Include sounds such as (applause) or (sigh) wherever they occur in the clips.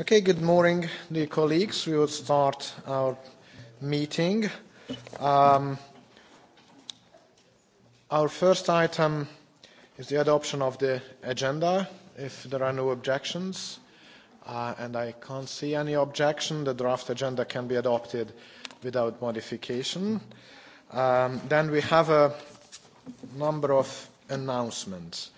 Okay, good morning, dear colleagues. We will start our meeting. Um, our first item is the adoption of the agenda. If there are no objections, uh, and I can't see any objection, the draft agenda can be adopted without modification. Um, then we have a number of announcements.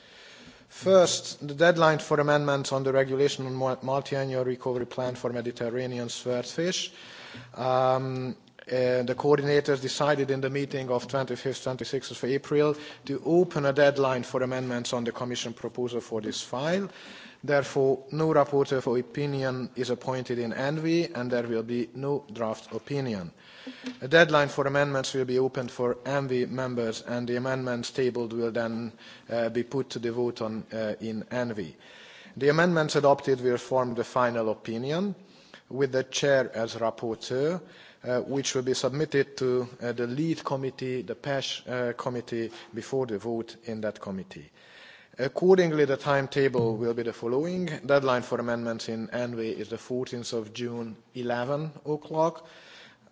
First, the deadline for amendments on the regulation on multi recovery plan for Mediterranean swordfish. Um, the coordinators decided in the meeting of 25th, 26th of April to open a deadline for amendments on the Commission proposal for this file. Therefore, no rapporteur for opinion is appointed in ENVI and there will be no draft opinion. A deadline for amendments will be opened for ENVI members and the amendments tabled will then uh, be put to the vote on, uh, in ENVI. The amendments adopted will form the final opinion with the chair as rapporteur uh, which will be submitted to the lead committee the pesh committee before the vote in that committee Accordingly, the timetable will be the following. Deadline for amendments in ENVI is the 14th of June, 11 o'clock.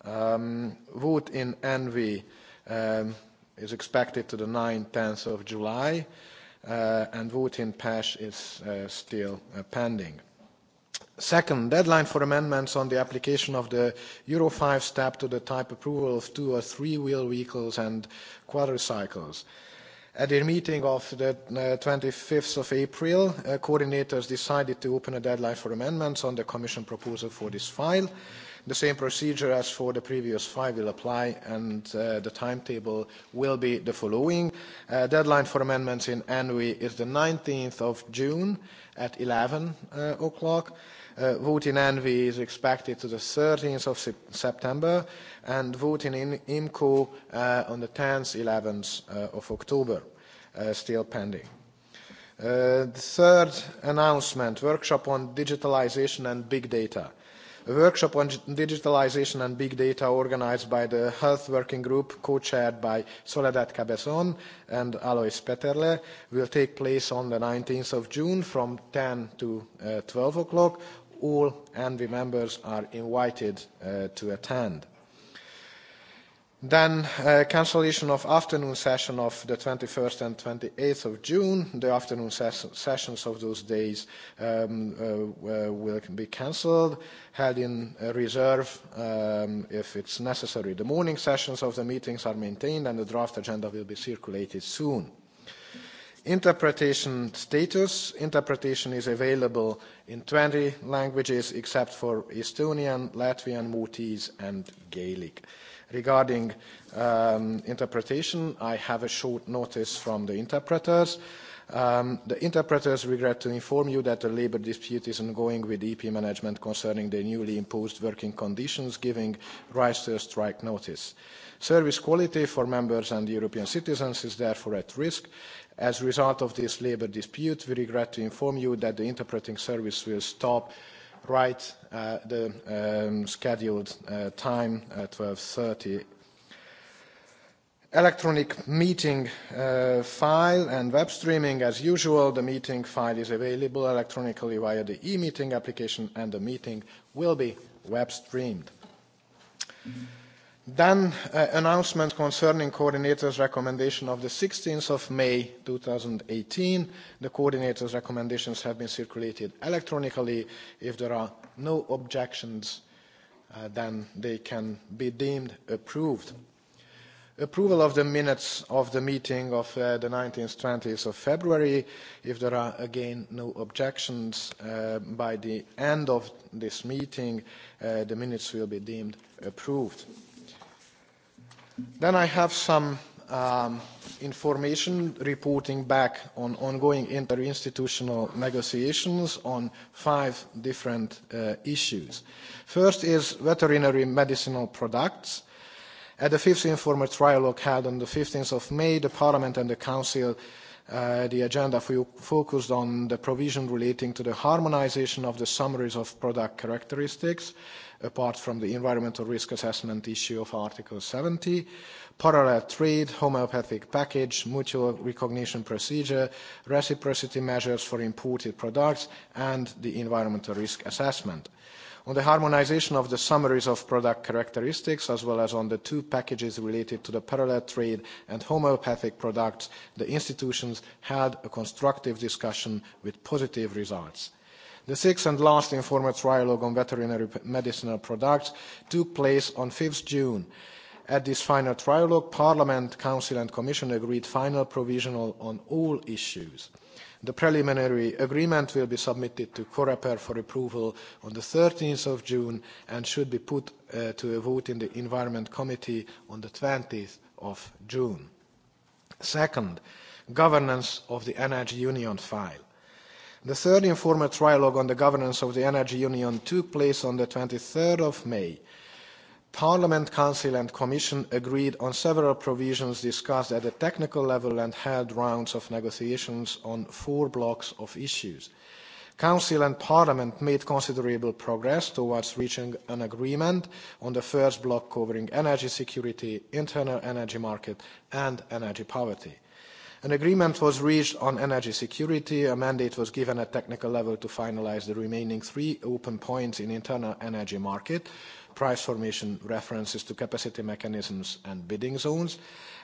Um, vote in ENVI um, is expected to the 9th, 10th of July, uh, and vote in PESH is uh, still uh, pending. Second, deadline for amendments on the application of the Euro 5 step to the type approval of two or three-wheel vehicles and quadricycles. At their meeting of the 25th uh, of April, uh, coordinators decided to open a deadline for amendments on the Commission proposal for this file. The same procedure as for the previous file will apply and uh, the timetable will be the following. deadline for amendments in ENVI is the 19th of June at eleven o'clock. Uh, vote in Envy is expected to the 13th of September and vote in IMCO uh, on the 10th, 11th uh, of October, uh, still pending. Uh, the third announcement, workshop on digitalization and big data. A workshop on digitalization and big data organized by the Health Working Group, co-chaired by Soledad Cabezon and Alois Peterle, will take place on the 19th of June from 10 to uh, 12 o'clock all envi members are invited uh, to attend. Then uh, cancellation of afternoon session of the 21st and 28th of June. The afternoon ses sessions of those days um, uh, will be cancelled, held in uh, reserve um, if it's necessary. The morning sessions of the meetings are maintained and the draft agenda will be circulated soon. Interpretation status. Interpretation is available in 20 languages except for Estonian, Latvian, Maltese and Gaelic. Regarding um, interpretation, I have a short notice from the interpreters. Um, the interpreters regret to inform you that a labour dispute is ongoing with EP management concerning the newly imposed working conditions giving rise to a strike notice. Service quality for members and European citizens is therefore at risk As a result of this labor dispute, we regret to inform you that the interpreting service will stop right at uh, the um, scheduled uh, time at 12.30. Electronic meeting uh, file and web streaming as usual. The meeting file is available electronically via the e-meeting application and the meeting will be web streamed. Then uh, announcement concerning coordinators' recommendation of the 16th of May 2018. The coordinators' recommendations have been circulated electronically. If there are no objections, uh, then they can be deemed approved. Approval of the minutes of the meeting of uh, the 19th, 20th of February. If there are again no objections uh, by the end of this meeting, the minutes will be deemed approved. Then I have some um, information reporting back on ongoing interinstitutional negotiations on five different uh, issues. First is veterinary medicinal products. At the fifth informal trialogue held on the 15th of May, the Parliament and the Council uh, the agenda focused on the provision relating to the harmonisation of the summaries of product characteristics apart from the environmental risk assessment issue of Article 70, parallel trade, homeopathic package, mutual recognition procedure, reciprocity measures for imported products, and the environmental risk assessment. On the harmonisation of the summaries of product characteristics, as well as on the two packages related to the parallel trade and homeopathic products, the institutions had a constructive discussion with positive results. The sixth and last informal trialogue on veterinary medicinal products took place on 5 June. At this final trialogue, Parliament, Council and Commission agreed final provisional on all issues. The preliminary agreement will be submitted to COREPER for approval on the 13th of June and should be put uh, to a vote in the Environment Committee on the 20th of June. Second, governance of the Energy Union file. The third informal trilogue on the governance of the energy union took place on the 23rd of May. Parliament, Council and Commission agreed on several provisions discussed at the technical level and held rounds of negotiations on four blocks of issues. Council and Parliament made considerable progress towards reaching an agreement on the first block covering energy security, internal energy market and energy poverty. An agreement was reached on energy security. A mandate was given at technical level to finalize the remaining three open points in internal energy market, price formation references to capacity mechanisms and bidding zones,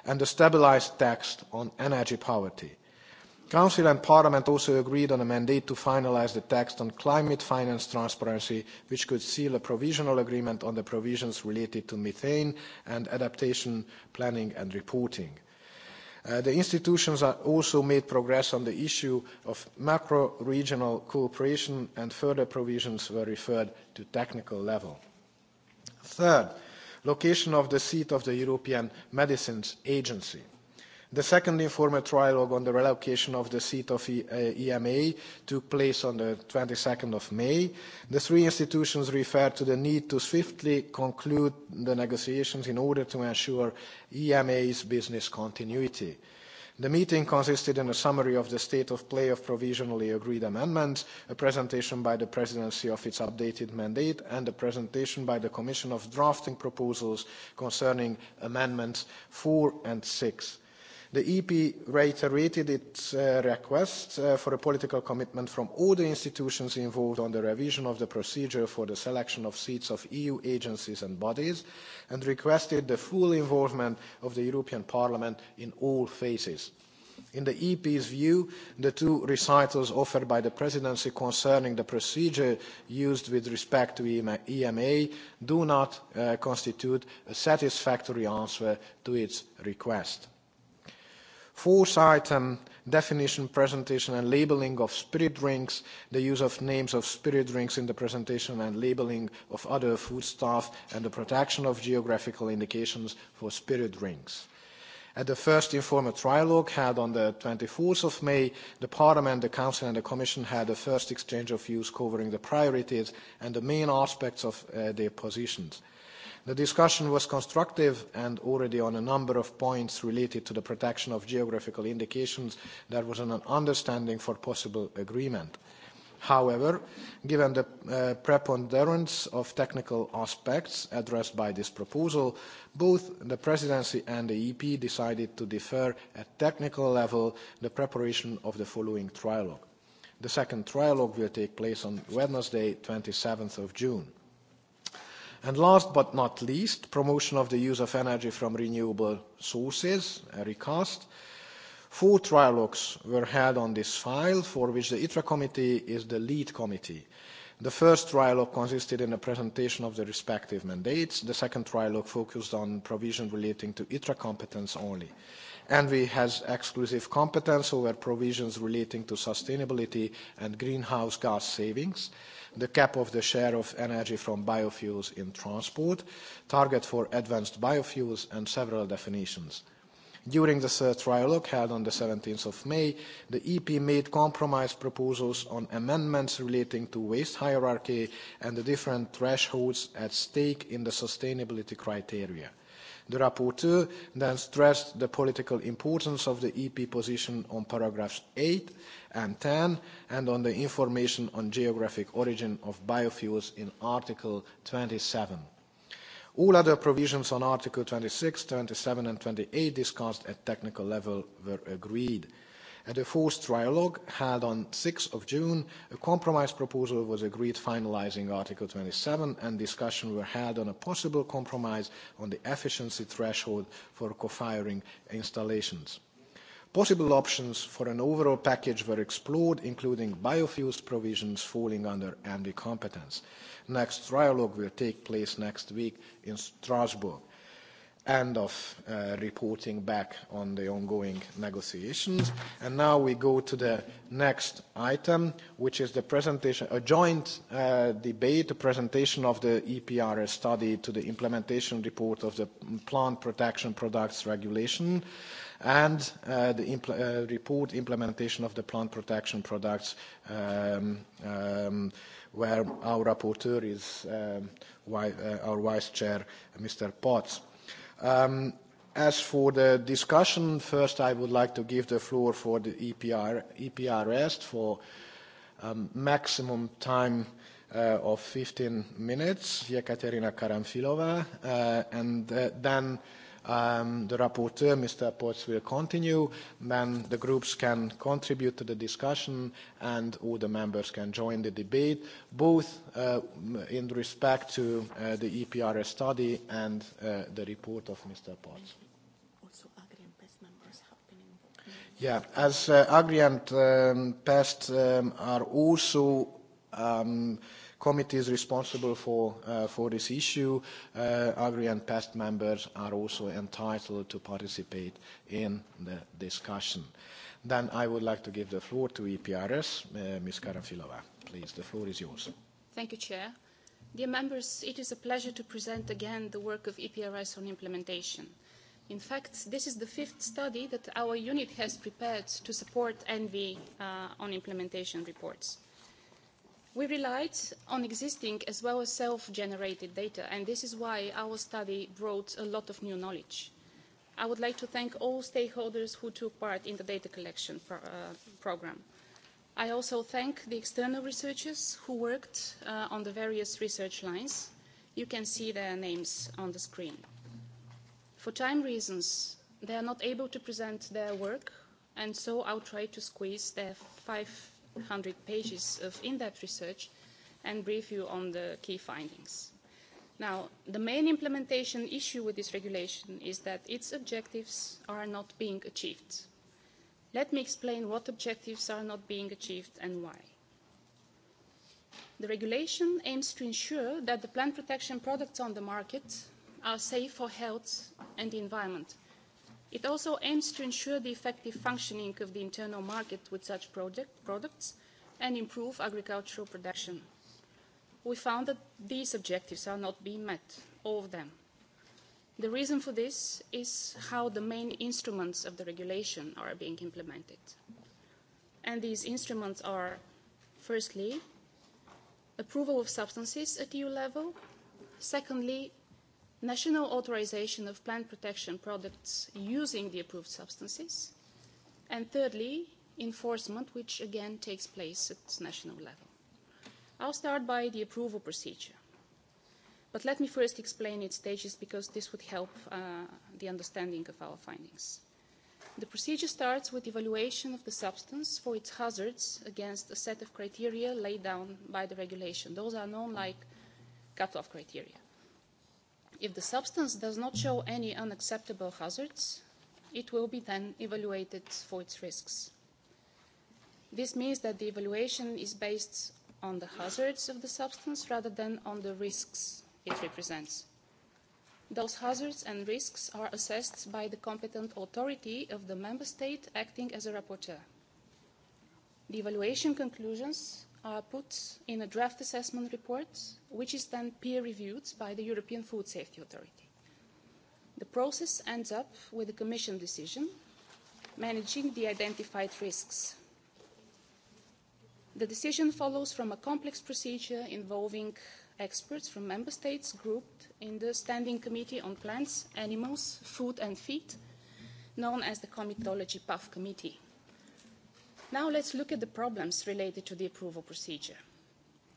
and a stabilized text on energy poverty. Council and Parliament also agreed on a mandate to finalise the text on climate finance transparency, which could seal a provisional agreement on the provisions related to methane and adaptation planning and reporting. Uh, the institutions are also made progress on the issue of macro-regional cooperation and further provisions were referred to technical level. Third, location of the seat of the European Medicines Agency. The second informal trilogue on the relocation of the seat of EMA uh, e took place on the 22nd of May. The three institutions referred to the need to swiftly conclude the negotiations in order to ensure EMA's business continuity. The meeting consisted in a summary of the state of play of provisionally agreed amendments, a presentation by the Presidency of its updated mandate, and a presentation by the Commission of drafting proposals concerning amendments 4 and 6 the ep reiterated its uh, request uh, for a political commitment from all the institutions involved on the revision of the procedure for the selection of seats of eu agencies and bodies and requested the full involvement of the european parliament in all phases. in the ep's view the two recitals offered by the presidency concerning the procedure used with respect to ema e do not uh, constitute a satisfactory answer to its request foresight and definition, presentation, and labelling of spirit drinks, the use of names of spirit drinks in the presentation and labelling of other foodstuff, and the protection of geographical indications for spirit drinks. At the first informal trilogue held on the 24th of May, the Parliament, the Council and the Commission had the first exchange of views covering the priorities and the main aspects of uh, their positions. The discussion was constructive and already on a number of points related to the protection of geographical indications there was an understanding for possible agreement. However, given the uh, preponderance of technical aspects addressed by this proposal, both the Presidency and the EP decided to defer at technical level the preparation of the following trialogue. The second trialogue will take place on Wednesday, 27th of June. And last but not least, promotion of the use of energy from renewable sources, recast. Four trilogues were held on this file, for which the ITRA committee is the lead committee. The first trilogue consisted in a presentation of the respective mandates. The second trilogue focused on provision relating to ITRA competence only. ENVI has exclusive competence over provisions relating to sustainability and greenhouse gas savings the cap of the share of energy from biofuels in transport, target for advanced biofuels, and several definitions. During the third trilogue held on the 17th of May, the EP made compromise proposals on amendments relating to waste hierarchy and the different thresholds at stake in the sustainability criteria. The rapporteur then stressed the political importance of the EP position on paragraphs 8 and 10 and on the information on geographic origin of biofuels in Article 27. All other provisions on Article 26, 27 and 28 discussed at technical level were agreed. At a forced trialogue held on 6 June, a compromise proposal was agreed finalising Article 27 and discussion were held on a possible compromise on the efficiency threshold for co-firing installations. Possible options for an overall package were explored, including biofuels provisions falling under ENVI competence. Next trialogue will take place next week in Strasbourg end of uh, reporting back on the ongoing negotiations. And now we go to the next item, which is the presentation, a joint uh, debate, a presentation of the EPRS study to the implementation report of the Plant Protection Products Regulation and uh, the report implementation of the plant protection products um, um, where our rapporteur is um, our vice chair, Mr. Potts. Um, as for the discussion, first I would like to give the floor for the EPR, EPRS for um, maximum time uh, of 15 minutes, Yekaterina Karamfilova, uh, and uh, then Um, the rapporteur, Mr. Potts, will continue. Then the groups can contribute to the discussion and all the members can join the debate, both uh, in respect to uh, the EPRS study and uh, the report of Mr. Potts. Yeah, as uh, agri and um, pest um, are also um, committees responsible for, uh, for this issue, uh, Agri and PEST members are also entitled to participate in the discussion. Then I would like to give the floor to EPRS, uh, Ms. Karanfilova. Please, the floor is yours. Thank you, Chair. Dear members, it is a pleasure to present again the work of EPRS on implementation. In fact, this is the fifth study that our unit has prepared to support ENVI uh, on implementation reports. We relied on existing as well as self-generated data, and this is why our study brought a lot of new knowledge. I would like to thank all stakeholders who took part in the data collection uh, program. I also thank the external researchers who worked uh, on the various research lines. You can see their names on the screen. For time reasons, they are not able to present their work, and so I'll try to squeeze their five 100 pages of in-depth research and brief you on the key findings. Now, the main implementation issue with this regulation is that its objectives are not being achieved. Let me explain what objectives are not being achieved and why. The regulation aims to ensure that the plant protection products on the market are safe for health and the environment It also aims to ensure the effective functioning of the internal market with such project, products and improve agricultural production. We found that these objectives are not being met, all of them. The reason for this is how the main instruments of the regulation are being implemented. And these instruments are, firstly, approval of substances at EU level, secondly, national authorization of plant protection products using the approved substances, and thirdly, enforcement, which again takes place at national level. I'll start by the approval procedure. But let me first explain its stages because this would help uh, the understanding of our findings. The procedure starts with evaluation of the substance for its hazards against a set of criteria laid down by the regulation. Those are known like cutoff criteria. If the substance does not show any unacceptable hazards, it will be then evaluated for its risks. This means that the evaluation is based on the hazards of the substance rather than on the risks it represents. Those hazards and risks are assessed by the competent authority of the member state acting as a rapporteur. The evaluation conclusions are uh, put in a draft assessment report, which is then peer-reviewed by the European Food Safety Authority. The process ends up with a Commission decision managing the identified risks. The decision follows from a complex procedure involving experts from member states grouped in the Standing Committee on Plants, Animals, Food and Feed, known as the Comitology PAF Committee. Now let's look at the problems related to the approval procedure.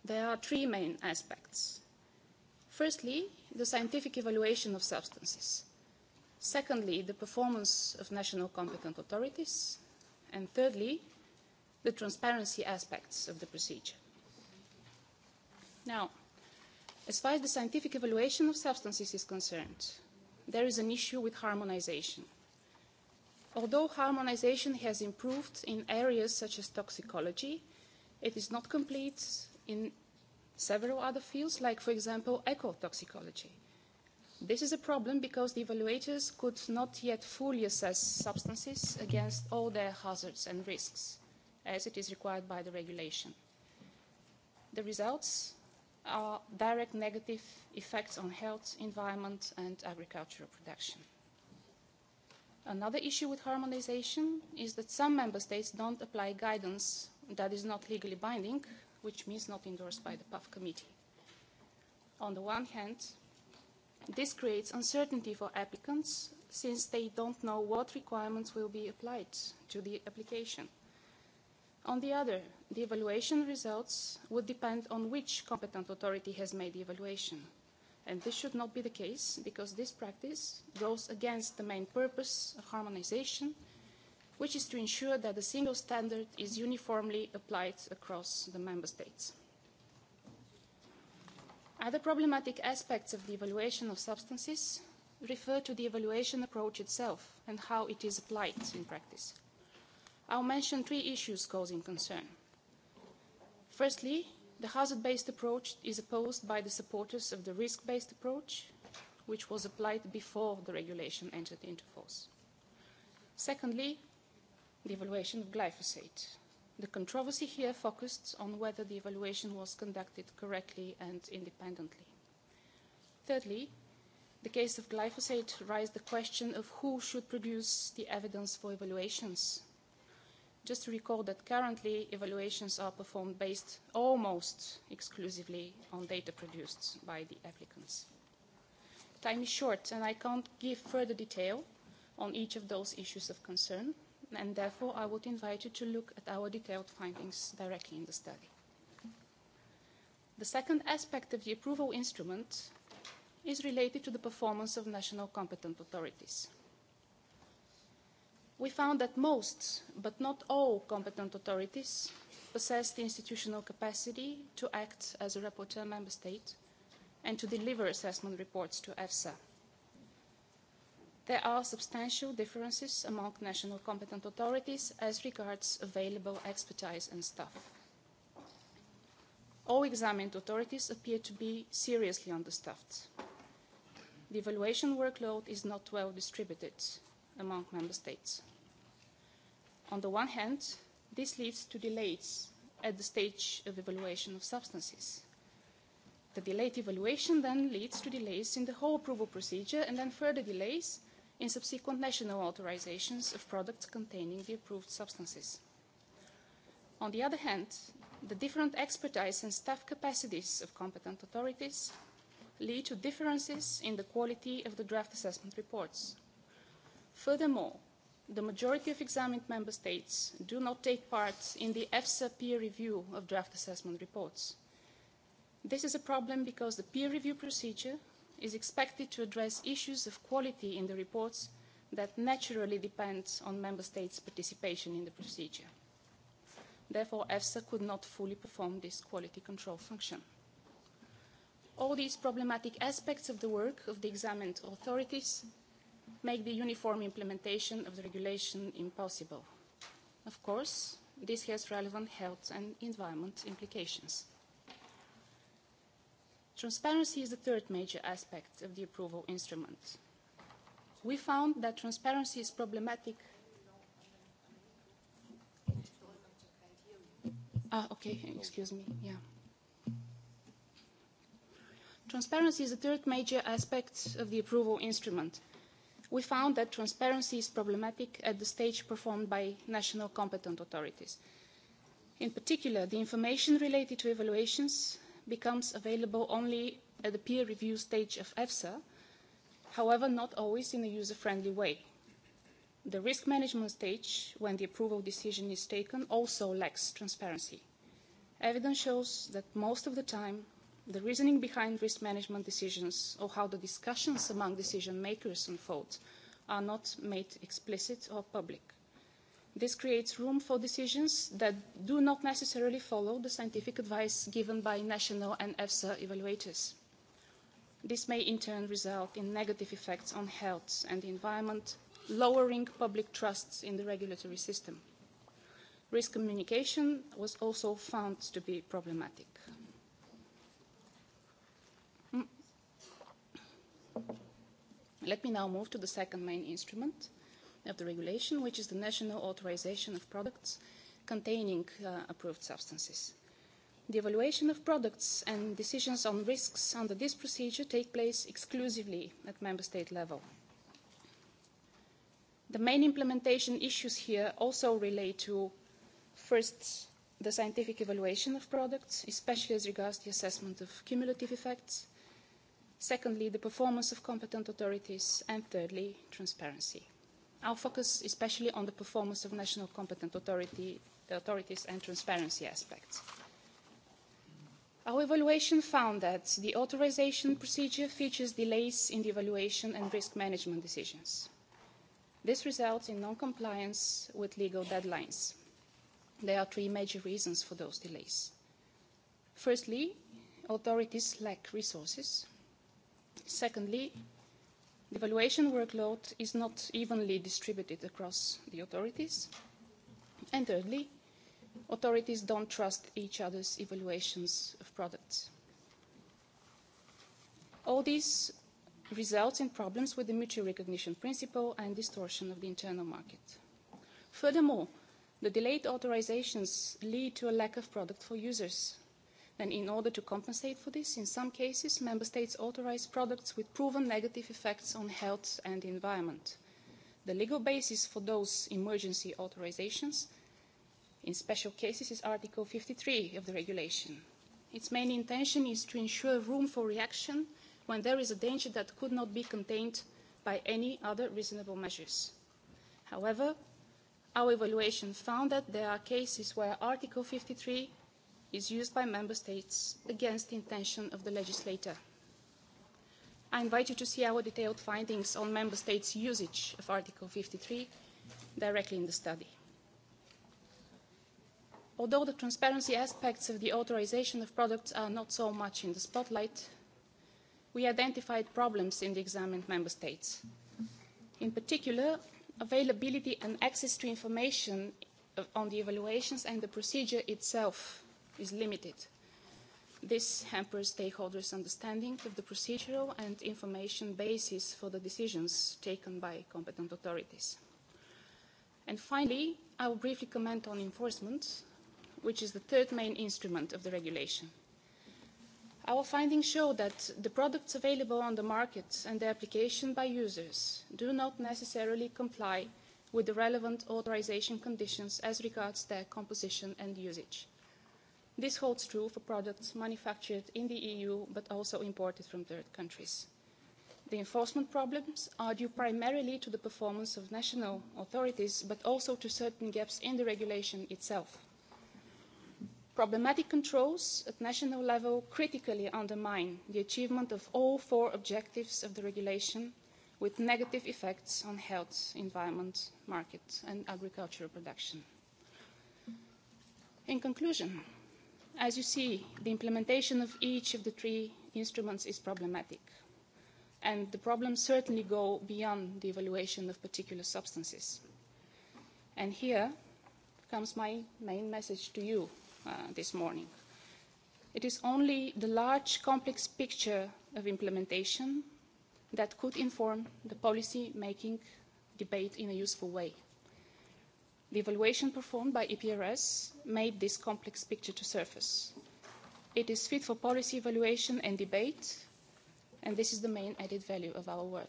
There are three main aspects. Firstly, the scientific evaluation of substances. Secondly, the performance of national competent authorities. And thirdly, the transparency aspects of the procedure. Now, as far as the scientific evaluation of substances is concerned, there is an issue with harmonization – Although harmonization has improved in areas such as toxicology, it is not complete in several other fields, like, for example, ecotoxicology. This is a problem because the evaluators could not yet fully assess substances against all their hazards and risks, as it is required by the regulation. The results are direct negative effects on health, environment and agricultural production. Another issue with harmonisation is that some member states don't apply guidance that is not legally binding, which means not endorsed by the PAF committee. On the one hand, this creates uncertainty for applicants since they don't know what requirements will be applied to the application. On the other, the evaluation results would depend on which competent authority has made the evaluation – and this should not be the case because this practice goes against the main purpose of harmonisation which is to ensure that the single standard is uniformly applied across the member states. Other problematic aspects of the evaluation of substances refer to the evaluation approach itself and how it is applied in practice. I'll mention three issues causing concern. Firstly, the hazard based approach is opposed by the supporters of the risk based approach which was applied before the regulation entered into force. secondly the evaluation of glyphosate. the controversy here focused on whether the evaluation was conducted correctly and independently. thirdly the case of glyphosate raised the question of who should produce the evidence for evaluations Just to recall that currently evaluations are performed based almost exclusively on data produced by the applicants. Time is short and I can't give further detail on each of those issues of concern and therefore I would invite you to look at our detailed findings directly in the study. The second aspect of the approval instrument is related to the performance of national competent authorities we found that most, but not all, competent authorities possess the institutional capacity to act as a rapporteur member state and to deliver assessment reports to EFSA. There are substantial differences among national competent authorities as regards available expertise and staff. All examined authorities appear to be seriously understaffed. The evaluation workload is not well distributed among member states. On the one hand, this leads to delays at the stage of evaluation of substances. The delayed evaluation then leads to delays in the whole approval procedure and then further delays in subsequent national authorizations of products containing the approved substances. On the other hand, the different expertise and staff capacities of competent authorities lead to differences in the quality of the draft assessment reports furthermore the majority of examined member states do not take part in the efsa peer review of draft assessment reports. this is a problem because the peer review procedure is expected to address issues of quality in the reports that naturally depend on member states' participation in the procedure. therefore efsa could not fully perform this quality control function. all these problematic aspects of the work of the examined authorities make the uniform implementation of the regulation impossible. Of course, this has relevant health and environment implications. Transparency is the third major aspect of the approval instrument. We found that transparency is problematic. Ah, okay, excuse me, yeah. Transparency is the third major aspect of the approval instrument we found that transparency is problematic at the stage performed by national competent authorities. in particular the information related to evaluations becomes available only at the peer review stage of efsa however not always in a user friendly way. the risk management stage when the approval decision is taken also lacks transparency. evidence shows that most of the time the reasoning behind risk management decisions or how the discussions among decision makers unfold are not made explicit or public. This creates room for decisions that do not necessarily follow the scientific advice given by national and EFSA evaluators. This may in turn result in negative effects on health and the environment, lowering public trust in the regulatory system. Risk communication was also found to be problematic. Let me now move to the second main instrument of the regulation, which is the national authorization of products containing uh, approved substances. The evaluation of products and decisions on risks under this procedure take place exclusively at member state level. The main implementation issues here also relate to, first, the scientific evaluation of products, especially as regards the assessment of cumulative effects – secondly, the performance of competent authorities, and thirdly, transparency. Our focus especially on the performance of national competent authority, authorities and transparency aspects. Our evaluation found that the authorization procedure features delays in the evaluation and risk management decisions. This results in non-compliance with legal deadlines. There are three major reasons for those delays. Firstly, authorities lack resources Secondly, the evaluation workload is not evenly distributed across the authorities. And thirdly, authorities don't trust each other's evaluations of products. All this results in problems with the mutual recognition principle and distortion of the internal market. Furthermore, the delayed authorizations lead to a lack of product for users and in order to compensate for this in some cases member states authorise products with proven negative effects on health and environment. the legal basis for those emergency authorisations in special cases is article fifty three of the regulation. its main intention is to ensure room for reaction when there is a danger that could not be contained by any other reasonable measures. however our evaluation found that there are cases where article fifty three is used by member states against the intention of the legislator. I invite you to see our detailed findings on member states' usage of Article 53 directly in the study. Although the transparency aspects of the authorisation of products are not so much in the spotlight, we identified problems in the examined member states. In particular, availability and access to information uh, on the evaluations and the procedure itself is limited. This hampers stakeholders' understanding of the procedural and information basis for the decisions taken by competent authorities. And finally, I will briefly comment on enforcement, which is the third main instrument of the regulation. Our findings show that the products available on the market and their application by users do not necessarily comply with the relevant authorization conditions as regards their composition and usage. This holds true for products manufactured in the EU but also imported from third countries. The enforcement problems are due primarily to the performance of national authorities but also to certain gaps in the regulation itself. Problematic controls at national level critically undermine the achievement of all four objectives of the regulation with negative effects on health, environment, market and agricultural production. In conclusion, as you see, the implementation of each of the three instruments is problematic. And the problems certainly go beyond the evaluation of particular substances. And here comes my main message to you uh, this morning. It is only the large, complex picture of implementation that could inform the policy-making debate in a useful way the evaluation performed by eprs made this complex picture to surface. it is fit for policy evaluation and debate and this is the main added value of our work.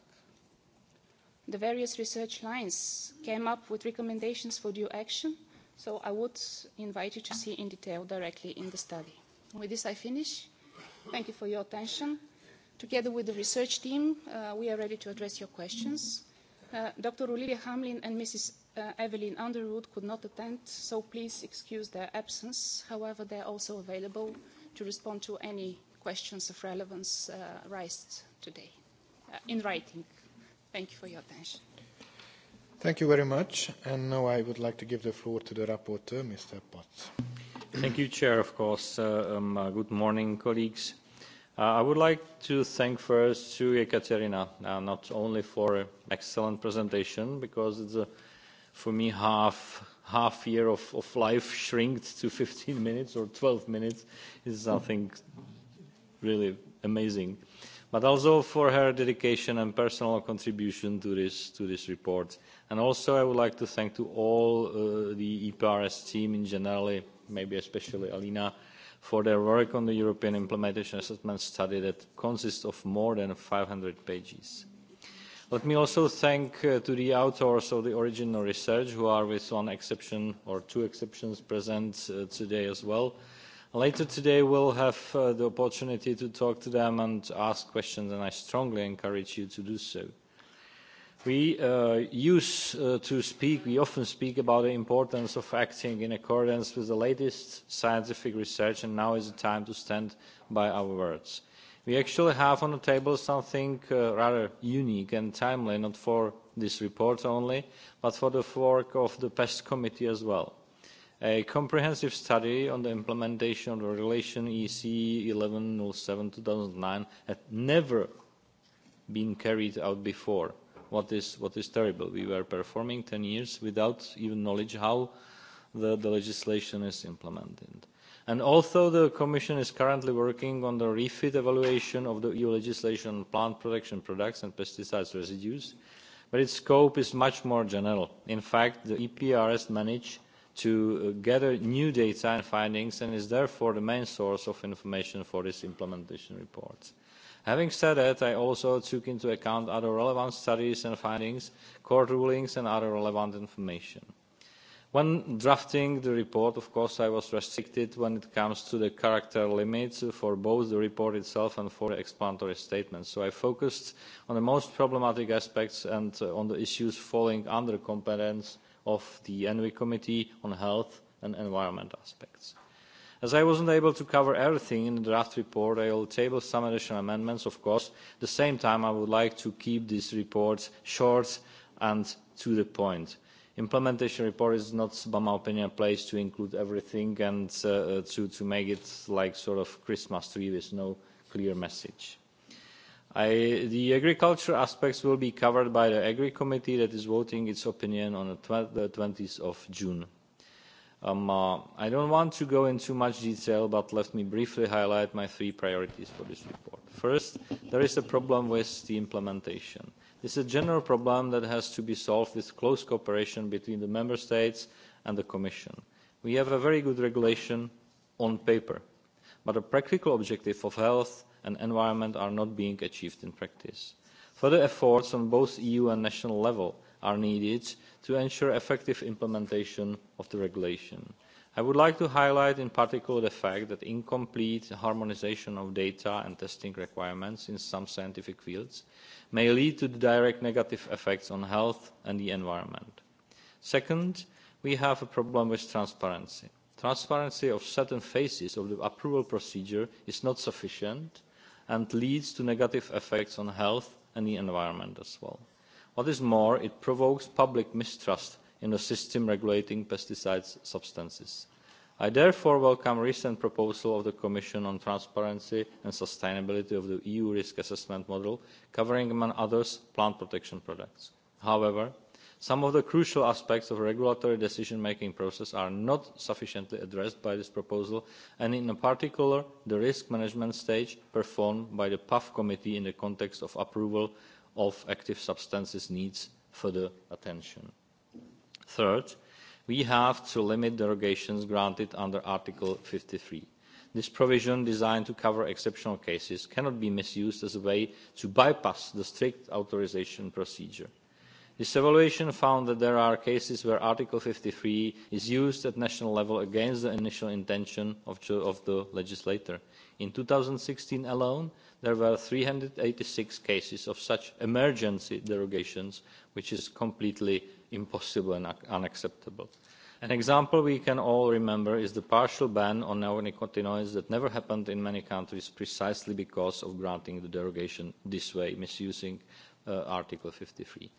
the various research lines came up with recommendations for due action so i would invite you to see in detail directly in the study. with this i finish. thank you for your attention. together with the research team uh, we are ready to address your questions. Uh, dr olivia hamlin and mrs Uh, Evelyn Underwood could not attend, so please excuse their absence. However, they are also available to respond to any questions of relevance uh, raised today uh, in writing. Thank you for your attention. Thank you very much. And now I would like to give the floor to the rapporteur, Mr. Potts. Thank you, Chair, of course. Um, good morning, colleagues. I would like to thank first to Ekaterina, not only for an excellent presentation, because it's a for me half half year of, of life shrinked to 15 (laughs) minutes or 12 minutes is something really amazing but also for her dedication and personal contribution to this to this report and also i would like to thank to all uh, the eprs team in general maybe especially alina for their work on the european implementation assessment study that consists of more than 500 pages Let me also thank uh, to the authors of the original research who are with one exception or two exceptions present uh, today as well. Later today we'll have uh, the opportunity to talk to them and ask questions and I strongly encourage you to do so. We uh, use uh, to speak, we often speak about the importance of acting in accordance with the latest scientific research and now is the time to stand by our words We actually have on the table something uh, rather unique and timely, not for this report only, but for the work of the PEST committee as well. A comprehensive study on the implementation of the regulation EC 1107-2009 had never been carried out before. What is, what is terrible. We were performing 10 years without even knowledge how the, the legislation is implemented and although the commission is currently working on the refit evaluation of the eu legislation on plant protection products and pesticide residues but its scope is much more general. in fact the eprs managed to uh, gather new data and findings and is therefore the main source of information for this implementation report. Having said that, I also took into account other relevant studies and findings, court rulings and other relevant information. When drafting the report, of course, I was restricted when it comes to the character limits for both the report itself and for the explanatory statements. So I focused on the most problematic aspects and uh, on the issues falling under the competence of the ENVI Committee on health and environment aspects. As I wasn't able to cover everything in the draft report, I will table some additional amendments, of course. At the same time, I would like to keep these reports short and to the point implementation report is not by my opinion a place to include everything and uh, uh, to to make it like sort of christmas tree with no clear message I, the agriculture aspects will be covered by the agri committee that is voting its opinion on the 20th of june um, uh, i don't want to go into much detail but let me briefly highlight my three priorities for this report first there is a problem with the implementation this is a general problem that has to be solved with close cooperation between the member states and the commission. we have a very good regulation on paper but the practical objectives of health and environment are not being achieved in practice. further efforts on both eu and national level are needed to ensure effective implementation of the regulation i would like to highlight in particular the fact that incomplete harmonization of data and testing requirements in some scientific fields may lead to direct negative effects on health and the environment. second we have a problem with transparency. transparency of certain phases of the approval procedure is not sufficient and leads to negative effects on health and the environment as well. what is more it provokes public mistrust in a system regulating pesticide substances. i therefore welcome the recent proposal of the commission on transparency and sustainability of the eu risk assessment model covering among others plant protection products. however some of the crucial aspects of the regulatory decision making process are not sufficiently addressed by this proposal and in particular the risk management stage performed by the paf committee in the context of approval of active substances needs further attention. Third, we have to limit derogations granted under Article 53. This provision, designed to cover exceptional cases, cannot be misused as a way to bypass the strict authorisation procedure. This evaluation found that there are cases where Article 53 is used at national level against the initial intention of the legislator. In 2016 alone, there were 386 cases of such emergency derogations, which is completely impossible and unacceptable. An example we can all remember is the partial ban on neonicotinoids that never happened in many countries precisely because of granting the derogation this way, misusing uh, Article Article 53.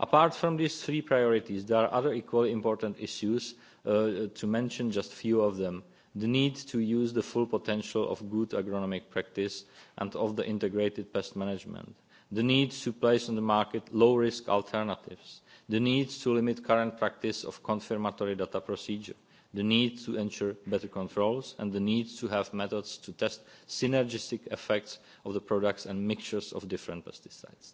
Apart from these three priorities, there are other equally important issues, uh, to mention just a few of them the need to use the full potential of good agronomic practice and of the integrated pest management, the need to place on the market low-risk alternatives, the need to limit current practice of confirmatory data procedure, the need to ensure better controls, and the need to have methods to test synergistic effects of the products and mixtures of different pesticides.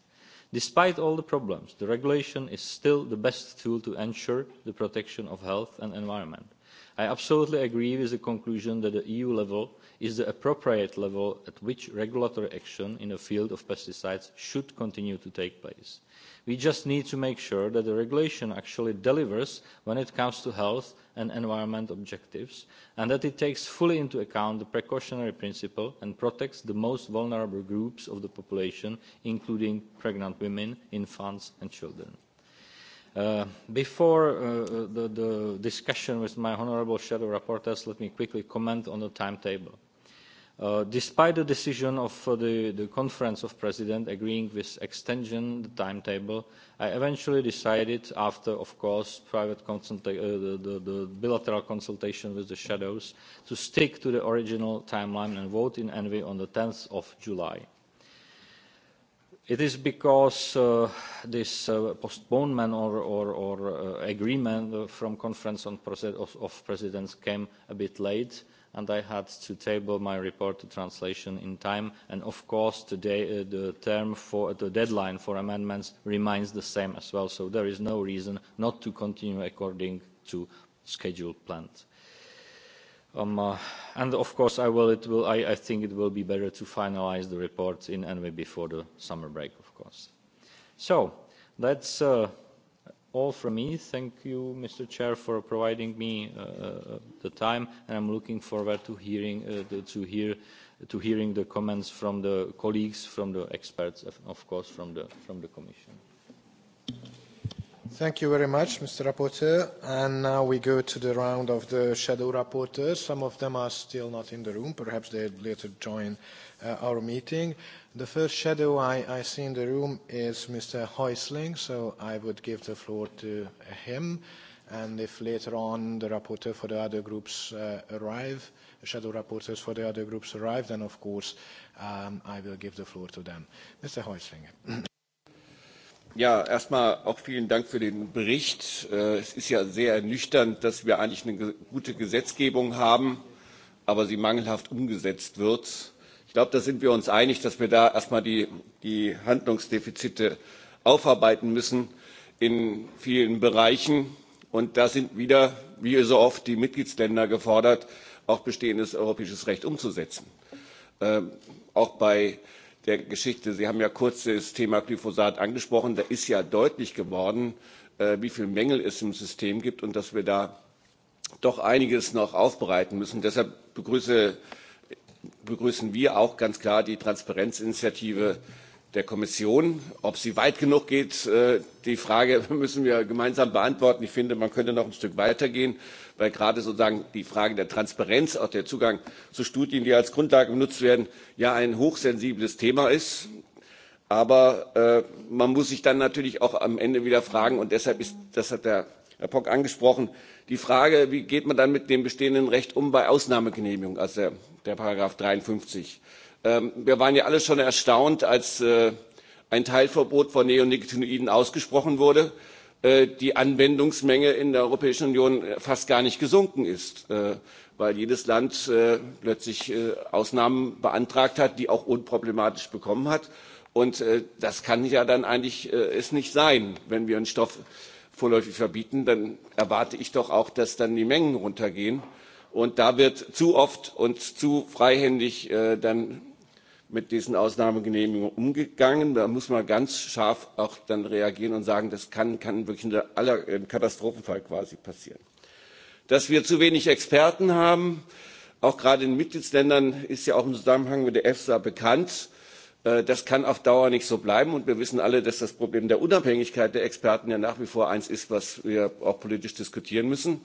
Despite all the problems, the regulation is still the best tool to ensure the protection of health and environment i absolutely agree with the conclusion that the eu level is the appropriate level at which regulatory action in the field of pesticides should continue to take place. we just need to make sure that the regulation actually delivers when it comes to health and environment objectives and that it takes fully into account the precautionary principle and protects the most vulnerable groups of the population including pregnant women infants and children. Uh, before uh, uh, the, the discussion with my honourable shadow rapporteurs, let me quickly comment on the timetable. despite the decision of the, the Conference of Presidents agreeing with extension the timetable, I eventually decided, after, of course, private consulta uh, the, bilateral consultation with the shadows, to stick to the original timeline and vote in Envy on the 10th of July. It is because uh, this uh, postponement or, or, uh, agreement from conference on of, presidents came a bit late and I had to table my report translation in time. And of course, today the term for the deadline for amendments remains the same as well. So there is no reason not to continue according to schedule plans. Um, uh, and of course, I will. It will. I, I think it will be better to finalize the report in way before the summer break, of course. So that's uh, all from me. Thank you, Mr. Chair, for providing me uh, uh, the time, and I'm looking forward to hearing uh, to hear to hearing the comments from the colleagues, from the experts, of course, from the from the Commission. Thank you very much, Mr. Rapporteur. And now we go to the round of the shadow rapporteurs. Some of them are still not in the room. Perhaps they later join uh, our meeting. The first shadow I, I see in the room is Mr. Heusling, so I would give the floor to him. And if later on the rapporteur for the other groups uh, arrive, shadow rapporteurs for the other groups arrive, then of course um, I will give the floor to them. Mr. Heusling. Ja, erstmal auch vielen Dank für den Bericht. Äh, es ist ja sehr ernüchternd, dass wir eigentlich eine gute Gesetzgebung haben, aber sie mangelhaft umgesetzt wird. Ich glaube, da sind wir uns einig, dass wir da erstmal die, die Handlungsdefizite aufarbeiten müssen in vielen Bereichen. Und da sind wieder, wie so oft, die Mitgliedsländer gefordert, auch bestehendes europäisches Recht umzusetzen. Ähm, auch bei der Geschichte. Sie haben ja kurz das Thema Glyphosat angesprochen. Da ist ja deutlich geworden, äh, wie viele Mängel es im System gibt und dass wir da doch einiges noch aufbereiten müssen. Deshalb begrüße, begrüßen wir auch ganz klar die Transparenzinitiative der Kommission. Ob sie weit genug geht, äh, die Frage (laughs) müssen wir gemeinsam beantworten. Ich finde, man könnte noch ein Stück weitergehen weil gerade sozusagen die Frage der Transparenz, auch der Zugang zu Studien, die als Grundlage genutzt werden, ja ein hochsensibles Thema ist. Aber äh, man muss sich dann natürlich auch am Ende wieder fragen, und deshalb ist, das hat der Herr Pock angesprochen, die Frage, wie geht man dann mit dem bestehenden Recht um bei Ausnahmegenehmigung, also der, der Paragraph 53. Ähm, wir waren ja alle schon erstaunt, als äh, ein Teilverbot von Neonicotinoiden ausgesprochen wurde Äh, die Anwendungsmenge in der Europäischen Union äh, fast gar nicht gesunken ist, äh, weil jedes Land plötzlich Ausnahmen beantragt hat, die auch unproblematisch bekommen hat. Und das kann ja dann eigentlich es nicht sein. Wenn wir einen Stoff vorläufig verbieten, dann erwarte ich doch auch, dass dann die Mengen runtergehen. Und da wird zu oft und zu freihändig dann mit diesen Ausnahmegenehmigungen umgegangen. Da muss man ganz scharf auch dann reagieren und sagen, das kann, kann wirklich in aller, im Katastrophenfall quasi passieren. Dass wir zu wenig Experten haben, auch gerade in den Mitgliedsländern, ist ja auch im Zusammenhang mit der EFSA bekannt. Äh, das kann auf Dauer nicht so bleiben. Und wir wissen alle, dass das Problem der Unabhängigkeit der Experten ja nach wie vor eins ist, was wir auch politisch diskutieren müssen.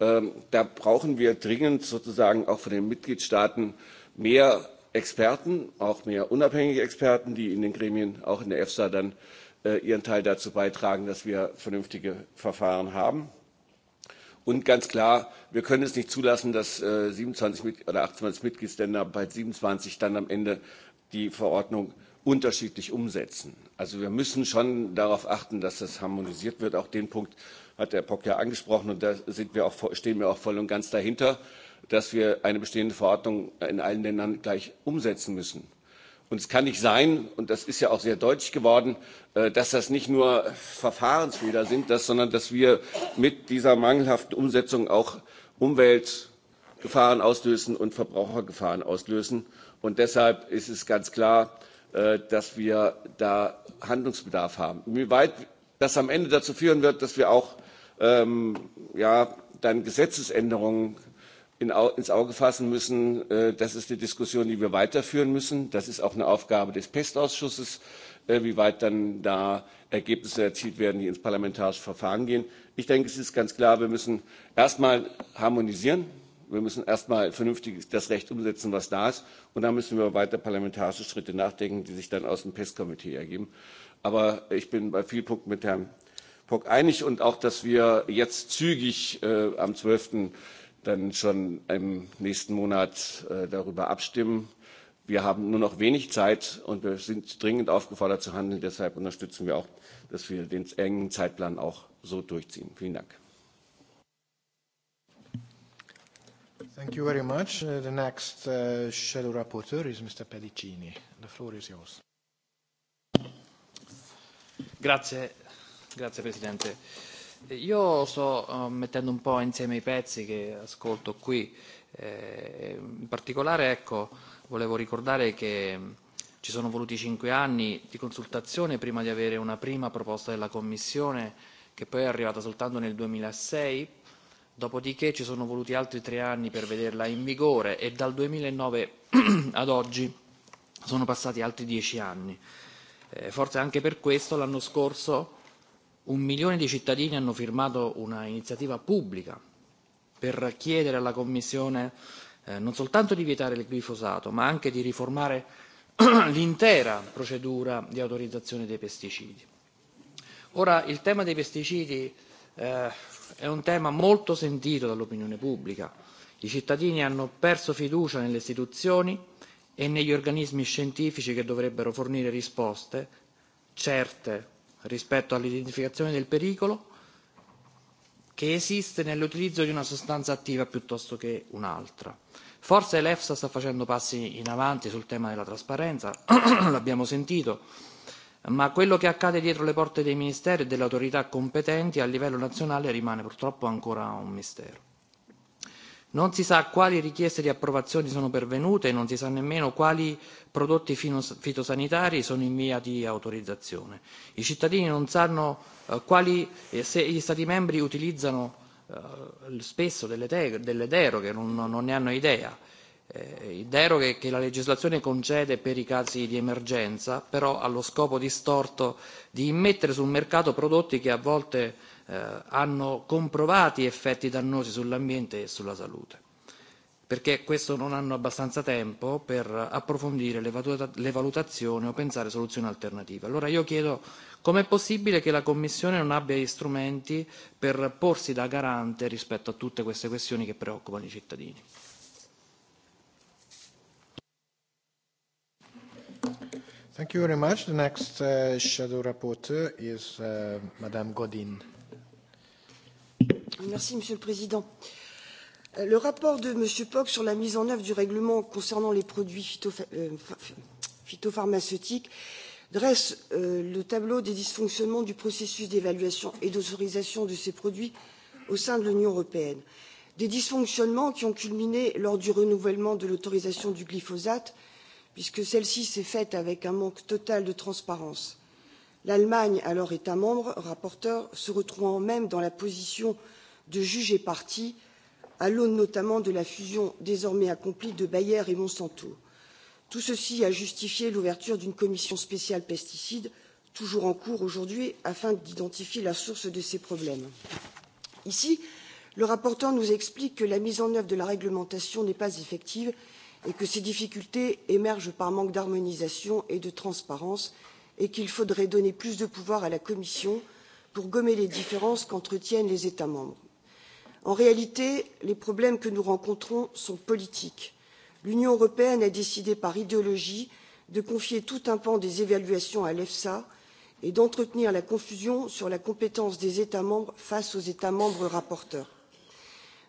Ähm, da brauchen wir dringend sozusagen auch von den Mitgliedstaaten mehr Experten, auch mehr unabhängige Experten, die in den Gremien, auch in der EFSA dann äh, ihren Teil dazu beitragen, dass wir vernünftige Verfahren haben. Und ganz klar, wir können es nicht zulassen, dass 27 äh, oder 28 Mitgliedsländer bei 27 dann am Ende die Verordnung unterschiedlich umsetzen. Also wir müssen schon darauf achten, dass das harmonisiert wird. Auch den Punkt hat der POC ja angesprochen und da sind wir auch, stehen wir auch voll und ganz dahinter dass wir eine bestehende Verordnung in allen Ländern gleich umsetzen müssen. Und es kann nicht sein, und das ist ja auch sehr deutlich geworden, äh, dass das nicht nur Verfahrensfehler sind, sondern dass wir mit dieser mangelhaften Umsetzung auch Umweltgefahren auslösen und Verbrauchergefahren auslösen. Und deshalb ist es ganz klar, äh, dass wir da Handlungsbedarf haben. Inwieweit das am Ende dazu führen wird, dass wir auch ähm, ja, dann Gesetzesänderungen ins Auge fassen müssen. Äh, das ist eine Diskussion, die wir weiterführen müssen. Das ist auch eine Aufgabe des Pestausschusses, äh, wie weit dann da Ergebnisse erzielt werden, die ins parlamentarische Verfahren gehen. Ich denke, es ist ganz klar, wir müssen erst harmonisieren. Wir müssen erst vernünftig das Recht umsetzen, was da ist. Und dann müssen wir weiter parlamentarische Schritte nachdenken, die sich dann aus dem Pestkomitee ergeben. Aber ich bin bei vielen Punkten mit Herrn Pock einig und auch, dass wir jetzt zügig äh, am 12 dann schon im nächsten Monat äh, darüber abstimmen. Wir haben nur noch wenig Zeit und wir sind dringend aufgefordert zu handeln. Deshalb unterstützen wir auch, dass wir den engen Zeitplan auch so durchziehen. Vielen Dank. Thank you very much. Uh, the next uh, shadow rapporteur is Mr. Pedicini. The floor is yours. Grazie, grazie Presidente. Io sto eh, mettendo un po' insieme i pezzi che ascolto qui, eh, in particolare ecco, volevo ricordare che mm, ci sono voluti cinque anni di consultazione prima di avere una prima proposta della Commissione che poi è arrivata soltanto nel 2006, dopodiché ci sono voluti altri tre anni per vederla in vigore e dal 2009 (clears throat) ad oggi sono passati altri dieci anni. Eh, forse anche per questo l'anno scorso un milione di cittadini hanno firmato un'iniziativa pubblica per chiedere alla Commissione eh, non soltanto di vietare il glifosato, ma anche di riformare (clears throat) l'intera procedura di autorizzazione dei pesticidi. Ora, il tema dei pesticidi eh, è un tema molto sentito dall'opinione pubblica. I cittadini hanno perso fiducia nelle istituzioni e negli organismi scientifici che dovrebbero fornire risposte certe rispetto all'identificazione del pericolo che esiste nell'utilizzo di una sostanza attiva piuttosto che un'altra. Forse l'EFSA sta facendo passi in avanti sul tema della trasparenza, (clears throat) l'abbiamo sentito, ma quello che accade dietro le porte dei ministeri e delle autorità competenti a livello nazionale rimane purtroppo ancora un mistero non si sa quali richieste di approvazione sono pervenute e non si sa nemmeno quali prodotti fitosanitari sono in via di autorizzazione. i cittadini non sanno eh, quali, eh, se gli stati membri utilizzano eh, spesso delle, deroghe non, non ne hanno idea deroghe che la legislazione concede per i casi di emergenza però allo scopo distorto di immettere sul mercato prodotti che a volte Eh, hanno comprovati effetti dannosi sull'ambiente e sulla salute. Perché questo non hanno abbastanza tempo per approfondire le, valutazioni o pensare soluzioni alternative. Allora io chiedo com'è possibile che la Commissione non abbia gli strumenti per porsi da garante rispetto a tutte queste questioni che preoccupano i cittadini. Thank you very much. The next eh, shadow rapporteur is eh, Madame Godin. Merci, Monsieur le Président. Euh, le rapport de M. Pock sur la mise en œuvre du règlement concernant les produits euh, phytopharmaceutiques dresse euh, le tableau des dysfonctionnements du processus d'évaluation et d'autorisation de ces produits au sein de l'Union européenne. Des dysfonctionnements qui ont culminé lors du renouvellement de l'autorisation du glyphosate, puisque celle-ci s'est faite avec un manque total de transparence. L'Allemagne, alors État membre, rapporteur, se retrouvant même dans la position de juge et partie à l'aune notamment de la fusion désormais accomplie de bayer et monsanto. tout ceci a justifié l'ouverture d'une commission spéciale pesticides toujours en cours aujourd'hui afin d'identifier la source de ces problèmes. ici le rapporteur nous explique que la mise en œuvre de la réglementation n'est pas effective et que ces difficultés émergent par manque d'harmonisation et de transparence et qu'il faudrait donner plus de pouvoir à la commission pour gommer les différences qu'entretiennent les états membres en réalité les problèmes que nous rencontrons sont politiques. l'union européenne a décidé par idéologie de confier tout un pan des évaluations à l'efsa et d'entretenir la confusion sur la compétence des états membres face aux états membres rapporteurs.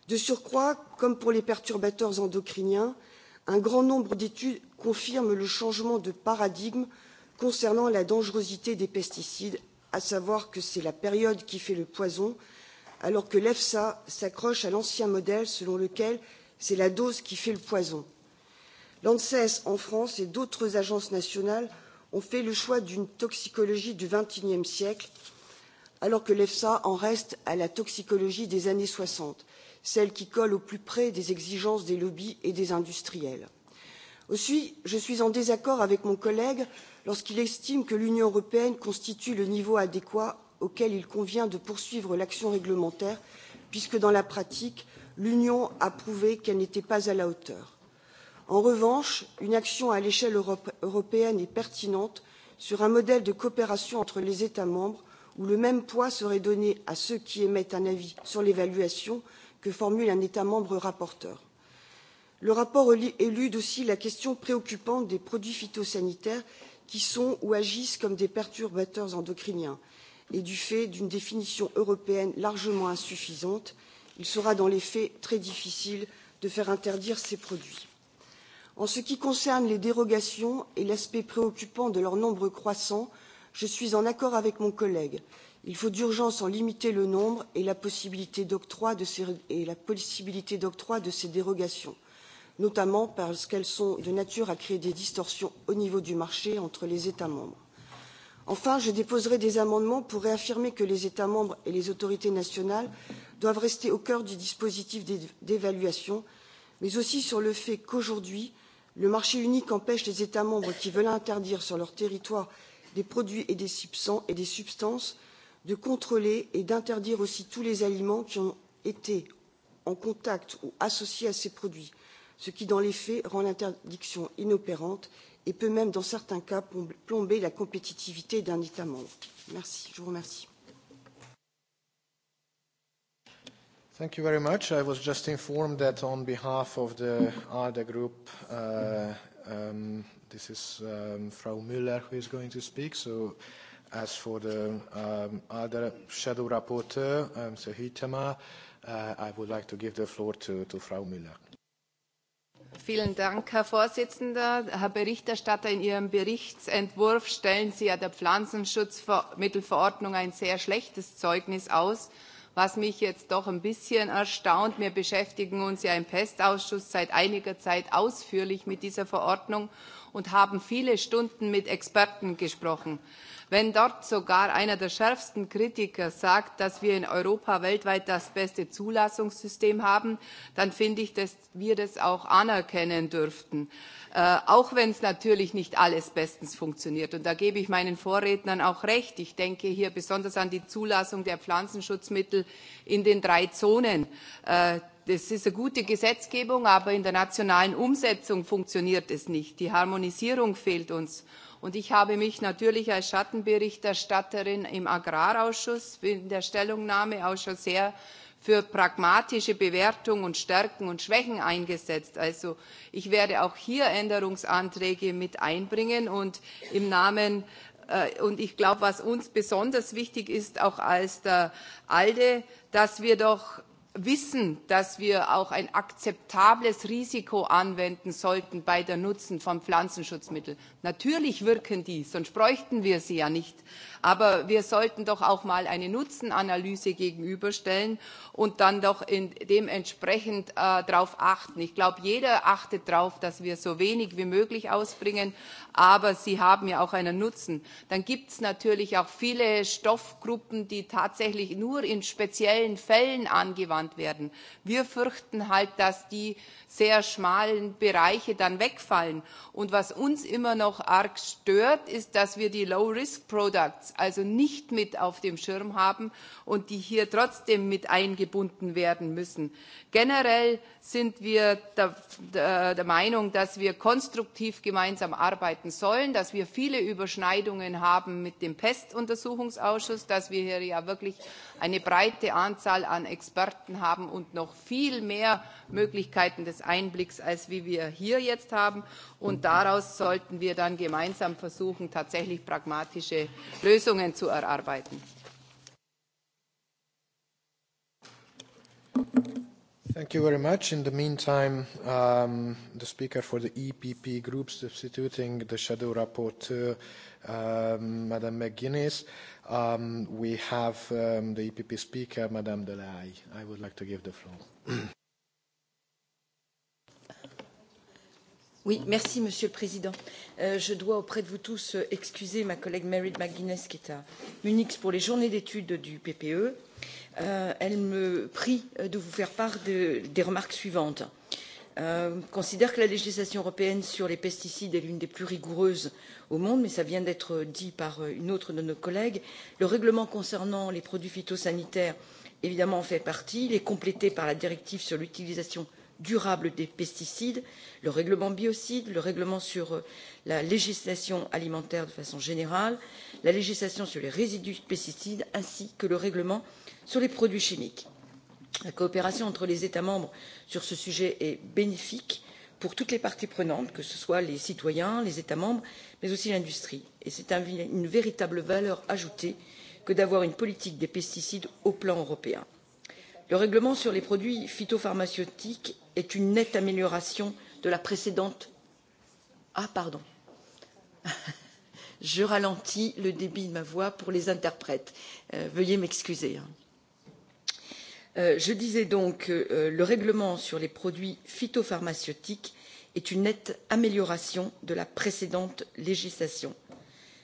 de surcroît comme pour les perturbateurs endocriniens un grand nombre d'études confirment le changement de paradigme concernant la dangerosité des pesticides à savoir que c'est la période qui fait le poison alors que l'efsa s'accroche à l'ancien modèle selon lequel c'est la dose qui fait le poison. l'anses en france et d'autres agences nationales ont fait le choix d'une toxicologie du xxie siècle alors que l'efsa en reste à la toxicologie des années soixante celle qui colle au plus près des exigences des lobbies et des industriels. aussi je suis en désaccord avec mon collègue lorsqu'il estime que l'union européenne constitue le niveau adéquat auquel il convient de poursuivre l'action réglementaire puisque dans la pratique l'union a prouvé qu'elle n'était pas à la hauteur. en revanche une action à l'échelle européenne est pertinente sur un modèle de coopération entre les états membres où le même poids serait donné à ceux qui émettent un avis sur l'évaluation que formule un état membre rapporteur. le rapport élude aussi la question préoccupante des produits phytosanitaires qui sont ou agissent comme des perturbateurs endocriniens et du fait d'une définition européenne largement insuffisante il sera dans les faits très difficile de faire interdire ces produits. en ce qui concerne les dérogations et l'aspect préoccupant de leur nombre croissant je suis en accord avec mon collègue il faut d'urgence en limiter le nombre et la possibilité d'octroi de, de ces dérogations notamment parce qu'elles sont de nature à créer des distorsions au niveau du marché entre les états membres enfin je déposerai des amendements pour réaffirmer que les états membres et les autorités nationales doivent rester au cœur du dispositif d'évaluation mais aussi sur le fait qu'aujourd'hui le marché unique empêche les états membres qui veulent interdire sur leur territoire des produits et des substances de contrôler et d'interdire aussi tous les aliments qui ont été en contact ou associés à ces produits ce qui dans les faits rend l'interdiction inopérante et peut même, dans certains cas, plomber la compétitivité d'un État membre. Merci, je vous remercie. Thank you very much. I was just informed that on behalf of the ARDA group, uh, um, this is um, Frau Müller who is going to speak. So as for the um, shadow rapporteur, um, so Hitema, uh, I would like to give the floor to, to Frau Müller. Vielen Dank, Herr Vorsitzender. Herr Berichterstatter, in Ihrem Berichtsentwurf stellen Sie ja der Pflanzenschutzmittelverordnung ein sehr schlechtes Zeugnis aus, was mich jetzt doch ein bisschen erstaunt. Wir beschäftigen uns ja im Pestausschuss seit einiger Zeit ausführlich mit dieser Verordnung und haben viele Stunden mit Experten gesprochen wenn dort sogar einer der schärfsten Kritiker sagt, dass wir in Europa weltweit das beste Zulassungssystem haben, dann finde ich, dass wir das auch anerkennen dürften. Äh, auch wenn es natürlich nicht alles bestens funktioniert. Und da gebe ich meinen Vorrednern auch recht. Ich denke hier besonders an die Zulassung der Pflanzenschutzmittel in den drei Zonen. Äh, das ist eine gute Gesetzgebung, aber in der nationalen Umsetzung funktioniert es nicht. Die Harmonisierung fehlt uns und ich habe mich natürlich als schattenberichterstatterin im agrarausschuss in der stellungnahme auch schon sehr für pragmatische bewertung und stärken und schwächen eingesetzt. also ich werde auch hier änderungsanträge mit einbringen und im namen äh, und ich glaube was uns besonders wichtig ist auch als der alde dass wir doch wissen, dass wir auch ein akzeptables Risiko anwenden sollten bei der Nutzen von Pflanzenschutzmitteln. Natürlich wirken die, sonst bräuchten wir sie ja nicht aber wir sollten doch auch mal eine nutzenanalyse gegenüberstellen und dann doch in, dementsprechend äh, darauf achten. ich glaube jeder achtet darauf dass wir so wenig wie möglich ausbringen aber sie haben ja auch einen nutzen. dann gibt es natürlich auch viele stoffgruppen die tatsächlich nur in speziellen fällen angewandt werden. wir fürchten halt dass die sehr schmalen bereiche dann wegfallen. und was uns immer noch arg stört ist dass wir die low risk products also nicht mit auf dem Schirm haben und die hier trotzdem mit eingebunden werden müssen. Generell sind wir der, der, der Meinung, dass wir konstruktiv gemeinsam arbeiten sollen, dass wir viele Überschneidungen haben mit dem Pestuntersuchungsausschuss, dass wir hier ja wirklich eine breite Anzahl an Experten haben und noch viel mehr Möglichkeiten des Einblicks, als wie wir hier jetzt haben. Und daraus sollten wir dann gemeinsam versuchen, tatsächlich pragmatische Lösungen zu erarbeiten. Thank you very much. In the meantime, um, the speaker for the EPP group substituting the shadow rapporteur, um, Madam McGuinness. Um, we have um, the EPP speaker, Madame I would like to give the floor. (clears throat) Oui, merci Monsieur le Président. Euh, je dois auprès de vous tous euh, excuser ma collègue Mary McGuinness qui est à Munich pour les journées d'études du PPE. Euh, elle me prie euh, de vous faire part de, des remarques suivantes. Euh, considère que la législation européenne sur les pesticides est l'une des plus rigoureuses au monde mais cela vient d'être dit par euh, une autre de nos collègues. le règlement concernant les produits phytosanitaires évidemment en fait partie il est complété par la directive sur l'utilisation durable des pesticides le règlement biocides le règlement sur euh, la législation alimentaire de façon générale la législation sur les résidus de pesticides ainsi que le règlement sur les produits chimiques la coopération entre les états membres sur ce sujet est bénéfique pour toutes les parties prenantes que ce soit les citoyens les états membres mais aussi l'industrie et c'est une véritable valeur ajoutée que d'avoir une politique des pesticides au plan européen. le règlement sur les produits phytopharmaceutiques est une nette amélioration de la précédente ah pardon (laughs) je ralentis le débit de ma voix pour les interprètes euh, veuillez m'excuser. Euh, je disais donc que euh, le règlement sur les produits phytopharmaceutiques est une nette amélioration de la précédente législation.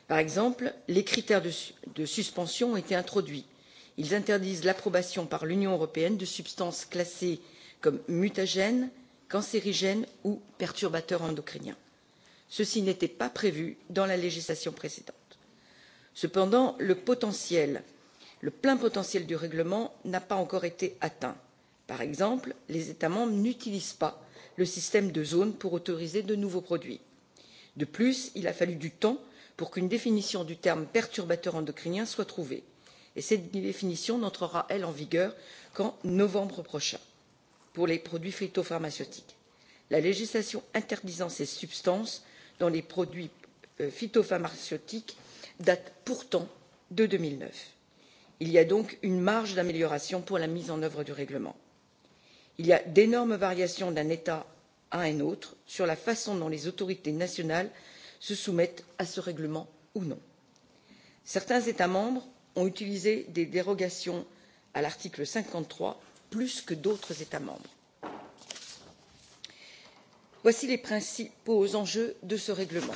par exemple les critères de suspension ont été introduits ils interdisent l'approbation par l'union européenne de substances classées comme mutagènes cancérigènes ou perturbateurs endocriniens. ceci n'était pas prévu dans la législation précédente. cependant le potentiel le plein potentiel du règlement n'a pas encore été atteint par exemple les états membres n'utilisent pas le système de zones pour autoriser de nouveaux produits. de plus il a fallu du temps pour qu'une définition du terme perturbateur endocrinien soit trouvée et cette définition n'entrera elle en vigueur qu'en novembre prochain pour les produits phytopharmaceutiques. la législation interdisant ces substances dans les produits euh, phytopharmaceutiques date pourtant de. deux mille neuf il y a donc une marge d'amélioration pour la mise en œuvre du règlement. il y a d'énormes variations d'un état à un autre sur la façon dont les autorités nationales se soumettent à ce règlement ou non. certains états membres ont utilisé des dérogations à l'article cinquante trois plus que d'autres états membres. voici les principaux enjeux de ce règlement.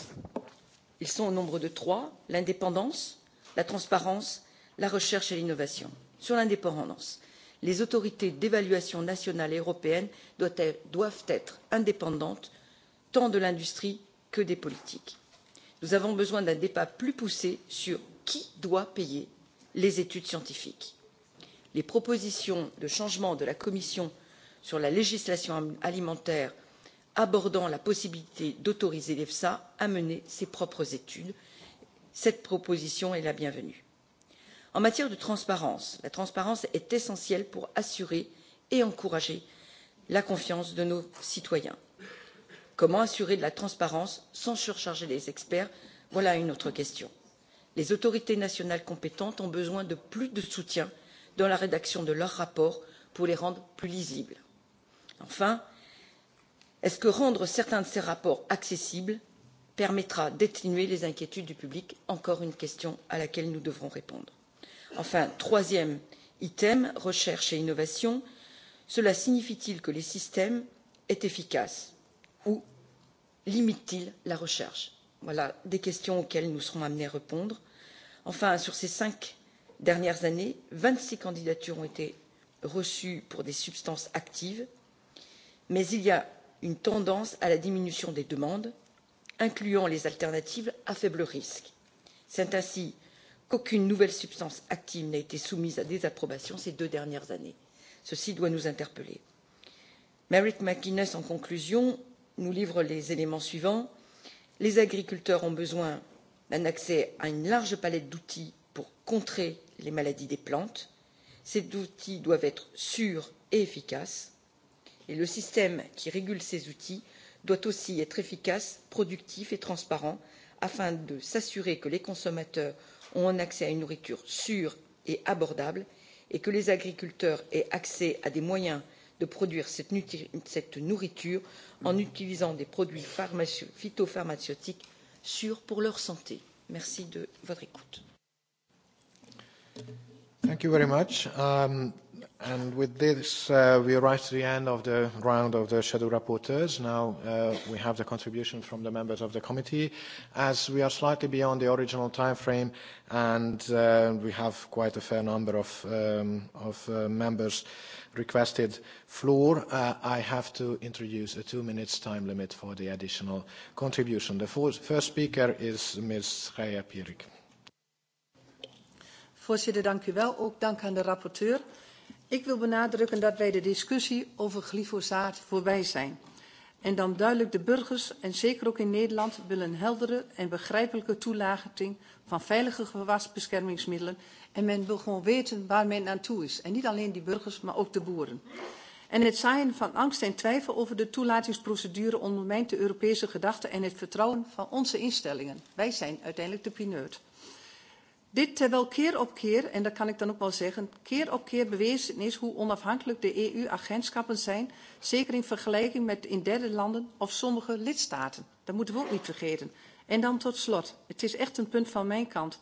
ils sont au nombre de trois l'indépendance la transparence la recherche et l'innovation. sur l'indépendance les autorités d'évaluation nationales et européennes doivent être indépendantes tant de l'industrie que des politiques. nous avons besoin d'un débat plus poussé sur qui doit payer les études scientifiques. les propositions de changement de la commission sur la législation alimentaire abordant la possibilité d'autoriser l'efsa à mener ses propres études cette proposition est la bienvenue en matière de transparence la transparence est essentielle pour assurer et encourager la confiance de nos citoyens. comment assurer de la transparence sans surcharger les experts voilà une autre question. les autorités nationales compétentes ont besoin de plus de soutien dans la rédaction de leurs rapports pour les rendre plus lisibles. enfin est ce que rendre certains de ces rapports accessibles permettra d'atténuer les inquiétudes du public? encore une question à laquelle nous devrons répondre enfin troisième item recherche et innovation cela signifie t il que le systèmes est efficace ou limite t il la recherche? voilà des questions auxquelles nous serons amenés à répondre. enfin sur ces cinq dernières années vingt six candidatures ont été reçues pour des substances actives mais il y a une tendance à la diminution des demandes incluant les alternatives à faible risque. c'est ainsi qu'aucune nouvelle substance active n'a été soumise à désapprobation ces deux dernières années. ceci doit nous interpeller. mairead mcguinness en conclusion nous livre les éléments suivants les agriculteurs ont besoin d'un accès à une large palette d'outils pour contrer les maladies des plantes ces outils doivent être sûrs et efficaces et le système qui régule ces outils doit aussi être efficace productif et transparent afin de s'assurer que les consommateurs ont un accès à une nourriture sûre et abordable et que les agriculteurs aient accès à des moyens de produire cette nourriture en utilisant des produits phytopharmaceutiques sûrs pour leur santé. merci de votre écoute. Thank you very much. Um, And with this, uh, we arrive to the end of the round of the shadow rapporteurs. Now uh, we have the contribution from the members of the committee. As we are slightly beyond the original time frame and uh, we have quite a fair number of, um, of uh, members requested floor, uh, I have to introduce a two minutes time limit for the additional contribution. The first speaker is Ms. Gaia Pierik. Voorzitter, dank u wel. Ook dank aan de rapporteur. Ik wil benadrukken dat wij de discussie over glyfosaat voorbij zijn. En dan duidelijk de burgers, en zeker ook in Nederland, willen een heldere en begrijpelijke toelating van veilige gewasbeschermingsmiddelen. En men wil gewoon weten waar men aan toe is. En niet alleen die burgers, maar ook de boeren. En het zaaien van angst en twijfel over de toelatingsprocedure ondermijnt de Europese gedachte en het vertrouwen van onze instellingen. Wij zijn uiteindelijk de pineut. Dit terwijl keer op keer, en dat kan ik dan ook wel zeggen, keer op keer bewezen is hoe onafhankelijk de EU-agentschappen zijn, zeker in vergelijking met in derde landen of sommige lidstaten. Dat moeten we ook niet vergeten. En dan tot slot, het is echt een punt van mijn kant.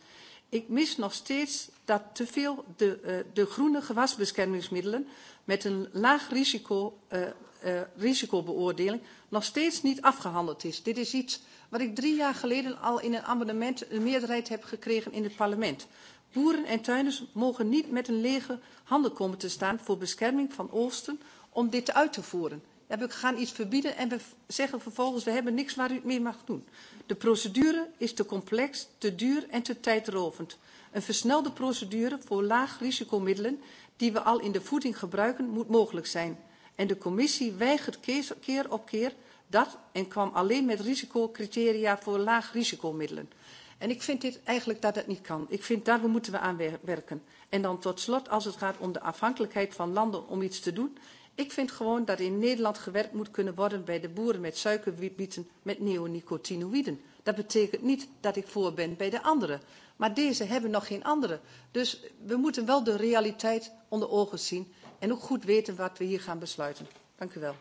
Ik mis nog steeds dat te veel de, eh, de groene gewasbeschermingsmiddelen met een laag risico, uh, uh, risicobeoordeling nog steeds niet afgehandeld is. Dit is iets wat ik drie jaar geleden al in een amendement een meerderheid heb gekregen in het parlement. Boeren en tuiners mogen niet met een lege handen komen te staan voor bescherming van oosten om dit uit te voeren. we gaan iets verbieden en we zeggen vervolgens we hebben niks waar u het mee mag doen. De procedure is te complex, te duur en te tijdrovend. Een versnelde procedure voor laag risicomiddelen die we al in de voeding gebruiken moet mogelijk zijn. En de commissie weigert keer op keer dat en kwam alleen met risicocriteria voor laag risicomiddelen. En ik vind dit eigenlijk dat dat niet kan. Ik vind daar moeten we aan werken. En dan tot slot, als het gaat om de afhankelijkheid van landen om iets te doen. Ik vind gewoon dat in Nederland gewerkt moet kunnen worden bij de boeren met suikerbieten met neonicotinoïden. Dat betekent niet dat ik voor ben bij de anderen. Maar deze hebben nog geen andere. Dus we moeten wel de realiteit onder ogen zien en ook goed weten wat we hier gaan besluiten. Dank u wel.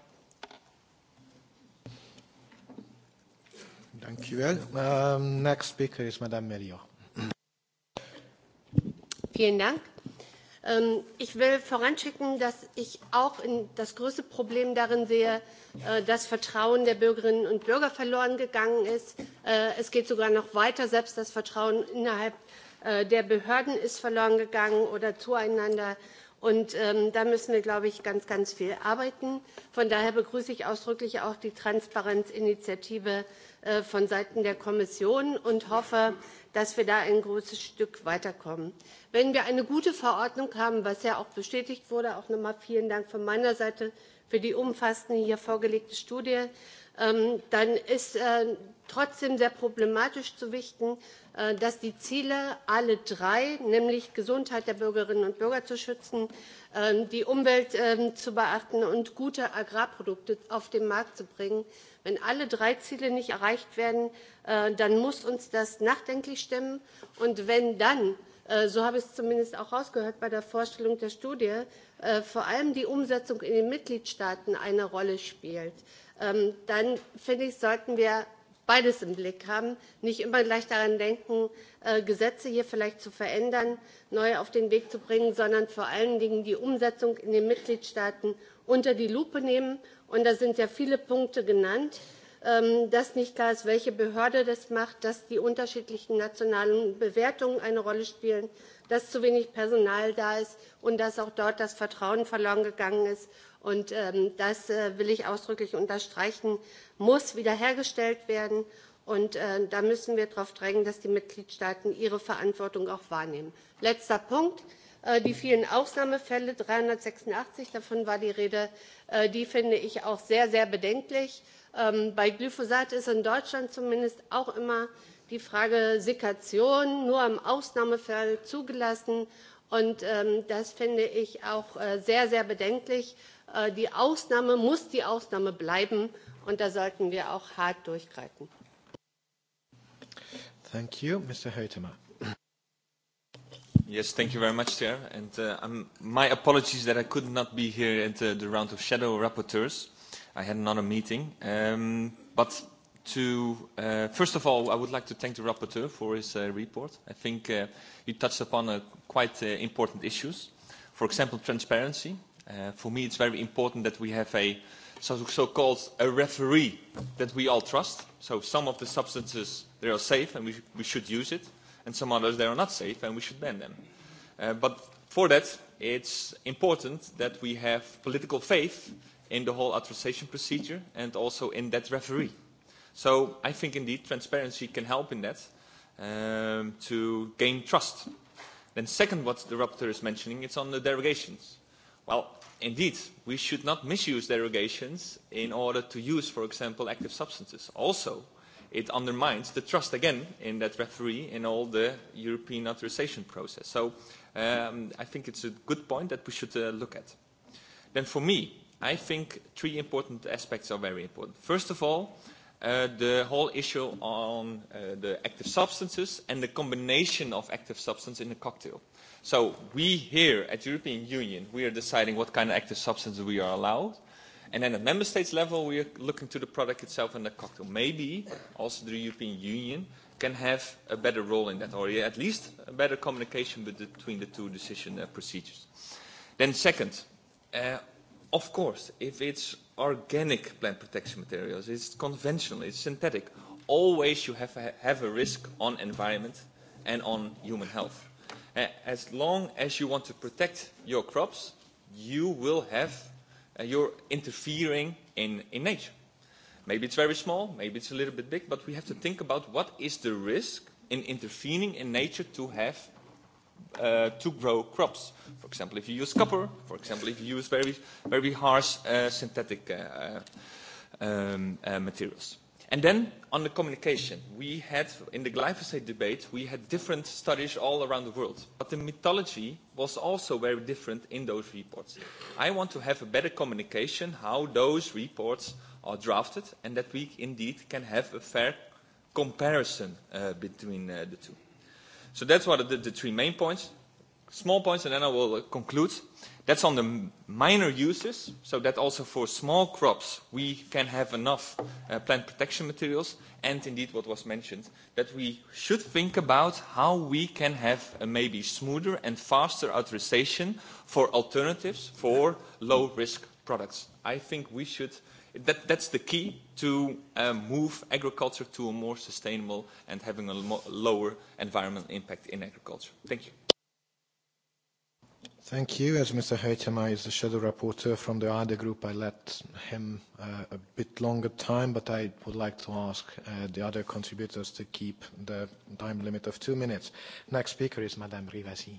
Dankjewel. Um, next speaker is Madame Melio. Vielen Dank. Ähm, ich will voranschicken, dass ich auch in das größte Problem darin sehe, äh, dass Vertrauen der Bürgerinnen und Bürger verloren gegangen ist. Äh, es geht sogar noch weiter. Selbst das Vertrauen innerhalb äh, der Behörden ist verloren gegangen oder zueinander. Und ähm, da müssen wir, glaube ich, ganz, ganz viel arbeiten. Von daher begrüße ich ausdrücklich auch die Transparenzinitiative Äh, von Seiten der Kommission und hoffe, dass wir da ein großes Stück weiterkommen. Wenn wir eine gute Verordnung haben, was ja auch bestätigt wurde, auch nochmal vielen Dank von meiner Seite für die umfassende hier vorgelegte Studie, ähm, dann ist äh, trotzdem sehr problematisch zu wichten, äh, dass die Ziele alle drei, nämlich Gesundheit der Bürgerinnen und Bürger zu schützen, ähm, die Umwelt ähm, zu beachten und gute Agrarprodukte auf den Markt zu bringen, wenn alle drei ziele nicht erreicht werden äh, dann muss uns das nachdenklich stimmen und wenn dann äh, so habe ich es zumindest auch rausgehört bei der vorstellung der studie äh, vor allem die umsetzung in den mitgliedstaaten eine rolle spielt ähm, dann finde ich sollten wir beides im blick haben nicht immer gleich daran denken gesetze hier vielleicht zu verändern neu auf den weg zu bringen sondern vor allen dingen die umsetzung in den mitgliedstaaten unter die lupe nehmen und da sind ja viele punkte genannt ähm, dass nicht klar ist welche behörde das macht dass die unterschiedlichen nationalen bewertungen eine rolle spielen dass zu wenig personal da ist und dass auch dort das vertrauen verloren gegangen ist und ähm, das äh, will ich ausdrücklich unterstreichen muss wiederhergestellt werden und äh, da müssen wir darauf drängen dass die mitgliedstaaten ihre verantwortung auch wahrnehmen. letzter punkt Äh, die vielen ausnahmefälle dreihundertsechsundachtzig davon war die rede äh, die finde ich auch sehr sehr bedenklich. Ähm, bei glyphosat ist in deutschland zumindest auch immer die frage sikation nur im ausnahmefall zugelassen und ähm, das finde ich auch äh, sehr sehr bedenklich. die ausnahme muss die ausnahme bleiben und da sollten wir auch hart durchgreifen. Yes, thank you very much, Chair. And uh, I'm um, my apologies that I could not be here at uh, the round of shadow rapporteurs. I had another meeting. Um, but to, uh, first of all, I would like to thank the rapporteur for his uh, report. I think uh, he touched upon uh, quite uh, important issues. For example, transparency. Uh, for me, it's very important that we have a so-called a referee that we all trust. So some of the substances, they are safe and we, sh we should use it and some others that are not safe, and we should ban them. Uh, but for that, it's important that we have political faith in the whole authorization procedure and also in that referee. So I think indeed transparency can help in that um, to gain trust. Then second, what the rapporteur is mentioning, it's on the derogations. Well, indeed, we should not misuse derogations in order to use, for example, active substances. Also, it undermines the trust again in that referee in all the European authorization process. So um, I think it's a good point that we should uh, look at. Then for me, I think three important aspects are very important. First of all, uh, the whole issue on uh, the active substances and the combination of active substance in a cocktail. So we here at European Union, we are deciding what kind of active substances we are allowed And then at member states level, we are looking to the product itself and the cocktail. Maybe also the European Union can have a better role in that, or at least a better communication between the two decision uh, procedures. Then second, uh, of course, if it's organic plant protection materials, it's conventional, it's synthetic, always you have a, have a risk on environment and on human health. Uh, as long as you want to protect your crops, you will have you're interfering in, in nature. Maybe it's very small, maybe it's a little bit big, but we have to think about what is the risk in intervening in nature to have uh, to grow crops. For example, if you use copper, for example, if you use very, very harsh uh, synthetic uh, uh um, uh, materials. And then on the communication, we had, in the glyphosate debate, we had different studies all around the world. But the mythology was also very different in those reports. I want to have a better communication, how those reports are drafted, and that we indeed can have a fair comparison uh, between uh, the two. So that's what are the, the three main points small points, and then I will uh, conclude. That's on the minor uses, so that also for small crops, we can have enough uh, plant protection materials, and indeed what was mentioned, that we should think about how we can have a maybe smoother and faster authorization for alternatives for low-risk products. I think we should... That, that's the key to uh, move agriculture to a more sustainable and having a lower environmental impact in agriculture. Thank you. Thank you. As Mr. Heitema is the shadow rapporteur from the ALDE group, I let him uh, a bit longer time, but I would like to ask uh, the other contributors to keep the time limit of two minutes. Next speaker is Madame Rivasi.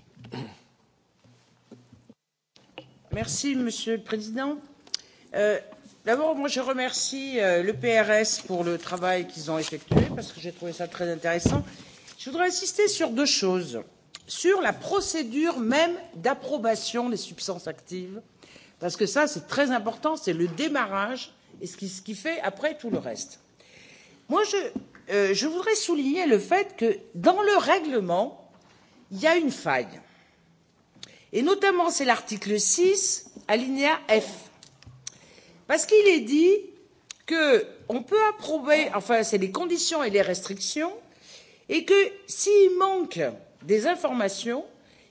Merci, Monsieur le Président. Euh, d'abord, moi, je remercie euh, le PRS pour le travail qu'ils ont effectué, parce que j'ai trouvé ça très intéressant. Je voudrais insister sur deux choses sur la procédure même d'approbation des substances actives, parce que ça, c'est très important, c'est le démarrage et ce qui, ce qui fait après tout le reste. Moi, je, euh, je voudrais souligner le fait que dans le règlement, il y a une faille. Et notamment, c'est l'article 6, alinéa F. Parce qu'il est dit qu'on peut approuver, enfin, c'est les conditions et les restrictions, et que s'il manque des informations,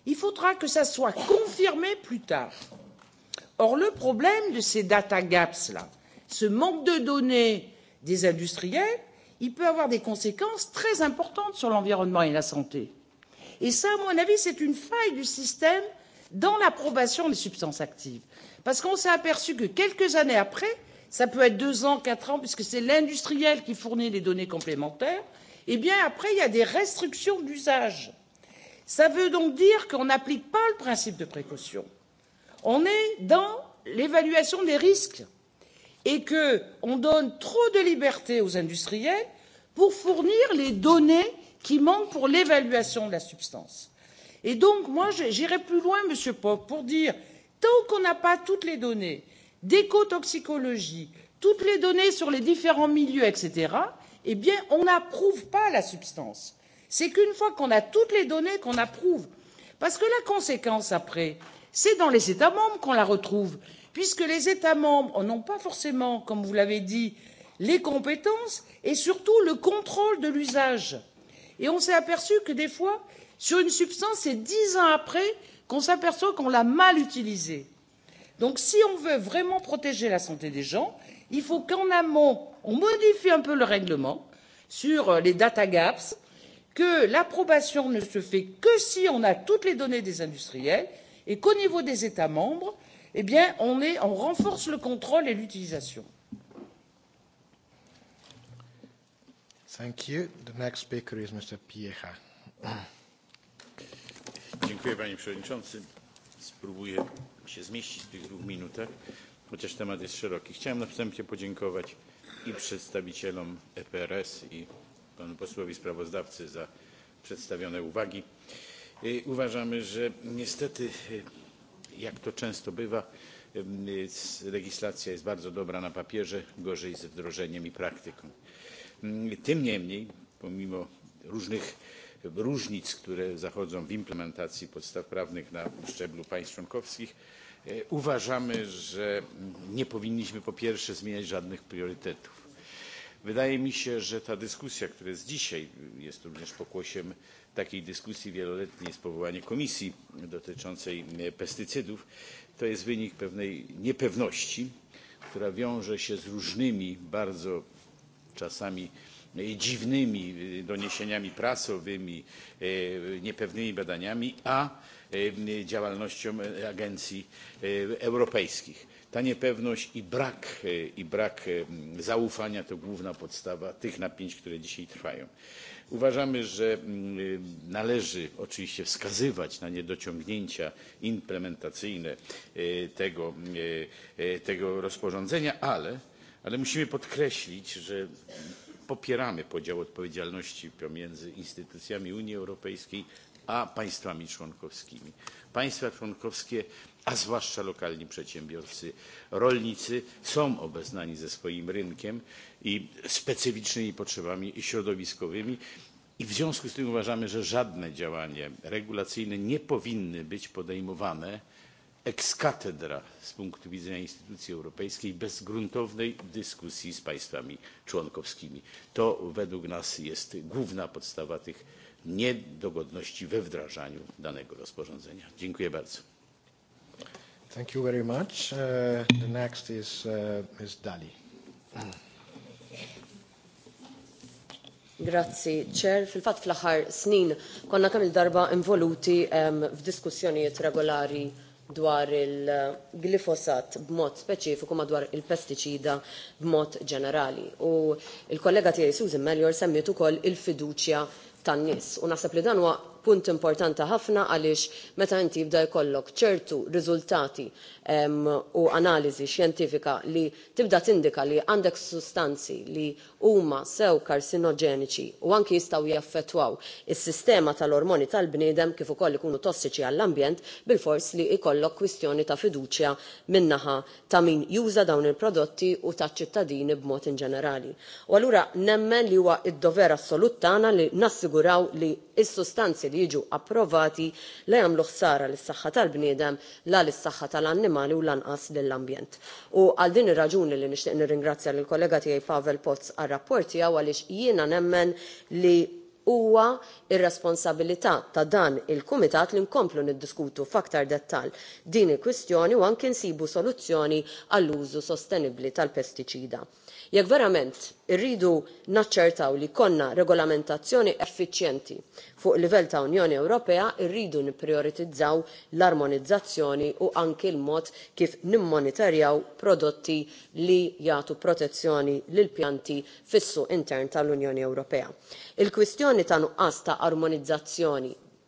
il faudra que ça soit confirmé plus tard. Or, le problème de ces data gaps là, ce manque de données des industriels, il peut avoir des conséquences très importantes sur l'environnement et la santé. Et ça, à mon avis, c'est une faille du système dans l'approbation des substances actives. Parce qu'on s'est aperçu que quelques années après, ça peut être deux ans, quatre ans, puisque c'est l'industriel qui fournit les données complémentaires, eh bien après, il y a des restrictions d'usage Ça veut donc dire qu'on n'applique pas le principe de précaution. On est dans l'évaluation des risques et qu'on donne trop de liberté aux industriels pour fournir les données qui manquent pour l'évaluation de la substance. Et donc, moi, j'irai plus loin, Monsieur Pop, pour dire, tant qu'on n'a pas toutes les données d'écotoxicologie, toutes les données sur les différents milieux, etc., eh bien, on n'approuve pas la substance c'est qu'une fois qu'on a toutes les données, qu'on approuve, parce que la conséquence après, c'est dans les États membres qu'on la retrouve, puisque les États membres n'ont pas forcément, comme vous l'avez dit, les compétences et surtout le contrôle de l'usage. Et on s'est aperçu que des fois, sur une substance, c'est dix ans après qu'on s'aperçoit qu'on l'a mal utilisée. Donc si on veut vraiment protéger la santé des gens, il faut qu'en amont, on modifie un peu le règlement sur les data gaps, que l'approbation ne se fait que si on a toutes les données des industriels et qu'au niveau des états membres eh bien, on, est, on renforce le contrôle et l'utilisation. Dziękuję panie przewodniczący! spróbuję się zmieścić w tych dwóch minutach chociaż temat jest szeroki. chciałem na wstępie podziękować i przedstawicielom eprs i panu posłowi sprawozdawcy za przedstawione uwagi. E, uważamy, że niestety, e, jak to często bywa, e, legislacja jest bardzo dobra na papierze, gorzej z wdrożeniem i praktyką. Mm, tym niemniej, pomimo różnych różnic, które zachodzą w implementacji podstaw prawnych na szczeblu państw członkowskich, uważamy, że mm, nie powinniśmy po pierwsze zmieniać żadnych priorytetów wydaje mi się że ta dyskusja która jest dzisiaj jest również pokłosiem takiej dyskusji wieloletniej z komisji dotyczącej pestycydów to jest wynik pewnej niepewności która wiąże się z różnymi bardzo czasami dziwnymi doniesieniami prasowymi niepewnymi badaniami a e, działalnością agencji e, europejskich ta niepewność i brak, e, i brak e, zaufania to główna podstawa tych napięć, które dzisiaj trwają. Uważamy, że e, należy oczywiście wskazywać na niedociągnięcia implementacyjne tego, rozporządzenia, ale, ale musimy podkreślić, że popieramy podział odpowiedzialności pomiędzy instytucjami Unii Europejskiej a państwami członkowskimi. Państwa członkowskie a zwłaszcza lokalni przedsiębiorcy rolnicy są obeznani ze swoim rynkiem i specyficznymi potrzebami środowiskowymi i w związku z tym uważamy że żadne działanie regulacyjne nie powinny być podejmowane ex cathedra z punktu widzenia instytucji europejskiej bez gruntownej dyskusji z państwami członkowskimi. to według nas jest główna podstawa tych niedogodności we wdrażaniu danego rozporządzenia. dziękuję bardzo. Thank you very much. Uh, the next is uh, Ms. Dali. Grazzi, Chair. fil-fat fl aħħar snin konna kam il-darba involuti um, f'diskussjonijiet regolari dwar il-glifosat uh, b'mod speċifiku madwar il-pesticida b'mod generali. U il-kollega tiegħi Susan Melior semmiet ukoll il-fiduċja tan-nies u naħseb li dan huwa punt importanti ħafna għaliex meta inti jibda jkollok ċertu riżultati u analizi xjentifika li tibda tindika li għandek sustanzi li huma sew karsinoġeniċi u anki jistgħu jaffettwaw is-sistema tal-ormoni tal-bniedem kif ukoll ikunu tossiċi għall-ambjent fors li jkollok kwistjoni ta' fiduċja min-naħa ta' min juża dawn il-prodotti u ta ċittadini b'mod inġenerali. U allura nemmen li huwa d-dover assolut tagħna li nassiguraw li s-sustanzi li jiġu approvati la jagħmlu ħsara lis saħħa tal-bniedem la lis saħħa tal-annimali u lanqas lill-ambjent. U għal din ir-raġuni li nixtieq nirringrazzja lill kollega tiegħi Pavel Potts għar-rapport tiegħu għaliex jiena nemmen li huwa ir-responsabilità ta' dan il-kumitat li nkomplu niddiskutu f'aktar dettall din il-kwistjoni u anke nsibu soluzzjoni għall-użu sostenibbli tal-pestiċida jekk verament irridu naċċertaw li konna regolamentazzjoni effiċjenti fuq livell ta' unjoni ewropea rridu nipprijoritizzaw l-armonizzazzjoni u anki l-mod kif nimmonitorjaw prodotti li jagħtu protezzjoni lil pjanti fis-suq intern tal-unjoni ewropea. il kwistjoni ta' nuqqas ta'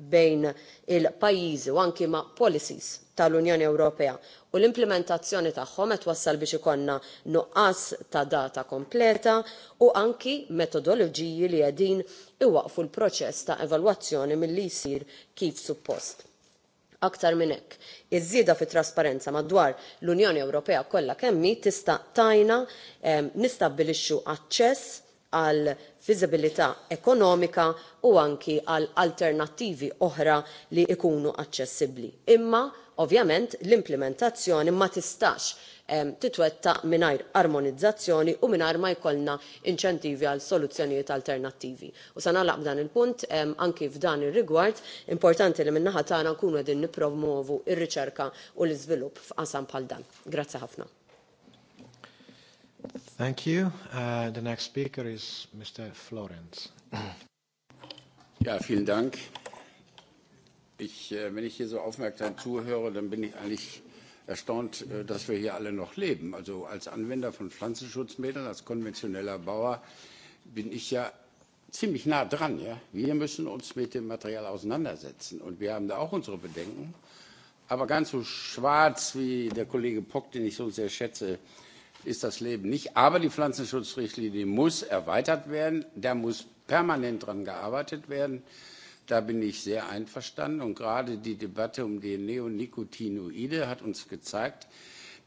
bejn il-pajjiżi u anki ma' policies tal-Unjoni Ewropea u l-implementazzjoni tagħhom qed twassal biex ikollna nuqqas ta' data kompleta u anki metodoloġiji li qegħdin iwaqfu l-proċess ta' evalwazzjoni milli jsir kif suppost. Aktar minn hekk, iż-żieda fit-trasparenza madwar l-Unjoni Ewropea kollha kemm hi tista' tajna ehm, nistabbilixxu aċċess għal fiżibilità ekonomika u anki għal alternattivi oħra li jkunu aċċessibbli imma ovvjament l-implementazzjoni ma tistax titwettaq mingħajr armonizzazzjoni u mingħajr ma jkollna inċentivi għal soluzzjonijiet alternattivi. U sa nagħlaq il-punt anki f'dan ir-rigward importanti li min-naħa tagħna nkunu qegħdin nippromovu r-riċerka u l-iżvilupp f'qasam bħal dan. Grazzi ħafna. Thank you. Uh, speaker Mr. Ja, vielen Dank. Ich, äh, wenn ich hier so aufmerksam zuhöre, dann bin ich eigentlich erstaunt, äh, dass wir hier alle noch leben. Also als Anwender von Pflanzenschutzmitteln, als konventioneller Bauer bin ich ja ziemlich nah dran. Ja? Wir müssen uns mit dem Material auseinandersetzen und wir haben da auch unsere Bedenken. Aber ganz so schwarz wie der Kollege Pock, den ich so sehr schätze, ist das Leben nicht. Aber die Pflanzenschutzrichtlinie muss erweitert werden. Da muss permanent dran gearbeitet werden. Da bin ich sehr einverstanden. Und gerade die Debatte um die Neonicotinoide hat uns gezeigt,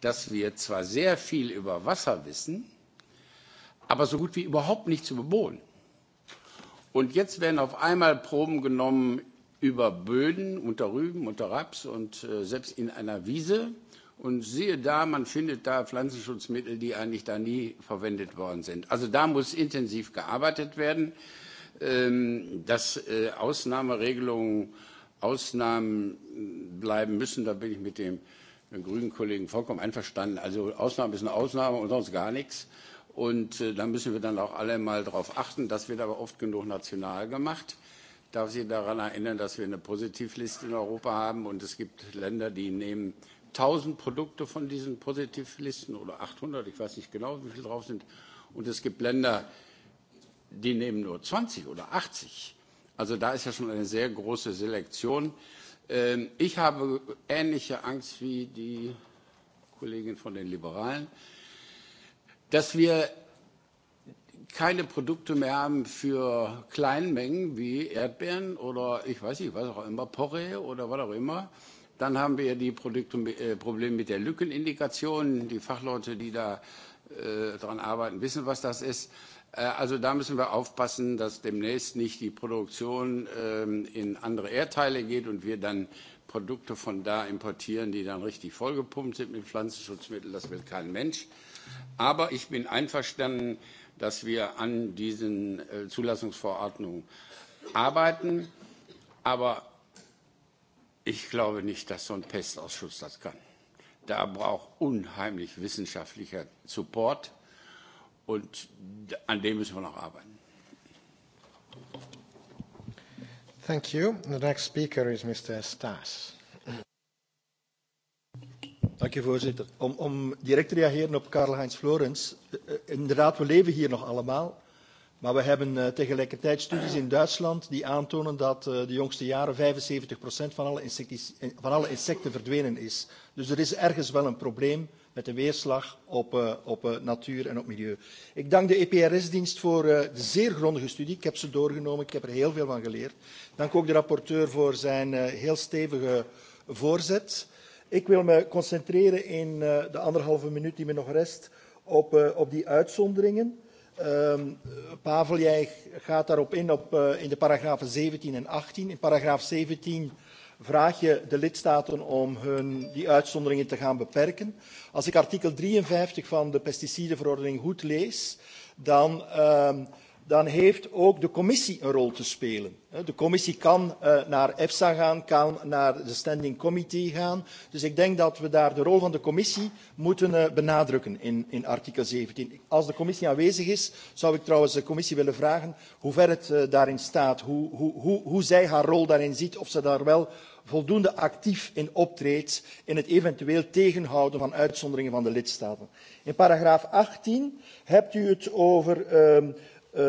dass wir zwar sehr viel über Wasser wissen, aber so gut wie überhaupt nichts über Boden. Und jetzt werden auf einmal Proben genommen über Böden unter Rüben, unter Raps und äh, selbst in einer Wiese, Und siehe da, man findet da Pflanzenschutzmittel, die eigentlich da nie verwendet worden sind. Also da muss intensiv gearbeitet werden, ähm, dass äh, Ausnahmeregelungen Ausnahmen bleiben müssen. Da bin ich mit dem grünen Kollegen vollkommen einverstanden. Also Ausnahme ist eine Ausnahme und sonst gar nichts. Und äh, da müssen wir dann auch alle mal darauf achten. Das wird aber oft genug national gemacht. Ich darf Sie daran erinnern, dass wir eine Positivliste in Europa haben und es gibt Länder, die nehmen 1000 Produkte von diesen Positivlisten oder 800, ich weiß nicht genau, wie viele drauf sind. Und es gibt Länder, die nehmen nur 20 oder 80. Also da ist ja schon eine sehr große Selektion. Ähm, ich habe ähnliche Angst wie die Kollegin von den Liberalen, dass wir keine Produkte mehr haben für Kleinmengen wie Erdbeeren oder ich weiß nicht, was auch immer, Porree oder was auch immer, Dann haben wir die Produkte, äh, Probleme mit der Lückenindikation. Die Fachleute, die da äh, daran arbeiten, wissen, was das ist. Äh, also da müssen wir aufpassen, dass demnächst nicht die Produktion ähm, in andere Erdteile geht und wir dann Produkte von da importieren, die dann richtig vollgepumpt sind mit Pflanzenschutzmitteln. Das will kein Mensch. Aber ich bin einverstanden, dass wir an diesen äh, Zulassungsverordnungen arbeiten. Aber Ich glaube nicht, dass so ein Pestausschuss das kann. Da braucht unheimlich wissenschaftlicher Support und an dem müssen wir noch arbeiten. Thank you. The next speaker is Mr. Stas. Dank voorzitter. Om, om direct te reageren op Karl-Heinz Florens. Eh, eh, inderdaad, we leven hier nog allemaal. Maar we hebben eh, tegelijkertijd studies in Duitsland die aantonen dat eh, de jongste jaren 75% van alle, van alle insecten verdwenen is. Dus er is ergens wel een probleem met de weerslag op, eh, natuur en op milieu. Ik dank de EPRS-dienst voor de zeer grondige studie. Ik heb ze doorgenomen. Ik heb er heel veel van geleerd. Dank ook de rapporteur voor zijn heel stevige voorzet. Ik wil me concentreren in de anderhalve minuut die me nog rest op die uitzonderingen. Um, Pavel, jij gaat daarop in op, uh, in de paragrafen 17 en 18. In paragraaf 17 vraag je de lidstaten om hun, die uitzonderingen te gaan beperken. Als ik artikel 53 van de pesticidenverordening goed lees, dan... Um, dan heeft ook de commissie een rol te spelen. De commissie kan eh, naar EFSA gaan, kan naar de standing committee gaan. Dus ik denk dat we daar de rol van de commissie moeten eh, benadrukken in, artikel 17. Als de commissie aanwezig is, zou ik trouwens de commissie willen vragen hoe ver het eh, daarin staat, hoe, zij haar rol daarin ziet, of ze daar wel voldoende actief in optreedt in het eventueel tegenhouden van uitzonderingen van de lidstaten. In paragraaf 18 hebt u het over... Ehm, Eh,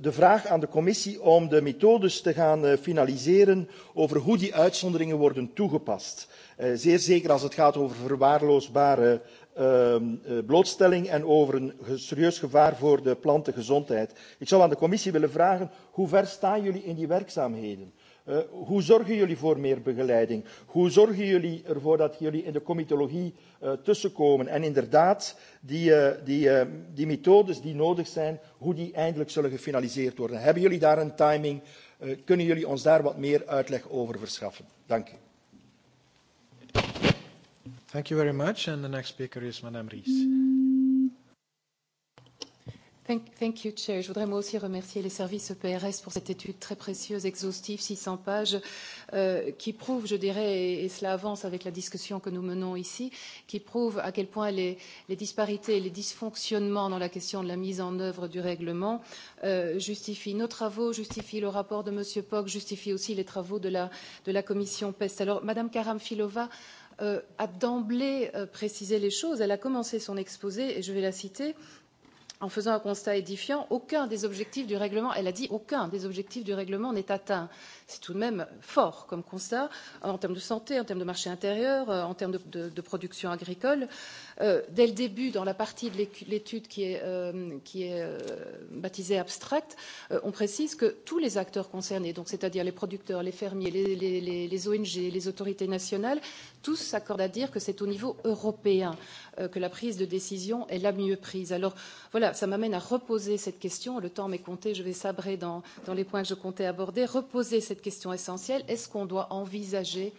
de vraag aan de commissie om de methodes te gaan eh, finaliseren over hoe die uitzonderingen worden toegepast. Eh, zeer zeker als het gaat over verwaarloosbare ehm, blootstelling en over een serieus gevaar voor de plantengezondheid. Ik zou aan de commissie willen vragen, hoe ver staan jullie in die werkzaamheden? Uh, hoe zorgen jullie voor meer begeleiding? Hoe zorgen jullie ervoor dat jullie in de comitologie uh, tussenkomen? En inderdaad, die, uh, die, die methodes die nodig zijn, hoe die eindelijk zullen gefinaliseerd worden. Hebben jullie daar een timing? Kunnen jullie ons daar wat meer uitleg over verschaffen? Dank u. Thank you very much. And the next speaker is Madame Ries. Thank, you, Chair. Je voudrais moi aussi remercier les services EPRS pour cette étude très précieuse, exhaustive, 600 pages, euh, qui prouve, je dirais, et, et cela avance avec la discussion que nous menons ici, qui prouve à quel point les, les disparités et les dysfonctionnements dans la question de la mise en œuvre du règlement euh, justifient nos travaux, justifient le rapport de M. Poc, justifient aussi les travaux de la, de la commission PEST. Alors, Madame Karam-Filova, euh, a d'emblée euh, précisé les choses. Elle a commencé son exposé, et je vais la citer, en faisant un constat édifiant aucun des objectifs du règlement elle a dit aucun des objectifs du règlement n'est atteint. c'est tout de même fort comme constat en termes de santé en termes de marché intérieur euh, en termes de, de, de production agricole. Euh, dès le début dans la partie de l'étude qui est, euh, qui est euh, baptisée abstract euh, on précise que tous les acteurs concernés donc c'est à dire les producteurs les fermiers les, les, les, les ong les autorités nationales tous s'accordent à dire que c'est au niveau européen euh, que la prise de décision est la mieux prise. alors voilà Cela m'amène à reposer cette question. Le temps m'est compté, je vais sabrer dans, dans les points que je comptais aborder. Reposer cette question essentielle. Est-ce qu'on doit envisager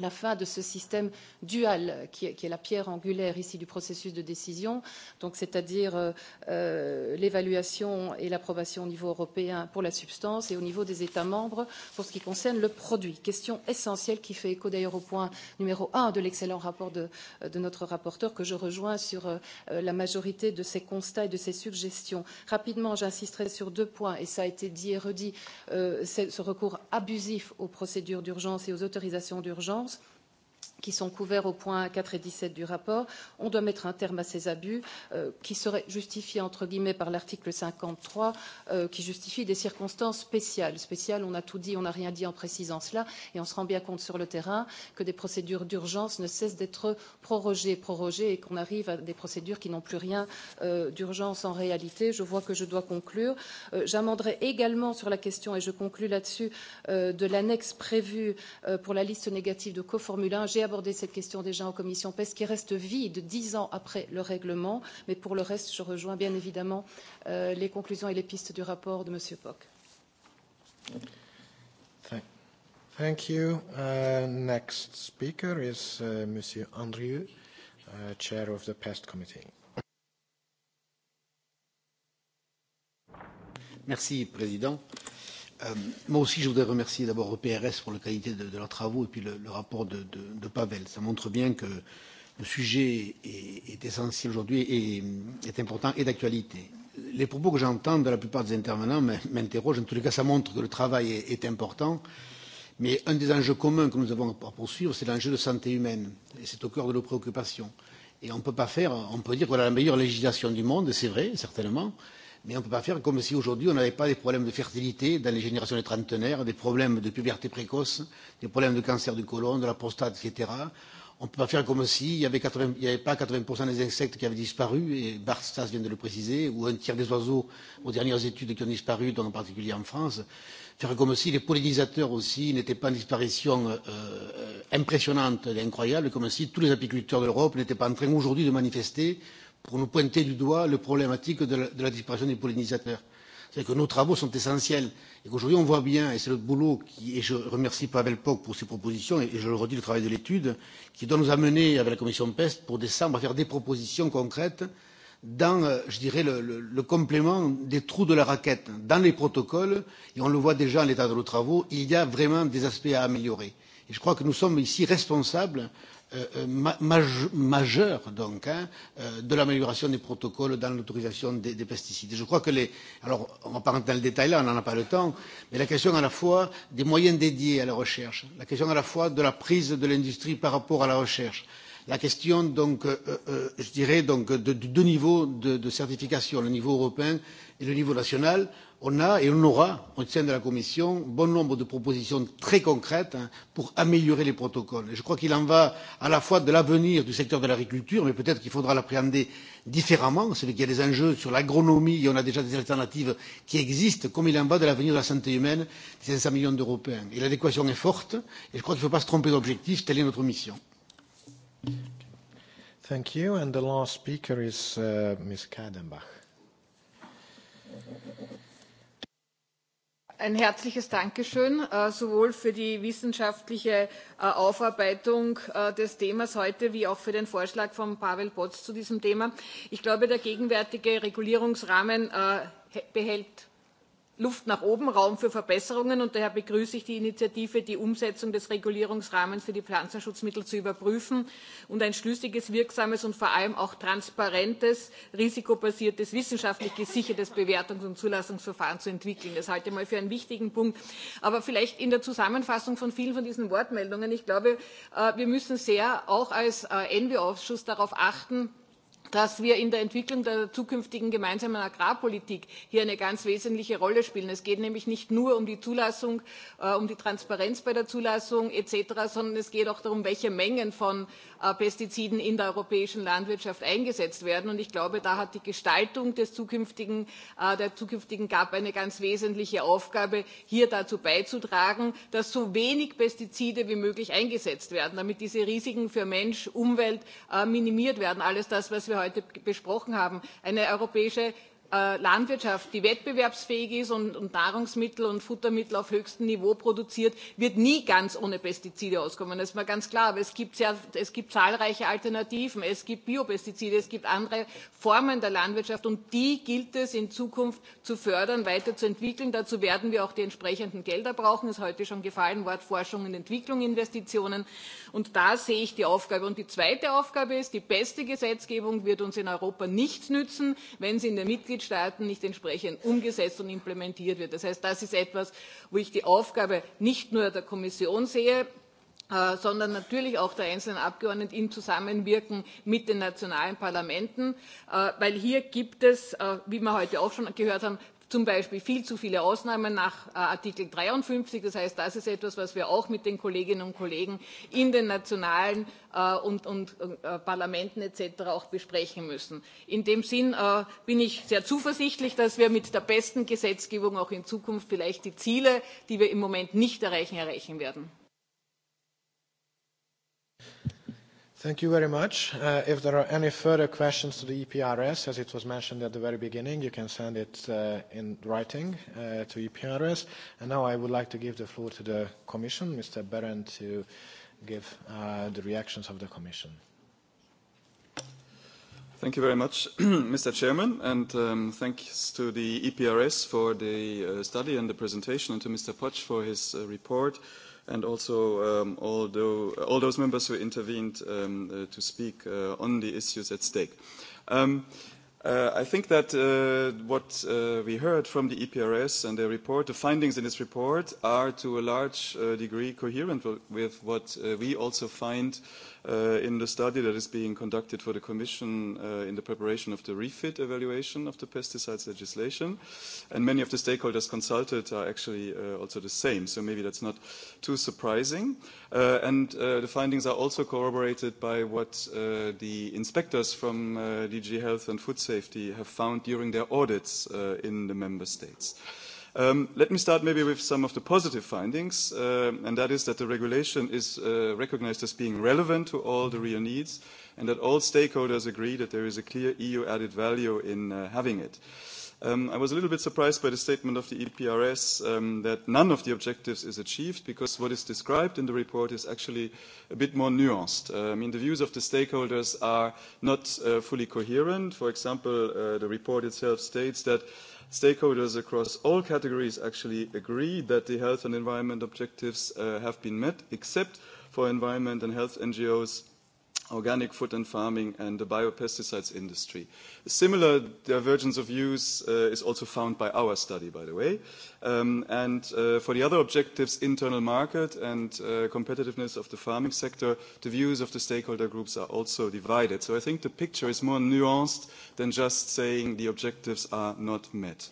la fin de ce système dual euh, qui est, la pierre angulaire ici du processus de décision, donc c'est-à-dire euh, euh, l'évaluation et l'approbation au niveau européen pour la substance et au niveau des États membres pour ce qui concerne le produit. Question essentielle qui fait écho d'ailleurs au point numéro un de l'excellent rapport de, de notre rapporteur que je rejoins sur la majorité de ses constats et de ses suggestions. Rapidement, j'insisterai sur deux points et ça a été dit et redit, ce recours abusif aux procédures d'urgence et aux autorisations d'urgence themselves qui sont couverts aux points 4 et dix sept du rapport on doit mettre un terme à ces abus euh, qui seraient justifiés entre guillemets par l'article cinquante trois euh, qui justifie des circonstances spéciales. spéciales on a tout dit on n'a rien dit en précisant cela et on se rend bien compte sur le terrain que des procédures d'urgence ne cessent d'être prorogées prorogées et qu'on arrive à des procédures qui n'ont plus rien euh, d'urgence en réalité. je vois que je dois conclure. Euh, j'amenderai également sur la question et je conclus là dessus euh, de l'annexe prévue euh, pour la liste négative de co J'ai abordé cette question déjà en commission pesc qui reste vide dix ans après le règlement mais pour le reste je rejoins bien évidemment euh, les conclusions et les pistes du rapport de m. poc. Thank you. Uh, next speaker is uh, Monsieur Andrieu, uh, Chair of the PEST Committee. Merci, Président. Euh, moi aussi, je voudrais remercier d'abord le PRS pour la qualité de, de leurs travaux et puis le, le rapport de, de, de, Pavel. Ça montre bien que le sujet est, est essentiel aujourd'hui et est important et d'actualité. Les propos que j'entends de la plupart des intervenants m'interrogent. En tous les cas, ça montre que le travail est, est important. Mais un des enjeux communs que nous avons à poursuivre, c'est l'enjeu de santé humaine. Et c'est au cœur de nos préoccupations. Et on ne peut pas faire, on peut dire qu'on a la meilleure législation du monde, c'est vrai, certainement, Mais on ne peut pas faire comme si aujourd'hui on n'avait pas des problèmes de fertilité dans les générations des trentenaires, des problèmes de puberté précoce, des problèmes de cancer du côlon, de la prostate, etc. On ne peut pas faire comme s'il n'y avait, il y avait pas 80% des insectes qui avaient disparu, et Barstas vient de le préciser, ou un tiers des oiseaux aux dernières études qui ont disparu, dont en particulier en France. Faire comme si les pollinisateurs aussi n'étaient pas en disparition euh, euh, impressionnante et incroyable, comme si tous les apiculteurs d'Europe n'étaient pas en train aujourd'hui de manifester pour nous pointer du doigt le problématique de la, disparition des pollinisateurs. C'est que nos travaux sont essentiels et qu'aujourd'hui on voit bien, et c'est le boulot, qui, et je remercie Pavel Poc pour ses propositions et, je le redis le travail de l'étude, qui doit nous amener avec la commission PEST pour décembre à faire des propositions concrètes dans, euh, je dirais, le, le, le complément des trous de la raquette. Dans les protocoles, et on le voit déjà à l'état de nos travaux, il y a vraiment des aspects à améliorer. Et je crois que nous sommes ici responsables Euh, euh, majeur donc hein, euh, de l'amélioration des protocoles dans l'autorisation des, des pesticides. Je crois que les alors on va pas rentrer dans le détail là, on n'en a pas le temps, mais la question à la fois des moyens dédiés à la recherche, la question à la fois de la prise de l'industrie par rapport à la recherche, la question donc euh, euh, je dirais donc de deux niveaux de, de certification, le niveau européen et le niveau national on a et on aura au sein de la commission bon nombre de propositions très concrètes pour améliorer les protocoles. je crois qu'il en va à la fois de l'avenir du secteur de l'agriculture mais peut être qu'il faudra l'appréhender différemment c'est qu'il y a des enjeux sur l'agronomie et on a déjà des alternatives qui existent comme il en va de l'avenir de la santé humaine des cinq cents millions d'européens. l'adéquation est forte et je crois qu'il ne faut pas se tromper d'objectif telle est notre mission. Thank you. And the last speaker is, uh, ein herzliches dankeschön äh, sowohl für die wissenschaftliche äh, aufarbeitung äh, des themas heute wie auch für den vorschlag von pavel Potts zu diesem thema. ich glaube der gegenwärtige regulierungsrahmen behält luft nach oben raum für verbesserungen und daher begrüße ich die initiative die umsetzung des regulierungsrahmens für die pflanzenschutzmittel zu überprüfen und ein schlüssiges wirksames und vor allem auch transparentes risikobasiertes wissenschaftlich gesichertes bewertungs und zulassungsverfahren zu entwickeln. das halte ich mal für einen wichtigen punkt. aber vielleicht in der zusammenfassung von vielen von diesen wortmeldungen ich glaube äh, wir müssen sehr auch als envi äh, ausschuss darauf achten dass wir in der Entwicklung der zukünftigen gemeinsamen Agrarpolitik hier eine ganz wesentliche Rolle spielen. Es geht nämlich nicht nur um die Zulassung, äh, um die Transparenz bei der Zulassung etc., sondern es geht auch darum, welche Mengen von äh, Pestiziden in der europäischen Landwirtschaft eingesetzt werden. Und ich glaube, da hat die Gestaltung des zukünftigen, äh, der zukünftigen GAP eine ganz wesentliche Aufgabe, hier dazu beizutragen, dass so wenig Pestizide wie möglich eingesetzt werden, damit diese Risiken für Mensch, Umwelt minimiert werden. Alles das, was heute besprochen haben eine europäische Äh, landwirtschaft die wettbewerbsfähig ist und, und nahrungsmittel und futtermittel auf höchstem niveau produziert wird nie ganz ohne pestizide auskommen das ist mal ganz klar. aber es gibt, es gibt zahlreiche alternativen es gibt biopestizide es gibt andere formen der landwirtschaft und die gilt es in zukunft zu fördern weiterzuentwickeln. dazu werden wir auch die entsprechenden gelder brauchen das ist heute schon gefallen wort forschung und entwicklung investitionen und da sehe ich die aufgabe. und die zweite aufgabe ist die beste gesetzgebung wird uns in europa nichts nützen wenn sie in den mitgliedstaaten nicht entsprechend umgesetzt und implementiert wird. das heißt das ist etwas wo ich die aufgabe nicht nur der kommission sehe äh, sondern natürlich auch der einzelnen abgeordneten im zusammenwirken mit den nationalen parlamenten äh, weil hier gibt es äh, wie wir heute auch schon gehört haben zum Beispiel viel zu viele Ausnahmen nach äh, Artikel 53. Das heißt, das ist etwas, was wir auch mit den Kolleginnen und Kollegen in den nationalen äh, und, äh, Parlamenten etc. auch besprechen müssen. In dem Sinn bin ich sehr zuversichtlich, dass wir mit der besten Gesetzgebung auch in Zukunft vielleicht die Ziele, die wir im Moment nicht erreichen, erreichen werden. Thank you very much. Uh, if there are any further questions to the EPRS, as it was mentioned at the very beginning, you can send it uh, in writing uh, to EPRS. And now I would like to give the floor to the Commission, Mr. Berend, to give uh, the reactions of the Commission. Thank you very much, (clears throat) Mr. Chairman, and um, thanks to the EPRS for the uh, study and the presentation, and to Mr. Potch for his report and also um, all, those, all those members who intervened um, uh, to speak uh, on the issues at stake. Um, uh, I think that uh, what uh, we heard from the EPRS and their report, the findings in this report, are to a large uh, degree coherent with what uh, we also find uh, Uh, in the study that is being conducted for the Commission uh, in the preparation of the refit evaluation of the pesticides legislation. And many of the stakeholders consulted are actually uh, also the same, so maybe that's not too surprising. Uh, and uh, the findings are also corroborated by what uh, the inspectors from DG Health and Food Safety have found during their audits in the member states. Um, let me start maybe with some of the positive findings, uh, and that is that the regulation is uh, recognized as being relevant to all the real needs, and that all stakeholders agree that there is a clear EU added value in uh, having it. Um, I was a little bit surprised by the statement of the EPRS um, that none of the objectives is achieved because what is described in the report is actually a bit more nuanced. Uh, I mean, the views of the stakeholders are not uh, fully coherent. For example, uh, the report itself states that stakeholders across all categories actually agree that the health and environment objectives uh, have been met, except for environment and health NGOs organic food and farming and the biopesticides industry. A similar divergence of views uh, is also found by our study, by the way. Um, and uh, for the other objectives, internal market and uh, competitiveness of the farming sector, the views of the stakeholder groups are also divided. So I think the picture is more nuanced than just saying the objectives are not met.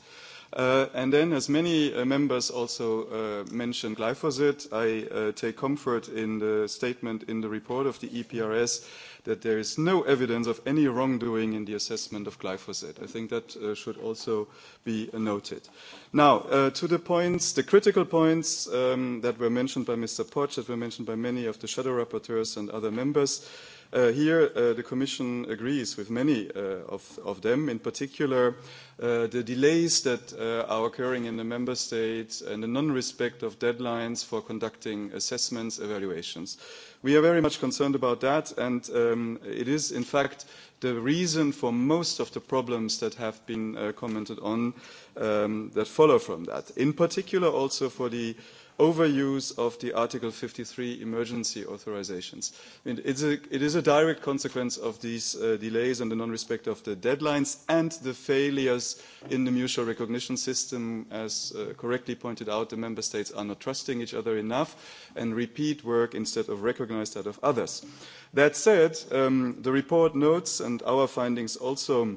Uh, and then, as many uh, members also uh, mentioned glyphosate, I take comfort in the statement in the report of the EPRS that there is no evidence of any wrongdoing in the assessment of glyphosate. I think that should also be noted. Now, to the points, the critical points um, that were mentioned by Mr. Poch, that were mentioned by many of the shadow rapporteurs and other members. Uh, here, uh, the Commission agrees with many uh, of, of them, in particular the delays that are occurring in the Member States and the non-respect of deadlines for conducting assessments, evaluations. We are very much concerned about that, and um, it is, in fact, the reason for most of the problems that have been commented on um, that follow from that. In particular, also for the overuse of the Article 53 emergency authorizations. And it is a direct consequence of these uh, delays and the non-respect of the deadlines and the failures in the mutual recognition system. As uh, correctly pointed out, the member states are not trusting each other enough and repeat work instead of recognize that of others. That said, um, the report notes, and our findings also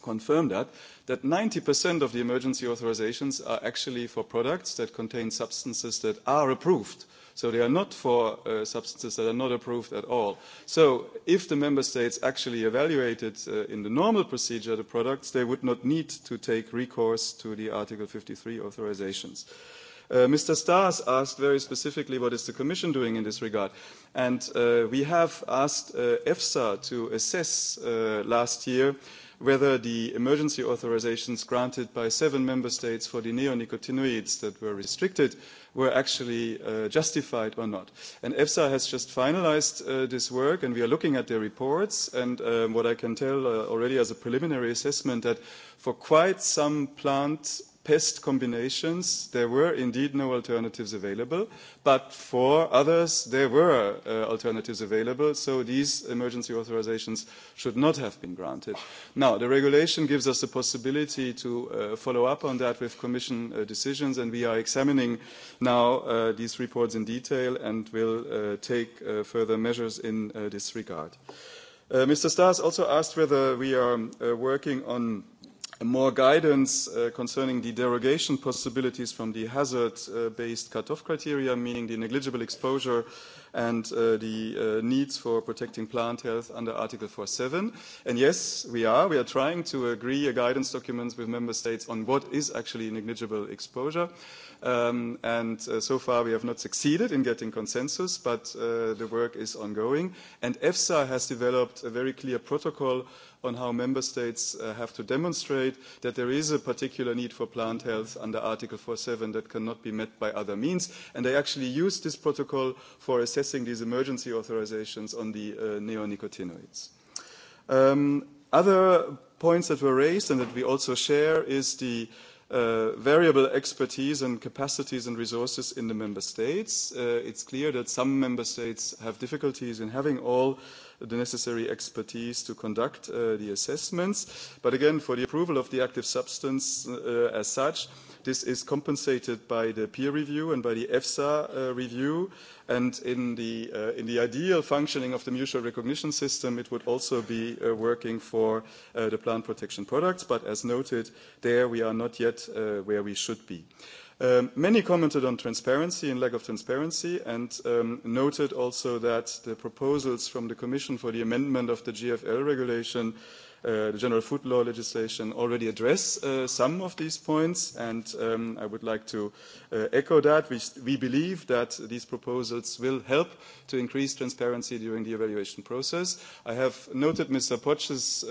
confirm that, that 90% of the emergency authorizations are actually for products that contain substances that are approved. So they are not for uh, substances that are not approved at all. So if the member states actually evaluated uh, in the normal procedure the products, they would not need to take recourse to the Article 53 authorizations. authorisations. Mr. Stars asked very specifically what is the Commission doing in this regard. And uh, we have asked uh, EFSA to assess last year whether the emergency authorizations granted by seven member states for the neonicotinoids that were restricted were actually uh, justified or not. And EFSA has just finalized uh, this work, and we are looking at their reports. And um, what I can tell uh, already as a preliminary assessment that for quite some plant pest combinations, there were indeed no alternatives available, but for others, there were uh, alternatives available, so these emergency authorizations should not have been granted. Now, the regulation gives us the possibility to uh, follow up on that with Commission uh, decisions, and we are examining now uh, these reports in detail and will take further measures in this regard. Mr. Stas also asked whether we are working on more guidance uh, concerning the derogation possibilities from the hazard-based cutoff criteria, meaning the negligible exposure and uh, the uh, needs for protecting plant health under Article 47. And yes, we are. We are trying to agree a guidance document with member states on what is actually negligible exposure. Um, and so far we have not succeeded in getting consensus, but the work is ongoing. And EFSA has developed a very clear protocol on how member states uh, have to demonstrate that there is a particular need for plant health under Article 47 that cannot be met by other means. And they actually use this protocol for assessing these emergency authorizations on the uh, neonicotinoids. Um, other points that were raised and that we also share is the Uh, variable expertise and capacities and resources in the member states. It uh, it's clear that some member states have difficulties in having all the necessary expertise to conduct uh, the assessments. But again, for the approval of the active substance as such, This is compensated by the peer review and by the EFSA uh, review. And in the, uh, in the ideal functioning of the mutual recognition system, it would also be uh, working for uh, the plant protection products. But as noted, there we are not yet uh, where we should be. Um, many commented on transparency and lack of transparency and um, noted also that the proposals from the Commission for the amendment of the GFL regulation Uh, the general food law legislation already address uh, some of these points, and um, I would like to uh, echo that. We, believe that these proposals will help to increase transparency during the evaluation process. I have noted Mr. Potch's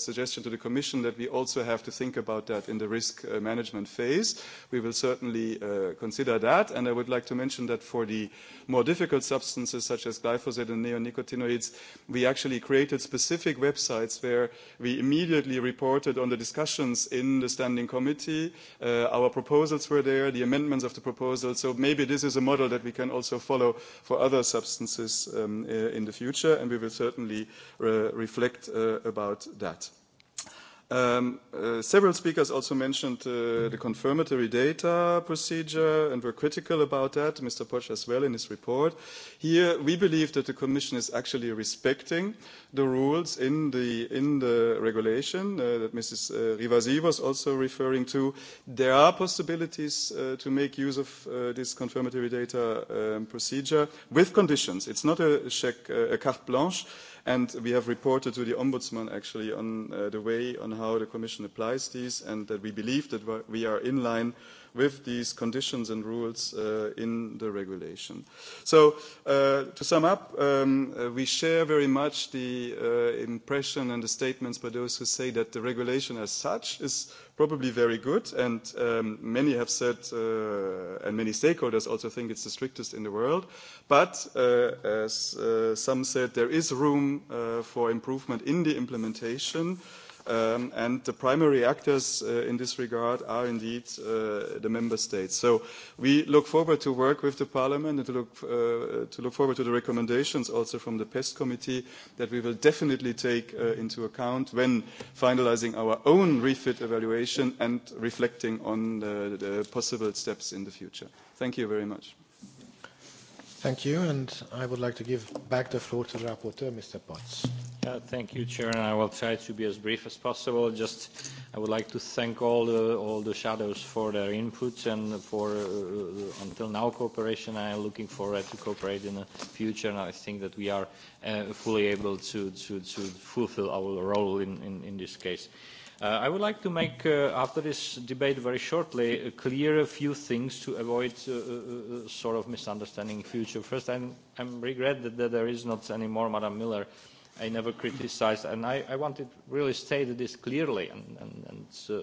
suggestion to the Commission that we also have to think about that in the risk management phase. We will certainly consider that, and I would like to mention that for the more difficult substances such as glyphosate and neonicotinoids, we actually created specific websites where We immediately reported on the discussions in the standing committee. Uh, our proposals were there, the amendments of the proposals. So maybe this is a model that we can also follow for other substances um, uh, in the future, and we will certainly uh, reflect about that. Um, uh, several speakers also mentioned uh, the confirmatory data procedure and were critical about that, Mr. Poch as well in his report. Here, we believe that the Commission is actually respecting the rules in the, in the regulation uh, that Mrs. Uh, Rivasi was also referring to. There are possibilities uh, to make use of uh, this confirmatory data um, procedure with conditions. It's not a, check, a carte blanche and we have reported to the ombudsman actually on uh, the way on how the commission applies these and that we believe that we are in line with these conditions and rules uh, in the regulation. So uh, to sum up, um, uh, we share very much the uh, impression and the statements by those who say that the regulation as such is probably very good and um, many have said uh, and many stakeholders also think it's the strictest in the world but uh, as uh, some said there is room uh, for improvement in the implementation Um, and the primary actors uh, in this regard are indeed uh, the member states. So we look forward to work with the parliament and to look, uh, to look forward to the recommendations also from the PEST committee that we will definitely take uh, into account when finalising our own refit evaluation and reflecting on the, the possible steps in the future. Thank you very much. Thank you, and I would like to give back the floor to the rapporteur, Mr. Potts. Uh, thank you, Chair, and I will try to be as brief as possible. Just, I would like to thank all the, all the shadows for their input and for uh, uh, until now cooperation. I am looking forward to cooperate in the future, and I think that we are uh, fully able to, to, to fulfill our role in, in, in this case. Uh, I would like to make, uh, after this debate very shortly, uh, clear a few things to avoid uh, sort of misunderstanding in future. First, I regret that, that there is not any more Madam Miller i never criticized, and I, I wanted really stated this clearly and, and, uh,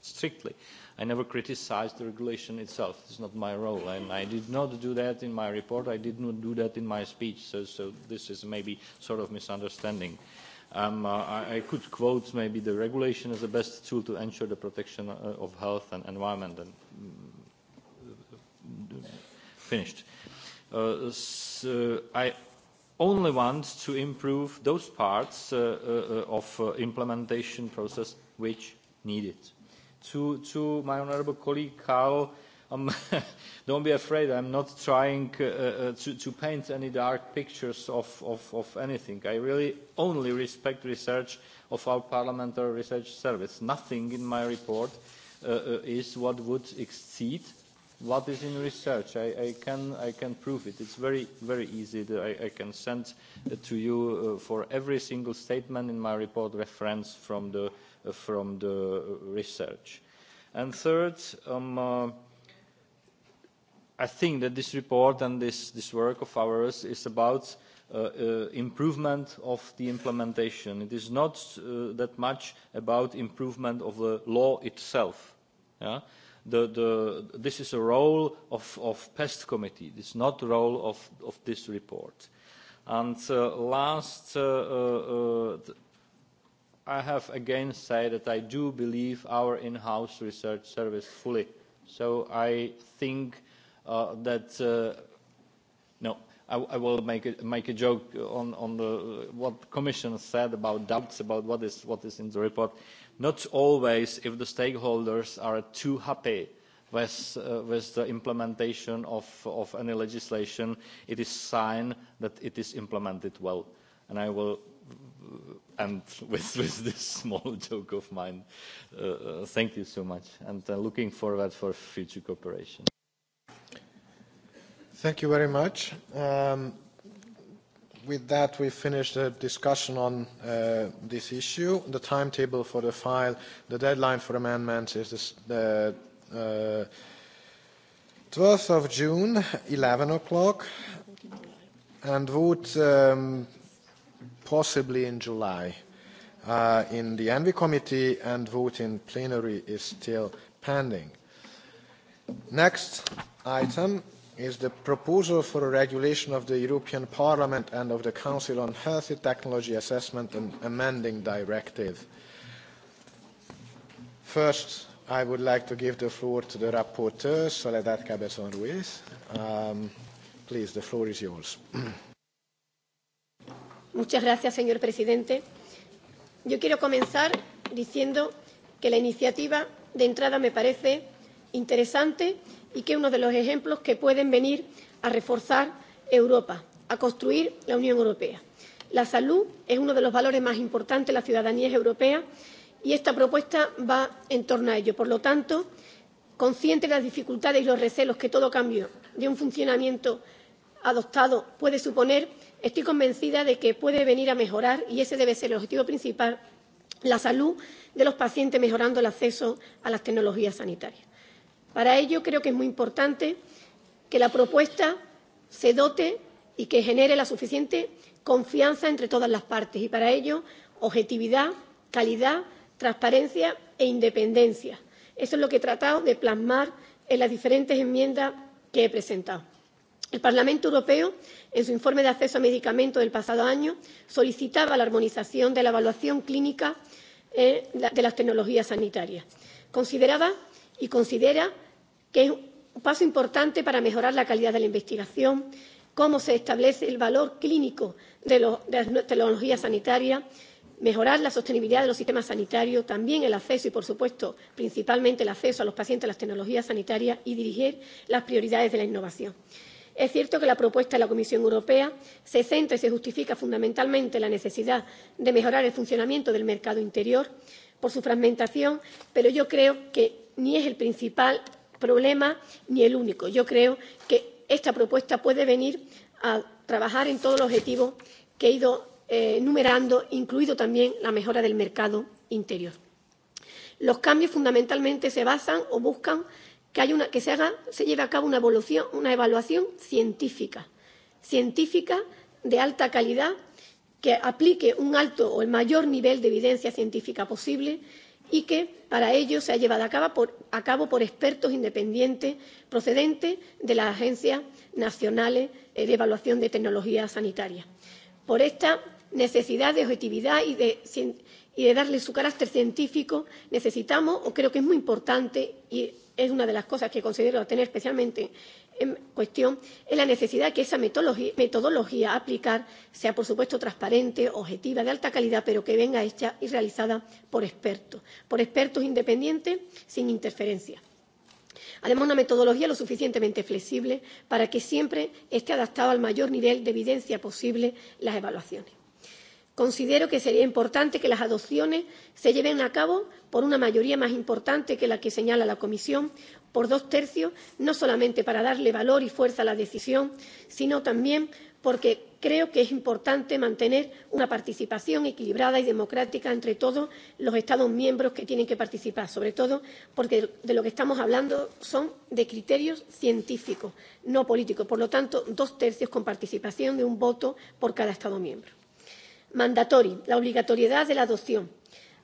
strictly. I never criticized the regulation itself. It's not my role, and I did not do that in my report. I did not do that in my speech. So, so this is maybe sort of misunderstanding. Um, uh, I, I could quote maybe the regulation as the best tool to ensure the protection uh, of health and environment, and mm, finished. so I only wants to improve those parts uh, uh, of uh, implementation process which need it. To, to my honourable colleague Carl, um, (laughs) don't be afraid, I'm not trying to, to paint any dark pictures of, of, of anything. I really only respect research of our parliamentary research service. Nothing in my report is what would exceed what is in research. I, I, can, I can prove it. It's very, very easy. I, I can send to you uh, for every single statement in my report reference from the, uh, from the uh, research. And third, um, uh, I think that this report and this, this work of ours is about Uh, uh, improvement of the implementation. It is not uh, that much about improvement of the law itself. Yeah? the, the, this is a role of, of PEST committee. It's not the role of, of this report. And uh, last, uh, uh, uh, I have again said that I do believe our in-house research service fully. So I think uh, that, uh, no, I, I will make a, make a joke on, on the, what the Commission said about doubts about what is, what is in the report not always if the stakeholders are too happy with, uh, with the implementation of, any legislation it is a sign that it is implemented well and i will end with, with this small (laughs) joke of mine. Uh, uh, thank you so much and looking forward for future cooperation. Thank you very much. Um, with that, we finished the discussion on uh, this issue. The timetable for the file, the deadline for amendments is this, the uh, 12th of June, 11 o'clock, and vote um, possibly in July uh, in the Envy Committee, and vote in plenary is still pending. Next item is the proposal for a regulation of the European Parliament and of the Council on Healthy Technology Assessment and Amending Directive. First, I would like to give the floor to the rapporteur, Soledad Cabezon Ruiz. Um, please, the floor is yours. (clears throat) Muchas gracias, señor presidente. Yo quiero comenzar diciendo que la iniciativa de entrada me parece interesante y que es uno de los ejemplos que pueden venir a reforzar Europa, a construir la Unión Europea. La salud es uno de los valores más importantes de la ciudadanía europea y esta propuesta va en torno a ello. Por lo tanto, consciente de las dificultades y los recelos que todo cambio de un funcionamiento adoptado puede suponer, estoy convencida de que puede venir a mejorar y ese debe ser el objetivo principal la salud de los pacientes mejorando el acceso a las tecnologías sanitarias. Para ello, creo que es muy importante que la propuesta se dote y que genere la suficiente confianza entre todas las partes y para ello objetividad, calidad, transparencia e independencia. Eso es lo que he tratado de plasmar en las diferentes enmiendas que he presentado. El Parlamento Europeo, en su informe de acceso a medicamentos del pasado año, solicitaba la armonización de la evaluación clínica eh, de las tecnologías sanitarias. Consideraba y considera que es un paso importante para mejorar la calidad de la investigación cómo se establece el valor clínico de, lo, de las tecnologías sanitarias mejorar la sostenibilidad de los sistemas sanitarios también el acceso y por supuesto principalmente el acceso a los pacientes a las tecnologías sanitarias y dirigir las prioridades de la innovación. es cierto que la propuesta de la comisión europea se centra y se justifica fundamentalmente en la necesidad de mejorar el funcionamiento del mercado interior por su fragmentación pero yo creo que ni es el principal problema ni el único. Yo creo que esta propuesta puede venir a trabajar en todos los objetivos que he ido enumerando, eh, incluido también la mejora del mercado interior. Los cambios fundamentalmente se basan o buscan que, hay que se, haga, se lleve a cabo una evolución, una evaluación científica, científica de alta calidad, que aplique un alto o el mayor nivel de evidencia científica posible y que para ello se ha llevado a cabo por, a cabo por expertos independientes procedentes de las agencias nacionales eh, de evaluación de tecnologías sanitarias. por esta necesidad de objetividad y de, y de darle su carácter científico necesitamos o creo que es muy importante y es una de las cosas que considero tener especialmente en cuestión es la necesidad de que esa metodología a aplicar sea, por supuesto, transparente, objetiva, de alta calidad, pero que venga hecha y realizada por expertos, por expertos independientes, sin interferencia. Además, una metodología lo suficientemente flexible para que siempre esté adaptada al mayor nivel de evidencia posible las evaluaciones. Considero que sería importante que las adopciones se lleven a cabo por una mayoría más importante que la que señala la Comisión, por dos tercios, no solamente para darle valor y fuerza a la decisión, sino también porque creo que es importante mantener una participación equilibrada y democrática entre todos los Estados miembros que tienen que participar, sobre todo porque de lo que estamos hablando son de criterios científicos, no políticos. Por lo tanto, dos tercios con participación de un voto por cada Estado miembro. Mandatory, la obligatoriedad de la adopción.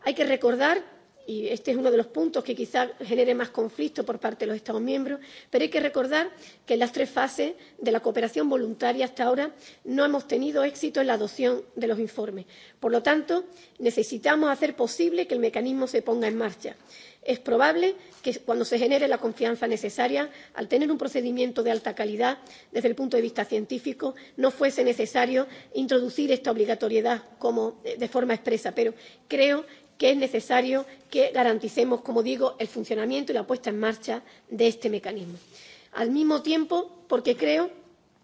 Hay que recordar y este es uno de los puntos que quizá genere más conflicto por parte de los Estados miembros, pero hay que recordar que en las tres fases de la cooperación voluntaria hasta ahora no hemos tenido éxito en la adopción de los informes. Por lo tanto, necesitamos hacer posible que el mecanismo se ponga en marcha. Es probable que cuando se genere la confianza necesaria, al tener un procedimiento de alta calidad desde el punto de vista científico, no fuese necesario introducir esta obligatoriedad como eh, de forma expresa, pero creo que es necesario que garanticemos como digo el funcionamiento y la puesta en marcha de este mecanismo. al mismo tiempo porque creo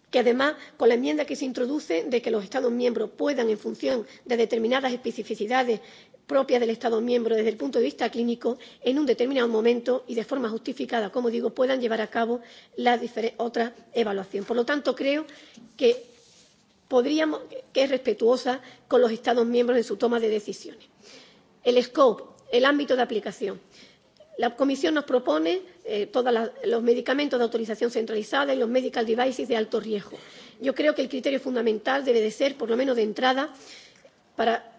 que además con la enmienda que se introduce de que los estados miembros puedan en función de determinadas especificidades propias del estado miembro desde el punto de vista clínico en un determinado momento y de forma justificada como digo puedan llevar a cabo la otra evaluación. por lo tanto creo que podríamos que es respetuosa con los estados miembros en su toma de decisiones el scope el ámbito de aplicación la comisión nos propone eh, todos los medicamentos de autorización centralizada y los medical devices de alto riesgo. yo creo que el criterio fundamental debe de ser por lo menos de entrada para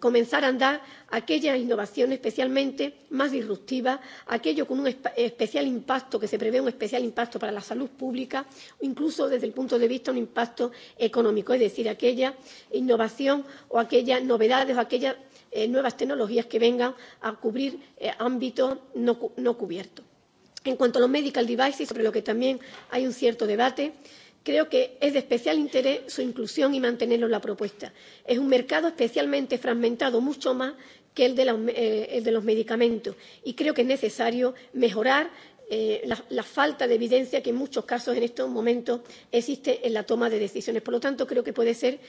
comenzar a andar aquellas innovaciones especialmente más disruptivas aquello con un especial impacto que se prevé un especial impacto para la salud pública o incluso desde el punto de vista un impacto económico es decir aquella innovación o aquellas novedades o aquellas Eh, nuevas tecnologías que vengan a cubrir eh, ámbitos no, no cubiertos. En cuanto a los medical devices, sobre lo que también hay un cierto debate, creo que es de especial interés su inclusión y mantenerlo en la propuesta. Es un mercado especialmente fragmentado, mucho más que el de, eh, de los medicamentos, y creo que es necesario mejorar eh, la, la falta de evidencia que en muchos casos en estos momentos existe en la toma de decisiones. Por lo tanto, creo que puede ser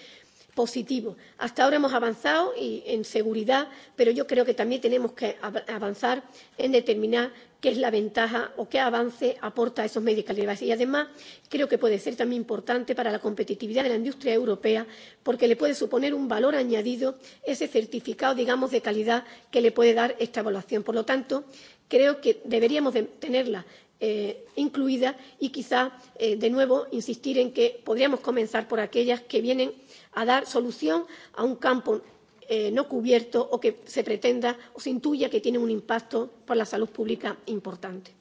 positivo. Hasta ahora hemos avanzado y, en seguridad, pero yo creo que también tenemos que avanzar en determinar qué es la ventaja o qué avance aporta a esos de calidad. Y además creo que puede ser también importante para la competitividad de la industria europea porque le puede suponer un valor añadido ese certificado, digamos, de calidad que le puede dar esta evaluación. Por lo tanto, creo que deberíamos de tenerla eh, incluidas y quizá, eh, de nuevo, insistir en que podríamos comenzar por aquellas que vienen a dar solución a un campo eh, no cubierto o que se pretenda o se intuya que tiene un impacto por la salud pública importante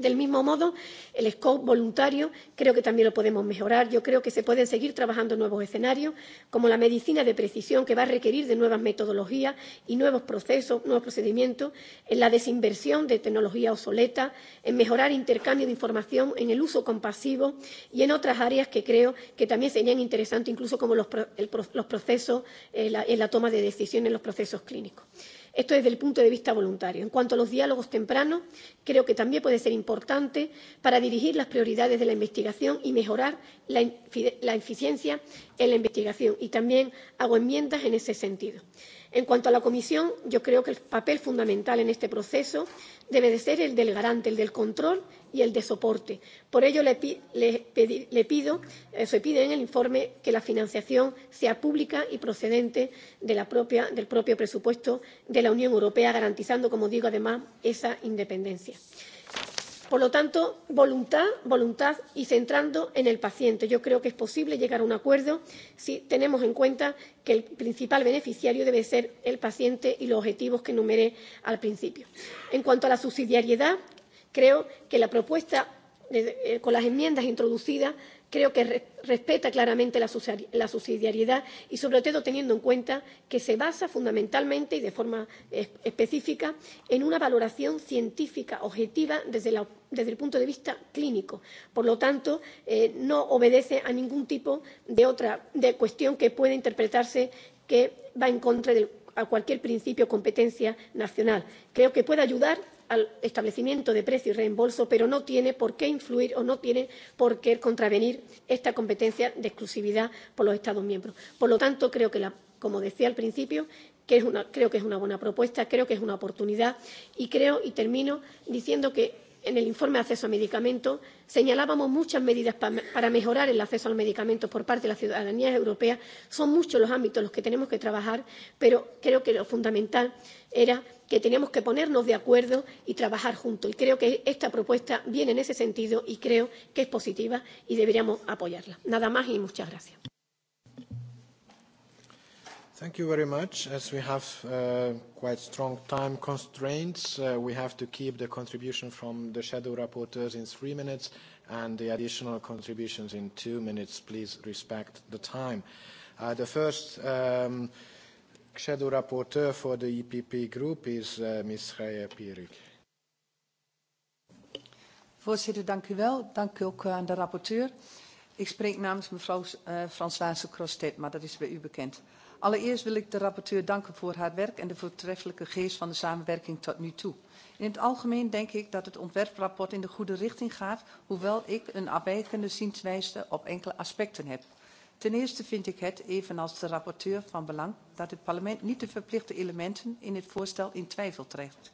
del mismo modo el scope voluntario creo que también lo podemos mejorar yo creo que se pueden seguir trabajando nuevos escenarios como la medicina de precisión que va a requerir de nuevas metodologías y nuevos procesos nuevos procedimientos en la desinversión de tecnología obsoleta en mejorar el intercambio de información en el uso compasivo y en otras áreas que creo que también serían interesantes incluso como los, procesos eh, en la, la toma de decisiones en los procesos clínicos. Esto desde el punto de vista voluntario. En cuanto a los diálogos tempranos, creo que también puede ser importante para dirigir las prioridades de la investigación y mejorar la, eficiencia en la investigación. Y también hago enmiendas en ese sentido. En cuanto a la Comisión, yo creo que el papel fundamental en este proceso debe de ser el del garante, el del control y el de soporte. Por ello, le, le, pedi, le pido, eh, se pide en el informe que la financiación sea pública y procedente de la propia, del propio presupuesto de la Unión Europea, garantizando, como digo, además, esa independencia. Por lo tanto, voluntad, voluntad y centrando en el paciente. Yo creo que es posible llegar a un acuerdo si tenemos en cuenta que el principal beneficiario debe ser el paciente y los objetivos que enumeré al principio. En cuanto a la subsidiariedad, Creo que la propuesta eh, eh, con las enmiendas introducidas creo que respeta claramente la, subsidiariedad y sobre todo teniendo en cuenta que se basa fundamentalmente y de forma eh, específica en una valoración científica objetiva desde, el punto de vista clínico. Por lo tanto, no obedece a ningún tipo de otra de cuestión que pueda interpretarse que va en contra de cualquier principio o competencia nacional. Creo que puede ayudar al establecimiento de precio y reembolso pero no tiene por qué influir o no tiene por qué contravenir esta competencia de exclusividad por los estados miembros. por lo tanto creo que la, como decía al principio que es una, creo que es una buena propuesta creo que es una oportunidad y creo y termino diciendo que en el informe de acceso a medicamentos señalábamos muchas medidas pa-, para mejorar el acceso a medicamento medicamentos por parte de la ciudadanía europea. son muchos los ámbitos en los que tenemos que trabajar pero creo que lo fundamental era que tenemos que ponernos de acuerdo y trabajar juntos y creo que esta propuesta viene en ese sentido y creo que es positiva y deberíamos apoyarla. nada más y muchas gracias. Thank you very much. As we have uh, quite strong time constraints, uh, we have to keep the contribution from the shadow rapporteurs in three minutes and the additional contributions in two minutes. Please respect the time. Uh, the first um, Shadow Rapporteur for the EPP Group is uh, Ms. Pierik. Voorzitter, dank u wel. Dank u ook uh, aan de rapporteur. Ik spreek namens mevrouw uh, Françoise Crostet, maar dat is bij u bekend. Allereerst wil ik de rapporteur danken voor haar werk en de voortreffelijke geest van de samenwerking tot nu toe. In het algemeen denk ik dat het ontwerprapport in de goede richting gaat, hoewel ik een afwijkende zienswijze op enkele aspecten heb ten eerste vind ik het evenals de rapporteur van belang dat het parlement niet de verplichte elementen in het voorstel in twijfel trekt.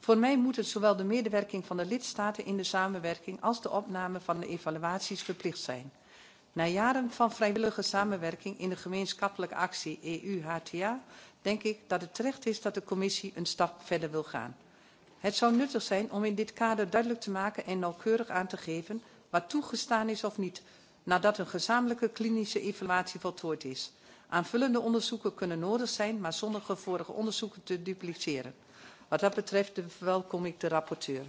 voor mij moeten zowel de medewerking van de lidstaten in de samenwerking als de opname van de evaluaties verplicht zijn. na jaren van vrijwillige samenwerking in de gemeenschappelijke actie eu hta denk ik dat het terecht is dat de commissie een stap verder wil gaan. het zou nuttig zijn om in dit kader duidelijk te maken en nauwkeurig aan te geven wat toegestaan is of niet nadat een gezamenlijke klinische evaluatie voltooid is. aanvullende onderzoeken kunnen nodig zijn maar zonder vorige onderzoeken te dupliceren. wat dat betreft verwelkom ik de rapporteur.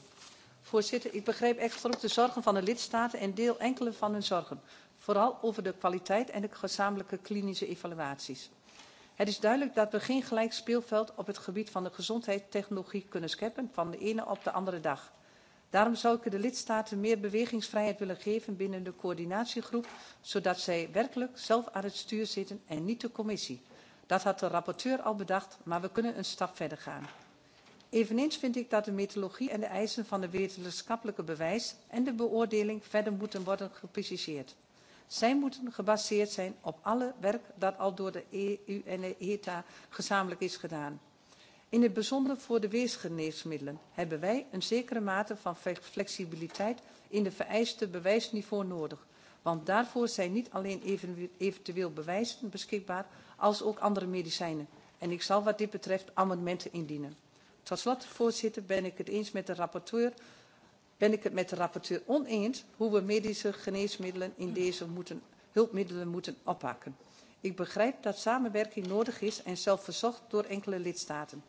voorzitter ik begrijp echter ook de zorgen van de lidstaten en deel enkele van hun zorgen vooral over de kwaliteit en de gezamenlijke klinische evaluaties. het is duidelijk dat we geen gelijk speelveld op het gebied van de gezondheidstechnologie kunnen scheppen van de ene op de andere dag daarom zou ik de lidstaten meer bewegingsvrijheid willen geven binnen de coördinatiegroep zodat zij werkelijk zelf aan het stuur zitten en niet de commissie. dat had de rapporteur al bedacht maar we kunnen een stap verder gaan. eveneens vind ik dat de methodologie en de eisen van het wetenschappelijk bewijs en de beoordeling verder moeten worden gepreciseerd. zij moeten gebaseerd zijn op alle werk dat al door de eu en de eta gezamenlijk is gedaan. In het bijzonder voor de weesgeneesmiddelen hebben wij een zekere mate van flexibiliteit in de vereiste bewijsniveau nodig, want daarvoor zijn niet alleen eventueel bewijzen beschikbaar als ook andere medicijnen. En ik zal wat dit betreft amendementen indienen. Tot slot, voorzitter, ben ik het eens met de rapporteur ben ik het met de rapporteur oneens hoe we medische geneesmiddelen in deze moeten, hulpmiddelen moeten oppakken. Ik begrijp dat samenwerking nodig is en zelf verzocht door enkele lidstaten.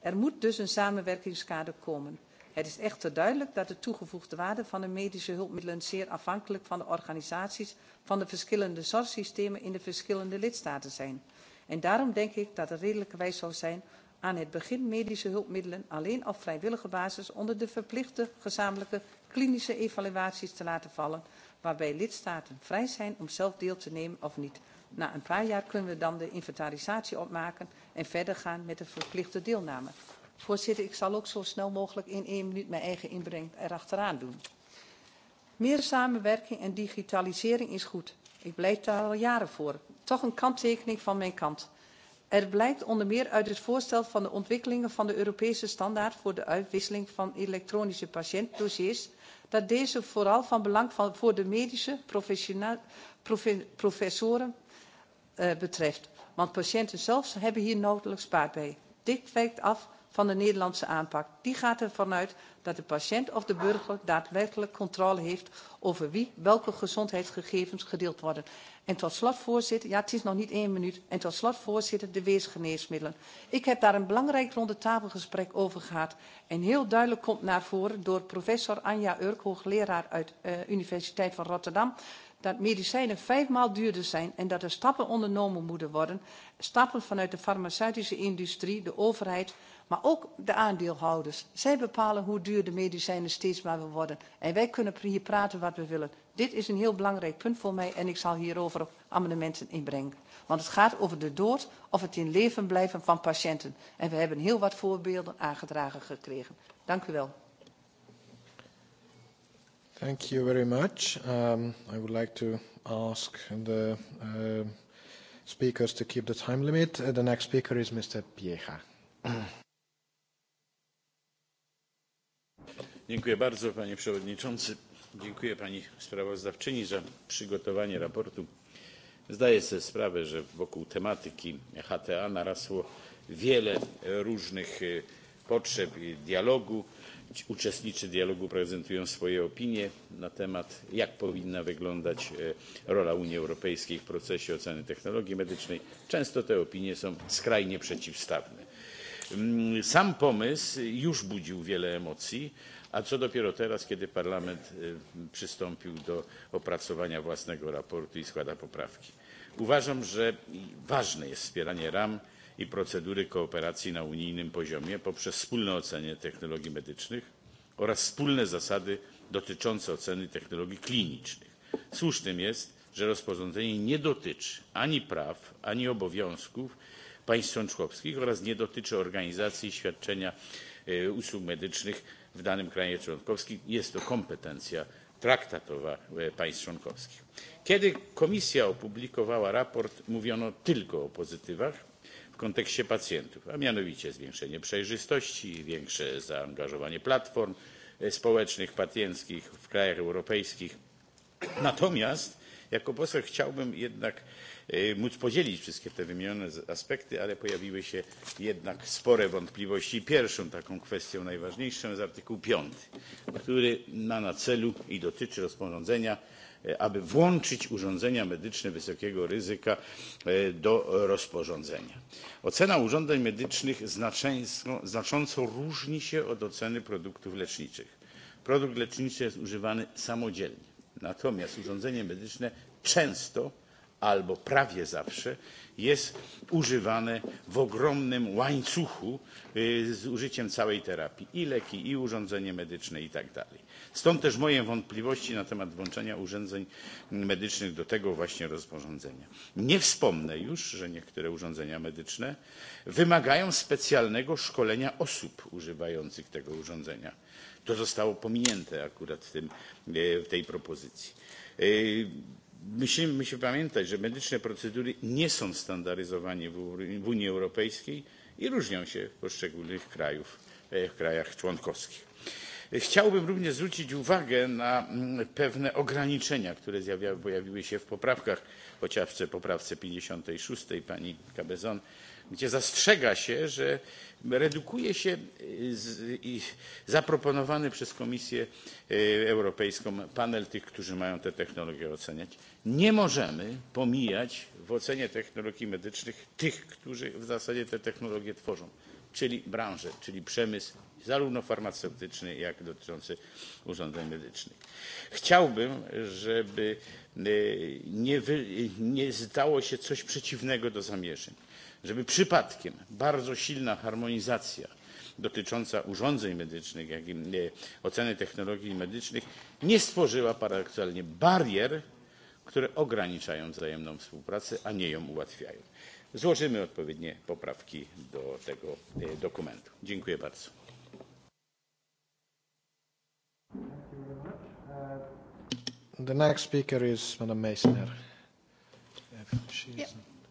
Er moet dus een samenwerkingskader komen. Het is echter duidelijk dat de toegevoegde waarde van de medische hulpmiddelen zeer afhankelijk van de organisaties van de verschillende zorgsystemen in de verschillende lidstaten zijn. En daarom denk ik dat het wijs zou zijn aan het begin medische hulpmiddelen alleen op vrijwillige basis onder de verplichte gezamenlijke klinische evaluaties te laten vallen, waarbij lidstaten vrij zijn om zelf deel te nemen of niet. Na een paar jaar kunnen we dan de inventarisatie opmaken en verder gaan met de verplichte deelname. Voorzitter, ik zal ook zo snel mogelijk in één minuut mijn eigen inbreng erachteraan doen. Meer samenwerking en digitalisering is goed. Ik blijf daar al jaren voor. Toch een kanttekening van mijn kant. Er blijkt onder meer uit het voorstel van de ontwikkelingen van de Europese standaard voor de uitwisseling van elektronische patiëntdossiers dat deze vooral van belang van, voor de medische professoren, Eh, betreft. Want patiënten zelf hebben hier noodelijk baat bij. Dit wijkt af van de Nederlandse aanpak. Die gaat ervan uit dat de patiënt of de burger daadwerkelijk controle heeft over wie welke gezondheidsgegevens gedeeld worden. En tot slot, voorzitter, ja het is nog niet één minuut, en tot slot, voorzitter, de weesgeneesmiddelen. Ik heb daar een belangrijk rondetafelgesprek over gehad en heel duidelijk komt naar voren door professor Anja Urk, hoogleraar uit de eh, Universiteit van Rotterdam, dat medicijnen vijfmaal duurder zijn en dat er stappen ondernomen moeten worden. Stappen vanuit de farmaceutische industrie, de overheid, maar ook de aandeelhouders. Zij bepalen hoe duur de medicijnen steeds maar worden. En wij kunnen hier praten wat we willen. Dit is een heel belangrijk punt voor mij en ik zal hierover amendementen inbrengen. Want het gaat over de dood of het in leven blijven van patiënten. En we hebben heel wat voorbeelden aangedragen gekregen. Dank u wel. Thank you very much. Um, I would like to ask the uh, speakers to keep the time limit. Uh, the next speaker is Mr. Piecha. Dziękuję bardzo, panie przewodniczący. Dziękuję pani sprawozdawczyni za przygotowanie raportu. Zdaję sobie sprawę, że wokół tematyki HTA narasło wiele różnych potrzeb i dialogu uczestniczy dialogu prezentują swoje opinie na temat, jak powinna wyglądać e, rola Unii Europejskiej w procesie oceny technologii medycznej. Często te opinie są skrajnie przeciwstawne. Mm, sam pomysł już budził wiele emocji, a co dopiero teraz, kiedy Parlament e, przystąpił do opracowania własnego raportu i składa poprawki. Uważam, że ważne jest wspieranie ram i procedury kooperacji na unijnym poziomie poprzez wspólne ocenie technologii medycznych oraz wspólne zasady dotyczące oceny technologii klinicznych. słusznym jest że rozporządzenie nie dotyczy ani praw ani obowiązków państw członkowskich oraz nie dotyczy organizacji świadczenia usług medycznych w danym kraju członkowskim jest to kompetencja traktatowa państw członkowskich. kiedy komisja opublikowała raport mówiono tylko o pozytywach kontekście pacjentów a mianowicie zwiększenie przejrzystości większe zaangażowanie platform e, społecznych pacjenckich w krajach europejskich. natomiast jako poseł chciałbym jednak e, móc podzielić wszystkie te wymienione aspekty ale pojawiły się jednak spore wątpliwości. pierwszą taką kwestią najważniejszą jest artykuł 5, który ma na celu i dotyczy rozporządzenia E, aby włączyć urządzenia medyczne wysokiego ryzyka e, do rozporządzenia. ocena urządzeń medycznych znacząco różni się od oceny produktów leczniczych. produkt leczniczy jest używany samodzielnie natomiast urządzenie medyczne często albo prawie zawsze jest używane w ogromnym łańcuchu z użyciem całej terapii i leki i urządzenie medyczne i tak dalej. Stąd też moje wątpliwości na temat włączenia urządzeń medycznych do tego właśnie rozporządzenia. Nie wspomnę już, że niektóre urządzenia medyczne wymagają specjalnego szkolenia osób używających tego urządzenia. To zostało pominięte akurat w, tym, w tej propozycji musimy, się pamiętać, że medyczne procedury nie są standaryzowane w Unii Europejskiej i różnią się w poszczególnych krajów, e, w krajach członkowskich. E, chciałbym również zwrócić uwagę na mm, pewne ograniczenia, które zjawiały, pojawiły się w poprawkach, chociażby w poprawce 56 pani Cabezon gdzie zastrzega się, że redukuje się zaproponowany przez Komisję Europejską panel tych, którzy mają te technologie oceniać. Nie możemy pomijać w ocenie technologii medycznych tych, którzy w zasadzie te technologie tworzą, czyli branżę, czyli przemysł zarówno farmaceutyczny, jak i dotyczący urządzeń medycznych. Chciałbym, żeby nie, zdało się coś przeciwnego do zamierzeń żeby przypadkiem bardzo silna harmonizacja dotycząca urządzeń medycznych, jak i e, oceny technologii medycznych nie stworzyła paradoksalnie barier, które ograniczają wzajemną współpracę, a nie ją ułatwiają. Złożymy odpowiednie poprawki do tego e, dokumentu. Dziękuję bardzo. The next speaker is Meissner.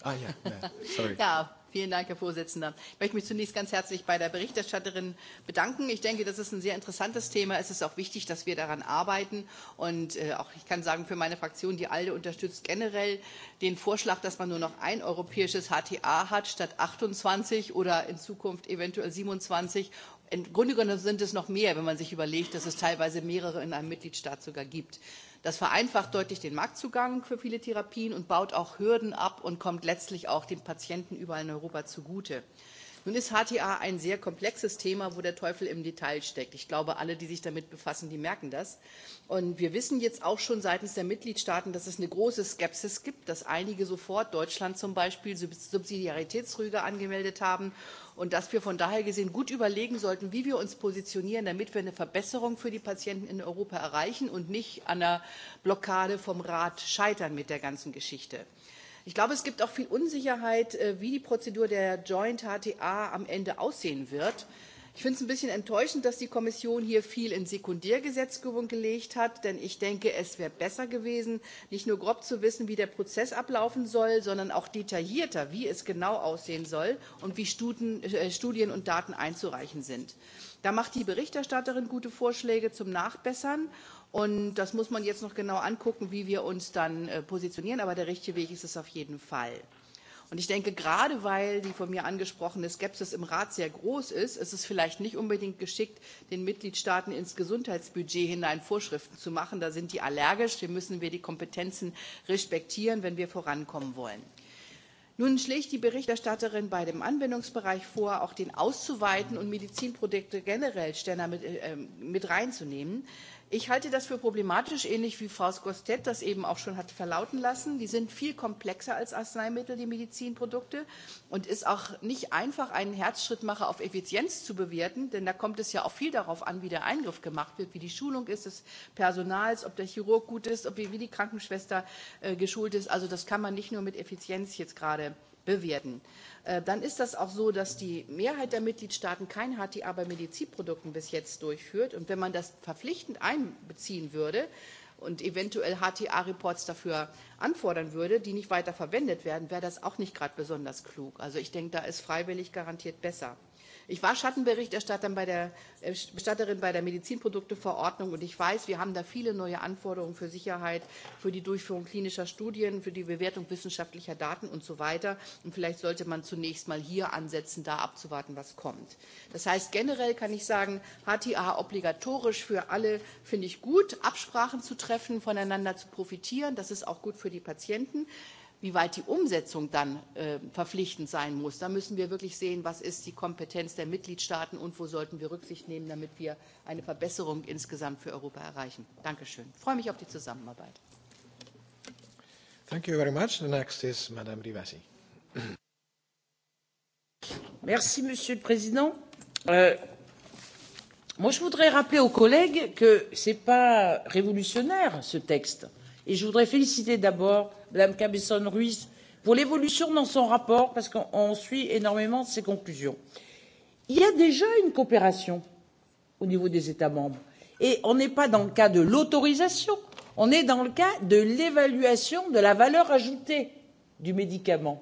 Ah ja, sorry. ja, vielen Dank, Herr Vorsitzender. Ich möchte mich zunächst ganz herzlich bei der Berichterstatterin bedanken. Ich denke, das ist ein sehr interessantes Thema. Es ist auch wichtig, dass wir daran arbeiten. Und äh, auch ich kann sagen, für meine Fraktion, die ALDE unterstützt generell den Vorschlag, dass man nur noch ein europäisches HTA hat statt 28 oder in Zukunft eventuell 27 im Grunde genommen sind es noch mehr, wenn man sich überlegt, dass es teilweise mehrere in einem Mitgliedstaat sogar gibt. Das vereinfacht deutlich den Marktzugang für viele Therapien und baut auch Hürden ab und kommt letztlich auch den Patienten überall in Europa zugute. Nun ist HTA ein sehr komplexes Thema, wo der Teufel im Detail steckt. Ich glaube, alle, die sich damit befassen, die merken das. Und wir wissen jetzt auch schon seitens der Mitgliedstaaten, dass es eine große Skepsis gibt, dass einige sofort Deutschland zum Beispiel Subsidiaritätsrüge angemeldet haben und dass wir von daher gesehen gut überlegen sollten, wie wir uns positionieren, damit wir eine Verbesserung für die Patienten in Europa erreichen und nicht an der Blockade vom Rat scheitern mit der ganzen Geschichte. Ich glaube, es gibt auch viel Unsicherheit, äh, wie die Prozedur der Joint HTA am Ende aussehen wird. Ich finde es ein bisschen enttäuschend, dass die Kommission hier viel in Sekundärgesetzgebung gelegt hat, denn ich denke, es wäre besser gewesen, nicht nur grob zu wissen, wie der Prozess ablaufen soll, sondern auch detaillierter, wie es genau aussehen soll und wie äh, Studien und Daten einzureichen sind. Da macht die Berichterstatterin gute Vorschläge zum Nachbessern Und das muss man jetzt noch genau angucken, wie wir uns dann äh, positionieren. Aber der richtige Weg ist es auf jeden Fall. Und ich denke, gerade weil die von mir angesprochene Skepsis im Rat sehr groß ist, ist es vielleicht nicht unbedingt geschickt, den Mitgliedstaaten ins Gesundheitsbudget hinein Vorschriften zu machen. Da sind die allergisch. Hier müssen wir die Kompetenzen respektieren, wenn wir vorankommen wollen. Nun schlägt die Berichterstatterin bei dem Anwendungsbereich vor, auch den auszuweiten und Medizinprodukte generell mit, äh, mit reinzunehmen. Ich halte das für problematisch, ähnlich wie Frau Skostet das eben auch schon hat verlauten lassen. Die sind viel komplexer als Arzneimittel, die Medizinprodukte. Und ist auch nicht einfach, einen Herzschrittmacher auf Effizienz zu bewerten, denn da kommt es ja auch viel darauf an, wie der Eingriff gemacht wird, wie die Schulung ist des Personals, ob der Chirurg gut ist, ob wie die Krankenschwester äh, geschult ist. Also das kann man nicht nur mit Effizienz jetzt gerade bewerten. Äh, dann ist das auch so, dass die Mehrheit der Mitgliedstaaten kein HTA bei Medizinprodukten bis jetzt durchführt. Und wenn man das verpflichtend einbeziehen würde und eventuell HTA-Reports dafür anfordern würde, die nicht weiter verwendet werden, wäre das auch nicht gerade besonders klug. Also ich denke, da ist freiwillig garantiert besser. Ich war Schattenberichterstatterin bei der, äh, Bestatterin bei der Medizinprodukteverordnung und ich weiß, wir haben da viele neue Anforderungen für Sicherheit, für die Durchführung klinischer Studien, für die Bewertung wissenschaftlicher Daten und so weiter. Und vielleicht sollte man zunächst mal hier ansetzen, da abzuwarten, was kommt. Das heißt, generell kann ich sagen, HTA obligatorisch für alle finde ich gut, Absprachen zu treffen, voneinander zu profitieren. Das ist auch gut für die Patienten wie weit die Umsetzung dann äh, verpflichtend sein muss. Da müssen wir wirklich sehen, was ist die Kompetenz der Mitgliedstaaten und wo sollten wir Rücksicht nehmen, damit wir eine Verbesserung insgesamt für Europa erreichen. Dankeschön. Ich freue mich auf die Zusammenarbeit. Thank you very much. The next is Madame Merci, Monsieur le Président. Euh, moi, je voudrais rappeler aux collègues que ce n'est pas révolutionnaire, ce texte et je voudrais féliciter d'abord mme cabezon ruiz pour l'évolution dans son rapport parce qu'on suit énormément ses conclusions. il y a déjà une coopération au niveau des états membres et on n'est pas dans le cas de l'autorisation on est dans le cas de l'évaluation de la valeur ajoutée du médicament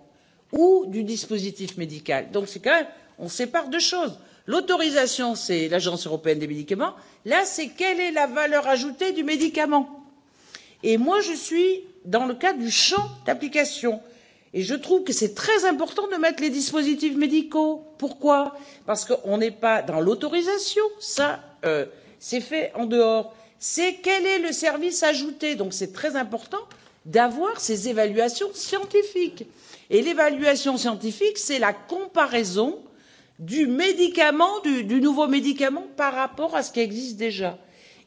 ou du dispositif médical. donc c'est quand même on sépare deux choses. l'autorisation c'est l'agence européenne des médicaments là c'est quelle est la valeur ajoutée du médicament? Et moi, je suis dans le cas du champ d'application. Et je trouve que c'est très important de mettre les dispositifs médicaux. Pourquoi Parce qu'on n'est pas dans l'autorisation, ça, euh, c'est fait en dehors. C'est quel est le service ajouté. Donc c'est très important d'avoir ces évaluations scientifiques. Et l'évaluation scientifique, c'est la comparaison du médicament, du, du nouveau médicament par rapport à ce qui existe déjà.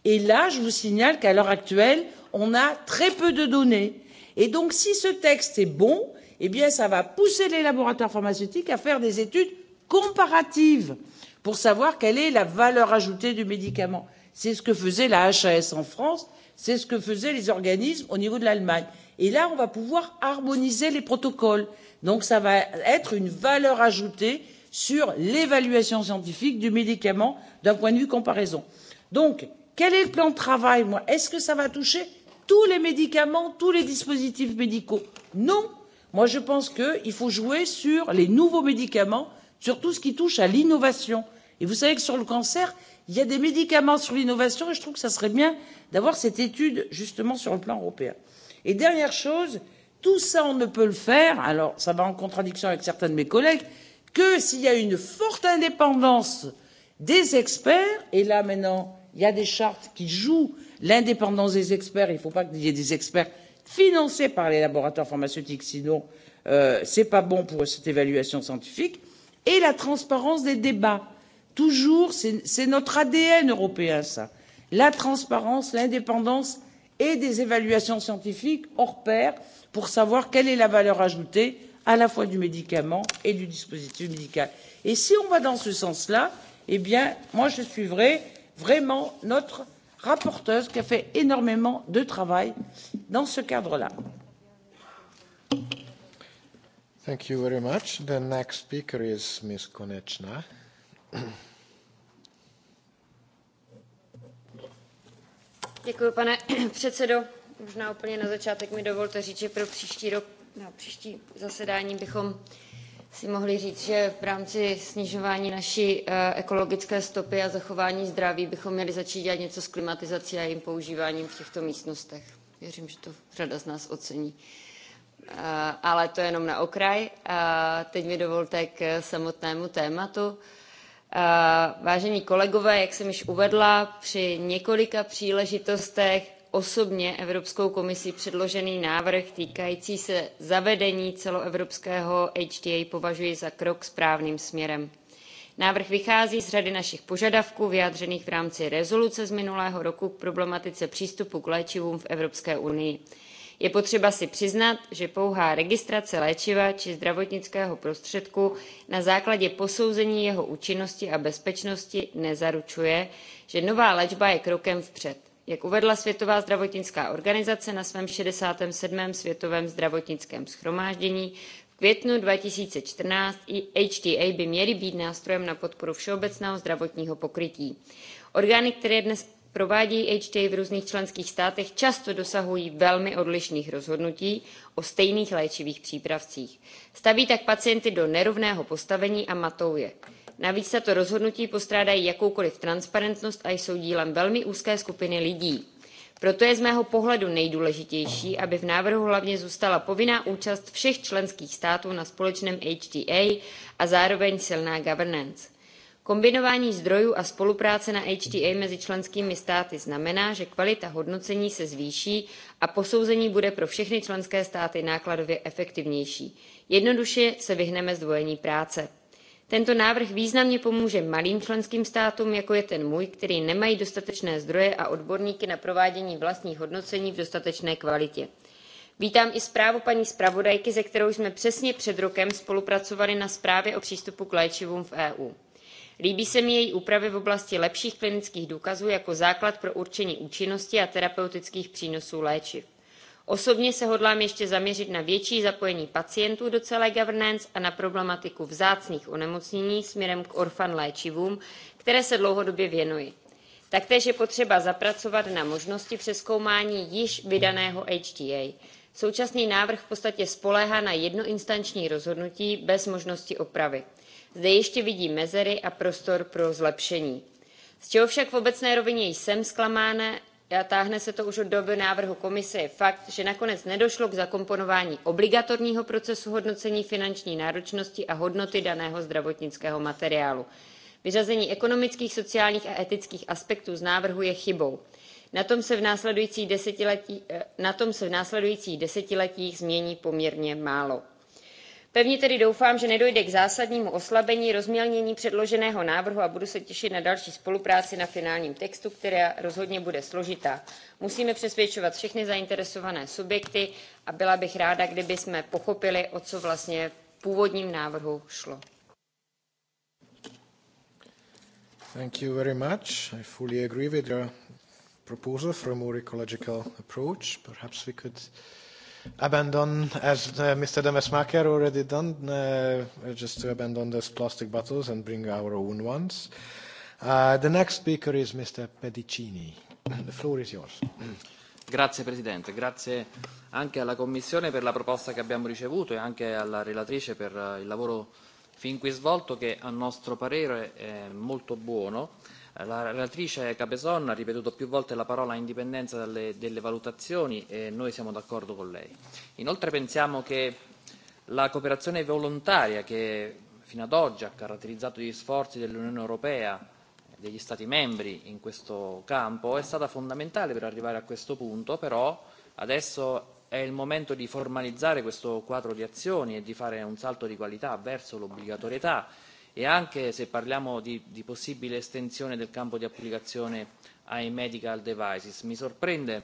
Et là, je vous signale qu'à l'heure actuelle, on a très peu de données. Et donc, si ce texte est bon, eh bien, ça va pousser les laboratoires pharmaceutiques à faire des études comparatives pour savoir quelle est la valeur ajoutée du médicament. C'est ce que faisait la HAS en France, c'est ce que faisaient les organismes au niveau de l'Allemagne. Et là, on va pouvoir harmoniser les protocoles. Donc, ça va être une valeur ajoutée sur l'évaluation scientifique du médicament d'un point de vue comparaison. Donc, quel est le plan de travail Est-ce que ça va toucher tous les médicaments tous les dispositifs médicaux? non moi je pense qu'il faut jouer sur les nouveaux médicaments sur tout ce qui touche à l'innovation et vous savez que sur le cancer il y a des médicaments sur l'innovation et je trouve que ce serait bien d'avoir cette étude justement sur le plan européen. et dernière chose tout ça on ne peut le faire alors ça va en contradiction avec certains de mes collègues que s'il y a une forte indépendance des experts et là maintenant il y a des chartes qui jouent l'indépendance des experts il ne faut pas qu'il y ait des experts financés par les laboratoires pharmaceutiques sinon euh, ce n'est pas bon pour cette évaluation scientifique et la transparence des débats toujours c'est notre adn européen ça la transparence l'indépendance et des évaluations scientifiques hors pair pour savoir quelle est la valeur ajoutée à la fois du médicament et du dispositif médical. et si on va dans ce sens là eh bien moi je suivrai vraiment notre rapporteure qui a fait énormément de travail dans ce cadre là. Thank you very much. The next speaker is Ms. Konechna. (clears throat) Děkuji, pane (clears throat) předsedo. Možná úplně na začátek mi dovolte říct, že pro příští rok, na příští zasedání bychom si mohli říct, že v rámci snižování naší eh, ekologické stopy a zachování zdraví bychom měli začít dělat něco s klimatizací a jejím používáním v těchto místnostech. Věřím, že to řada z nás ocení. Eh, ale to je jenom na okraj. Eh, teď mi dovolte k samotnému tématu. Vážení kolegové, jak jsem již uvedla, při několika příležitostech osobně Evropskou komisí předložený návrh týkající se zavedení celoevropského HTA považuji za krok správným směrem. Návrh vychází z řady našich požadavků vyjádřených v rámci rezoluce z minulého roku k problematice přístupu k léčivům v Evropské unii. Je potřeba si přiznat, že pouhá registrace léčiva či zdravotnického prostředku na základě posouzení jeho účinnosti a bezpečnosti nezaručuje, že nová léčba je krokem vpřed jak uvedla světová zdravotnická organizace na svém sixty seven světovém zdravotnickém shromáždění v květnu 2014 thousand hta by měly být nástrojem na podporu všeobecného zdravotního pokrytí. orgány které dnes provádějí hta v různých členských státech často dosahují velmi odlišných rozhodnutí o stejných léčivých přípravcích. staví tak pacienty do nerovného postavení a matou navíc tato rozhodnutí postrádají jakoukoliv transparentnost a jsou dílem velmi úzké skupiny lidí. proto je z mého pohledu nejdůležitější aby v návrhu hlavně zůstala povinná účast všech členských států na společném hta a zároveň silná governance. kombinování zdrojů a spolupráce na hta mezi členskými státy znamená že kvalita hodnocení se zvýší a posouzení bude pro všechny členské státy nákladově efektivnější. jednoduše se vyhneme zdvojení práce tento návrh významně pomůže malým členským státům jako je ten můj které nemají dostatečné zdroje a odborníky na provádění vlastních hodnocení v dostatečné kvalitě. vítám i zprávu paní zpravodajky se kterou jsme přesně před rokem spolupracovali na zprávě o přístupu k léčivům v eu. líbí se mi její úpravy v oblasti lepších klinických důkazů jako základ pro určení účinnosti a terapeutických přínosů léčiv osobně se hodlám ještě zaměřit na větší zapojení pacientů do celé governance a na problematiku vzácných onemocnění směrem k orfan léčivům které se dlouhodobě věnuji. taktéž je potřeba zapracovat na možnosti přezkoumání již vydaného hta. současný návrh v podstatě spoléhá na jednoinstanční rozhodnutí bez možnosti opravy. zde ještě vidím mezery a prostor pro zlepšení z čeho však v obecné rovině jsem zklamána táhne se to už od doby návrhu komise fakt že nakonec nedošlo k zakomponování obligatorního procesu hodnocení finanční náročnosti a hodnoty daného zdravotnického materiálu. vyřazení ekonomických sociálních a etických aspektů z návrhu je chybou. na tom se v následujících desetiletích, eh, se v následujících desetiletích změní poměrně málo pevně tedy doufám že nedojde k zásadnímu oslabení rozmělnění předloženého návrhu a budu se těšit na další spolupráci na finálním textu která rozhodně bude složitá. musíme přesvědčovat všechny zainteresované subjekty a byla bych ráda kdybychom pochopili o co vlastně v původním návrhu šlo. Thank approach abandon, as Mr uh, Mr. Demesmacher already done, uh, just to abandon those plastic bottles and bring our own ones. Uh, the next speaker is Mr. Pedicini. (clears throat) The floor is yours. Grazie Presidente, grazie anche alla Commissione per la proposta che abbiamo ricevuto e anche alla relatrice per uh, il lavoro fin qui svolto che a nostro parere è molto buono La relatrice Cabezon ha ripetuto più volte la parola indipendenza dalle, delle valutazioni e noi siamo d'accordo con lei. Inoltre pensiamo che la cooperazione volontaria che fino ad oggi ha caratterizzato gli sforzi dell'Unione Europea e degli Stati membri in questo campo è stata fondamentale per arrivare a questo punto, però adesso è il momento di formalizzare questo quadro di azioni e di fare un salto di qualità verso l'obbligatorietà e anche se parliamo di, di possibile estensione del campo di applicazione ai medical devices. Mi sorprende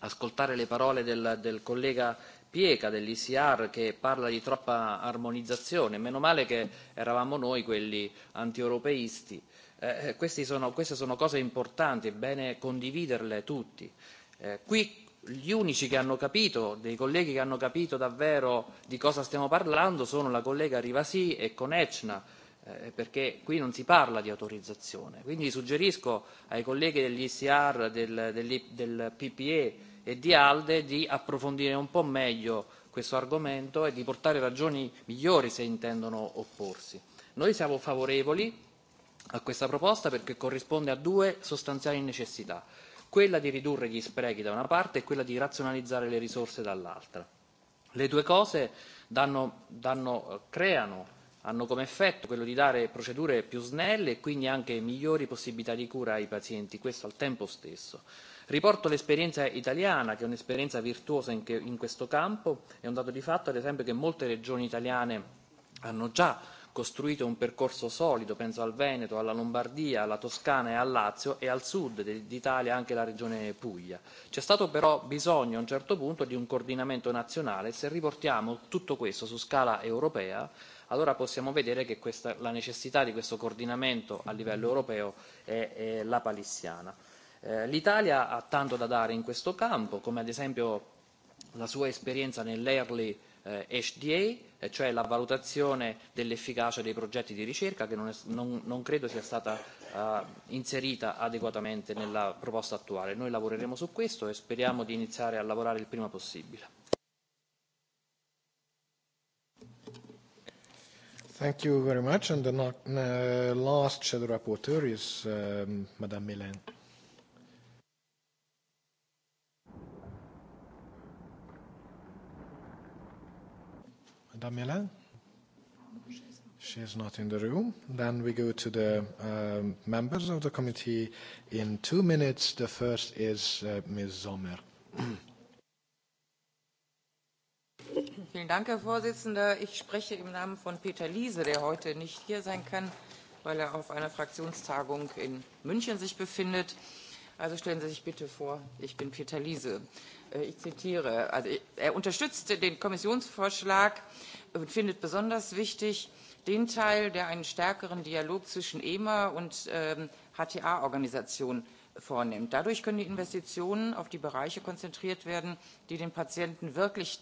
ascoltare le parole del, del collega Pieca dell'ICR che parla di troppa armonizzazione. Meno male che eravamo noi quelli antieuropeisti. Eh, eh sono, queste sono cose importanti, è bene condividerle tutti. Eh, qui gli unici che hanno capito, dei colleghi che hanno capito davvero di cosa stiamo parlando sono la collega Rivasi e Konechna, eh, perché qui non si parla di autorizzazione. Quindi suggerisco ai colleghi dell'ICR, e del, del, del PPE e di ALDE di approfondire un po' meglio questo argomento e di portare ragioni migliori se intendono opporsi. Noi siamo favorevoli a questa proposta perché corrisponde a due sostanziali necessità quella di ridurre gli sprechi da una parte e quella di razionalizzare le risorse dall'altra. Le due cose danno, danno, eh, creano, hanno come effetto quello di dare procedure più snelle e quindi anche migliori possibilità di cura ai pazienti, questo al tempo stesso. Riporto l'esperienza italiana, che è un'esperienza virtuosa in, che, in questo campo, è un dato di fatto, ad esempio, che molte regioni italiane hanno già costruito un percorso solido, penso al Veneto, alla Lombardia, alla Toscana e al Lazio e al sud d'Italia anche la regione Puglia. C'è stato però bisogno a un certo punto di un coordinamento nazionale, se riportiamo tutto questo su scala europea allora possiamo vedere che la necessità di questo coordinamento a livello europeo è, la palissiana. Eh, L'Italia ha tanto da dare in questo campo, come ad esempio la sua esperienza nell'early HDA, eh, eh, cioè la valutazione dell'efficacia dei progetti di ricerca che non, non, credo sia stata eh, inserita adeguatamente nella proposta attuale. Noi lavoreremo su questo e speriamo di iniziare a lavorare il prima possibile. Thank you very much. And the uh, last shadow rapporteur is um, Madame Madame She is not in the room. Then we go to the uh, members of the committee in two minutes. The first is uh, Ms. Sommer. (clears throat) Vielen Dank, Herr Vorsitzender. Ich spreche im Namen von Peter Liese, der heute nicht hier sein kann, weil er auf einer Fraktionstagung in München sich befindet. Also stellen Sie sich bitte vor, ich bin Peter Liese. Äh, ich zitiere, also er unterstützt den Kommissionsvorschlag und findet besonders wichtig den Teil, der einen stärkeren Dialog zwischen EMA und HTA-Organisationen ähm, vornimmt. Dadurch können die Investitionen auf die Bereiche konzentriert werden, die den Patienten wirklich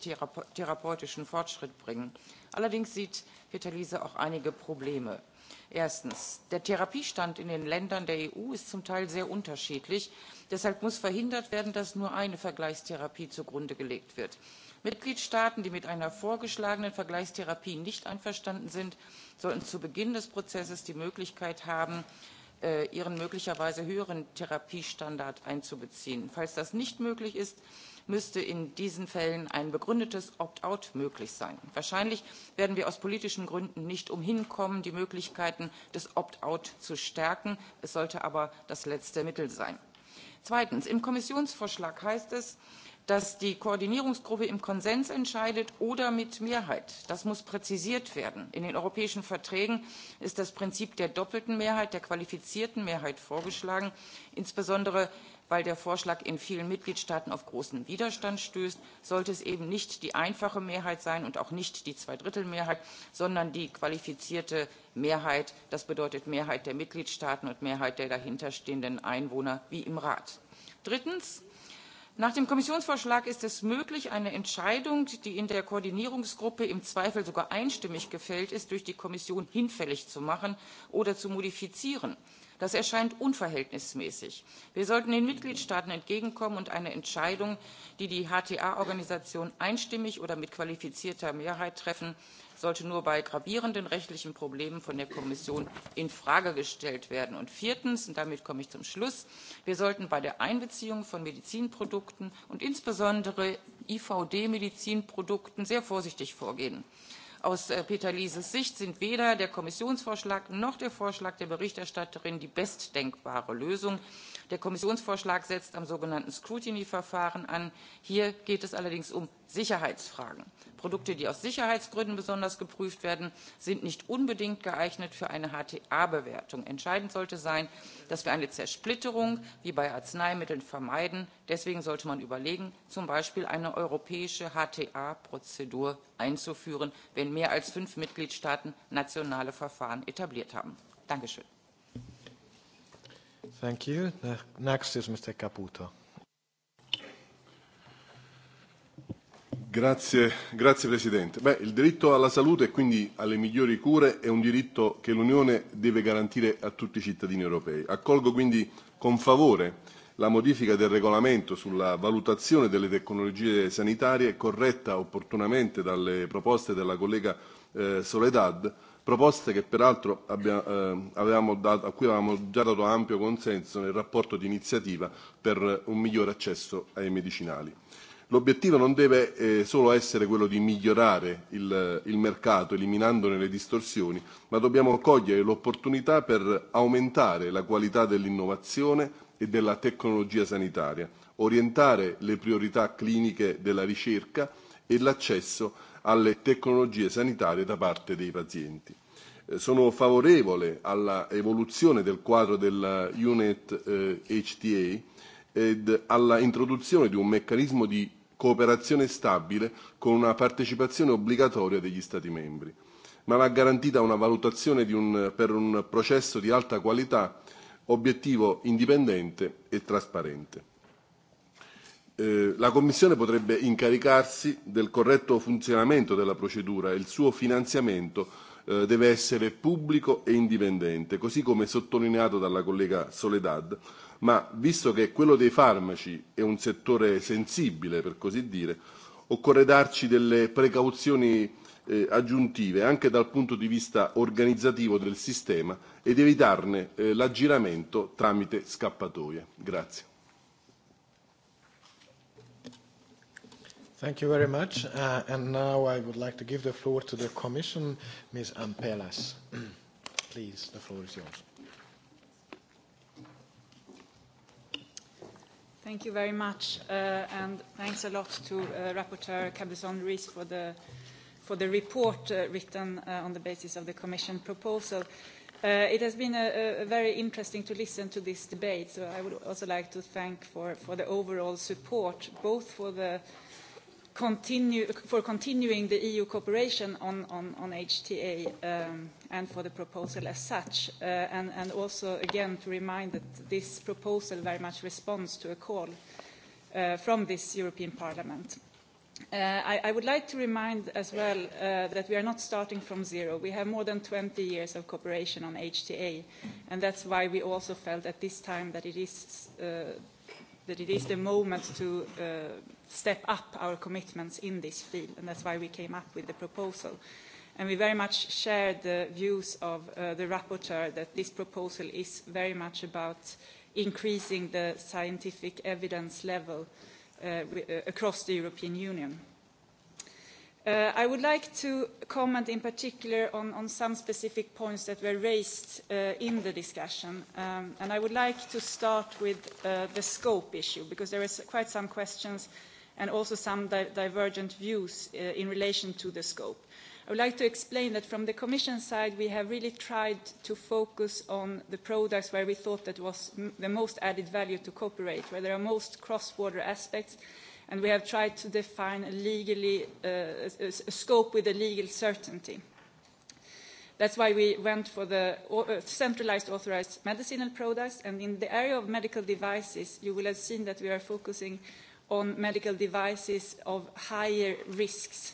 therapeutischen Fortschritt bringen. Allerdings sieht Peter Liese auch einige Probleme erstens der therapiestand in den ländern der eu ist zum teil sehr unterschiedlich deshalb muss verhindert werden dass nur eine vergleichstherapie zugrunde gelegt wird. mitgliedstaaten die mit einer vorgeschlagenen vergleichstherapie nicht einverstanden sind sollten zu beginn des prozesses die möglichkeit haben äh, ihren möglicherweise höheren therapiestandard einzubeziehen. falls das nicht möglich ist müsste in diesen Fällen ein begründetes Opt-out möglich sein. Wahrscheinlich werden wir aus politischen Gründen nicht umhin kommen, die Möglichkeiten des Opt-out zu stärken. Es sollte aber das letzte Mittel sein. Zweitens. Im Kommissionsvorschlag heißt es, dass die Koordinierungsgruppe im Konsens entscheidet oder mit Mehrheit. Das muss präzisiert werden. In den europäischen Verträgen ist das Prinzip der doppelten Mehrheit, der qualifizierten Mehrheit vorgeschlagen. Insbesondere weil der Vorschlag in vielen Mitgliedstaaten auf großen Widerstand stößt, sollte es eben nicht die einfache Mehrheit sein und auch nicht die Zweidrittelmehrheit, sondern die qualifizierte Mehrheit. Das bedeutet Mehrheit der Mitgliedstaaten und Mehrheit der dahinterstehenden Einwohner wie im Rat. Drittens nach dem kommissionsvorschlag ist es möglich eine entscheidung die in der koordinierungsgruppe im zweifel sogar einstimmig gefällt ist durch die kommission hinfällig zu machen oder zu modifizieren das erscheint unverhältnismäßig. wir sollten den mitgliedstaaten entgegenkommen und eine entscheidung die die hta organisation einstimmig oder mit qualifizierter mehrheit treffen sollte nur bei gravierenden rechtlichen problemen von der kommission in frage gestellt werden. und viertens und damit komme ich zum schluss wir sollten bei der einbeziehung von medizinprodukten und insbesondere ivd medizinprodukten sehr vorsichtig vorgehen. Aus äh, Peter Lieses Sicht sind weder der Kommissionsvorschlag noch der Vorschlag der Berichterstatterin die bestdenkbare Lösung. Der Kommissionsvorschlag setzt am sogenannten Scrutiny-Verfahren an. Hier geht es allerdings um Sicherheitsfragen. Produkte, die aus Sicherheitsgründen besonders geprüft werden, sind nicht unbedingt geeignet für eine HTA-Bewertung. Entscheidend sollte sein, dass wir eine Zersplitterung wie bei Arzneimitteln vermeiden. Deswegen sollte man überlegen, zum Beispiel eine europäische HTA-Prozedur einzuführen, wenn mehr als fünf Mitgliedstaaten nationale Verfahren etabliert haben. Dankeschön. Thank you. The next is Mr. Caputo. Grazie, grazie Presidente. Beh, il diritto alla salute e quindi alle migliori cure è un diritto che l'Unione deve garantire a tutti i cittadini europei. Accolgo quindi con favore la modifica del regolamento sulla valutazione delle tecnologie sanitarie corretta opportunamente dalle proposte della collega eh, Soledad proposte che peraltro ehm, avevamo dato, a cui avevamo già dato ampio consenso nel rapporto di iniziativa per un migliore accesso ai medicinali. L'obiettivo non deve eh, solo essere quello di migliorare il, il mercato eliminandone le distorsioni, ma dobbiamo cogliere l'opportunità per aumentare la qualità dell'innovazione e della tecnologia sanitaria, orientare le priorità cliniche della ricerca e l'accesso alle tecnologie sanitarie da parte dei pazienti. Eh, sono favorevole alla evoluzione del quadro della UNET HTA eh, ed alla introduzione di un meccanismo di cooperazione stabile con una partecipazione obbligatoria degli Stati membri, ma va garantita una valutazione di un, per un processo di alta qualità, obiettivo, indipendente e trasparente. Eh, la Commissione potrebbe incaricarsi del corretto funzionamento della procedura e il suo finanziamento eh, deve essere pubblico e indipendente, così come sottolineato dalla collega Soledad, ma visto che quello dei farmaci è un settore sensibile, per così dire, occorre darci delle precauzioni eh, aggiuntive anche dal punto di vista organizzativo del sistema ed evitarne eh, l'aggiramento tramite scappatoie. Grazie. Thank you very much. Uh, and now I would like to give the floor to the Commission, Ms. Ampelas. (clears throat) Please, the floor is yours. Thank you very much, uh, and thanks a lot to uh, Rapporteur Cabezon Ruiz for the, for the report uh, written uh, on the basis of the Commission proposal. Uh, it has been a, a very interesting to listen to this debate, so I would also like to thank for, for the overall support, both for the continue, for continuing the EU cooperation on, on, on HTA um, and for the proposal as such, uh, and, and also again to remind that this proposal very much responds to a call uh, from this European Parliament. Uh, I, I would like to remind as well uh, that we are not starting from zero. We have more than 20 years of cooperation on HTA, and that's why we also felt at this time that it is, uh, that it is the moment to uh step up our commitments in this field, and that's why we came up with the proposal. And we very much share the views of uh, the rapporteur that this proposal is very much about increasing the scientific evidence level uh, uh across the European Union. Uh, I would like to comment in particular on, on some specific points that were raised uh, in the discussion. Um, and I would like to start with uh, the scope issue, because there were quite some questions and also some divergent views uh, in relation to the scope. I would like to explain that from the Commission side, we have really tried to focus on the products where we thought that was m the most added value to cooperate, where there are most cross-border aspects, and we have tried to define a, legally, uh, a, scope with a legal certainty. That's why we went for the uh, centralized authorised medicinal products. And in the area of medical devices, you will have seen that we are focusing on medical devices of higher risks.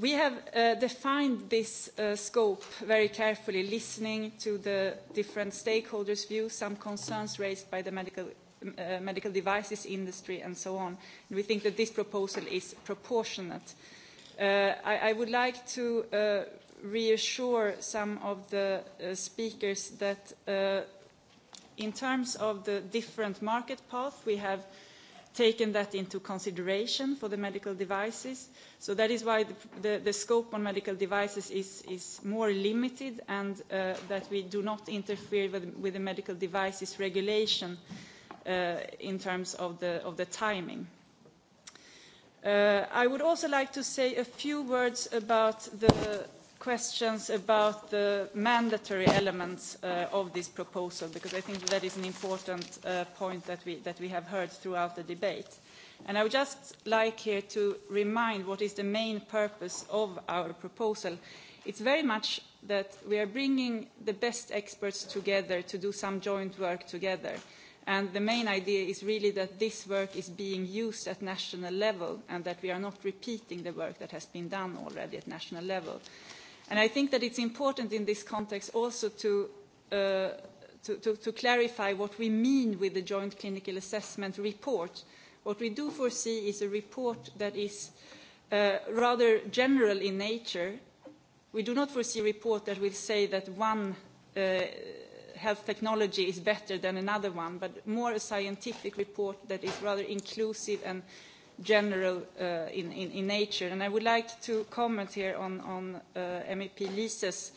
We have uh, defined this uh, scope very carefully, listening to the different stakeholders' views, some concerns raised by the medical, uh, medical devices industry and so on. And we think that this proposal is proportionate. I, I would like to reassure some of the speakers that in terms of the different market path, we have taken that into consideration for the medical devices. So that is why the, the, the scope on medical devices is, is more limited and uh, that we do not interfere with, the medical devices regulation uh, in terms of the, of the timing. Uh, I would also like to say a few words about the questions about the mandatory elements uh, of this proposal because I think that is an important uh, point that we, that we have heard throughout the debate. And I would just like here to remind what is the main purpose of our proposal. It's very much that we are bringing the best experts together to do some joint work together. And the main idea is really that this work is being used at national level and that we are not repeating the work that has been done already at national level. And I think that it's important in this context also to, uh, to, to, to clarify what we mean with the joint clinical assessment report. What we do foresee is a report that is uh, rather general in nature. We do not foresee a report that will say that one uh, health technology is better than another one, but more a scientific report that is rather inclusive and general uh, in, in, in nature. And I would like to comment here on, on uh, MEP Lise's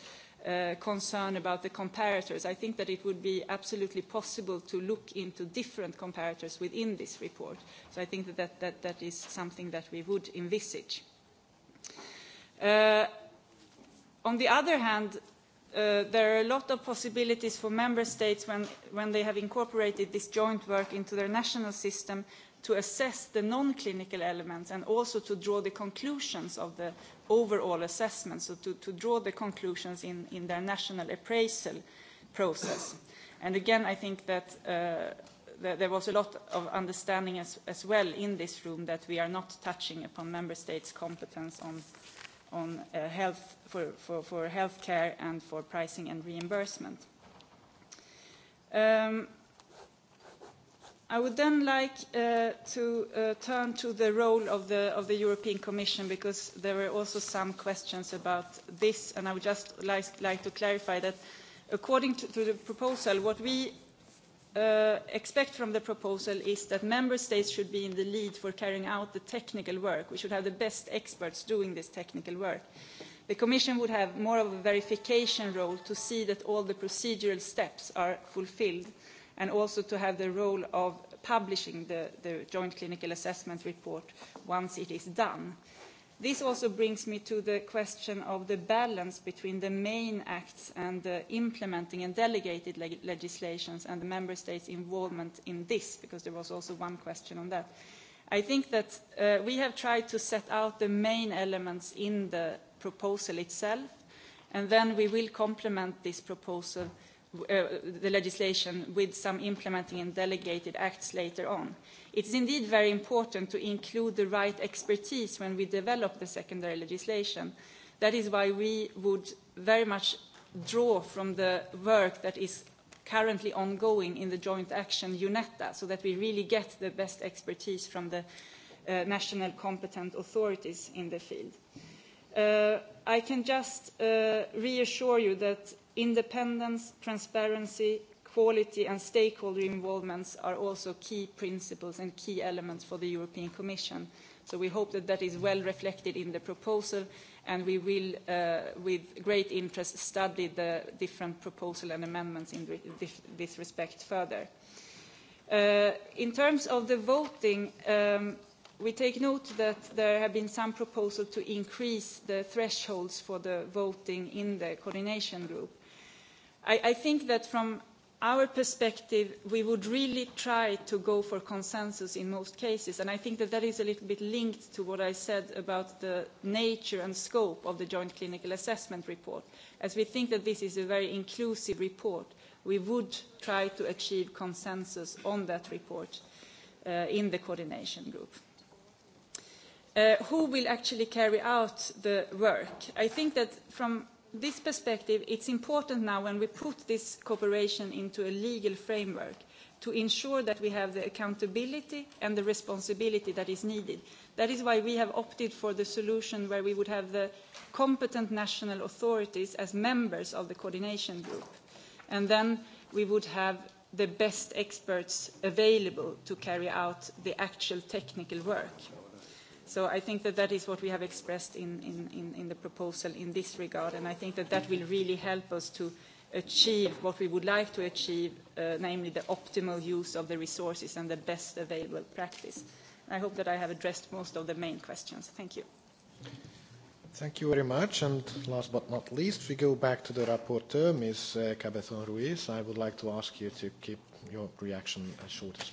uh, concern about the comparators. I think that it would be absolutely possible to look into different comparators within this report. So I think that that, that, that is something that we would envisage. on the other hand, there are a lot of possibilities for member states when, when they have incorporated this joint work into their national system to assess the non-clinical elements and also to draw the conclusions of the overall assessment, so to, draw the conclusions in, in their national appraisal process. And again, I think that uh, there was a lot of understanding as, well in this room that we are not touching upon member states' competence on, on uh, health for, for, for health care and for pricing and reimbursement. Um, i would then like uh, to uh, turn to the role of the, of the European Commission because there were also some questions about this and I would just like, to clarify that according to, the proposal, what we uh, expect from the proposal is that member states should be in the lead for carrying out the technical work. We should have the best experts doing this technical work. The Commission would have more of a verification role to see that all the procedural steps are fulfilled and also to have the role of publishing the, joint clinical assessment report once it is done. This also brings me to the question of the balance between the main acts and the implementing and delegated legislations and the member states' involvement in this, because there was also one question on that. I think that uh, we have tried to set out the main elements in the proposal itself, and then we will complement this proposal Uh, the legislation with some implementing and delegated acts later on. It is indeed very important to include the right expertise when we develop the secondary legislation. That is why we would very much draw from the work that is currently ongoing in the joint action UNETA so that we really get the best expertise from the uh, national competent authorities in the field. Uh, I can just uh, reassure you that independence transparency quality and stakeholder involvement are also key principles and key elements for the european commission so we hope that that is well reflected in the proposal and we will uh, with great interest study the different proposals and amendments in this respect further. Uh, in terms of the voting um, we take note that there have been some proposals to increase the thresholds for the voting in the coordination group i, I think that from our perspective, we would really try to go for consensus in most cases. And I think that that is a little bit linked to what I said about the nature and scope of the joint clinical assessment report. As we think that this is a very inclusive report, we would try to achieve consensus on that report uh, in the coordination group. Uh, who will actually carry out the work? I think that from this perspective, it's important now when we put this cooperation into a legal framework to ensure that we have the accountability and the responsibility that is needed. That is why we have opted for the solution where we would have the competent national authorities as members of the coordination group. And then we would have the best experts available to carry out the actual technical work. So I think that that is what we have expressed in, the proposal in this regard, and I think that that will really help us to achieve what we would like to achieve, uh, namely the optimal use of the resources and the best available practice. I hope that I have addressed most of the main questions. Thank you. Thank you very much. And last but not least, we go back to the rapporteur, Ms. Uh, Cabezon Ruiz. I would like to ask you to keep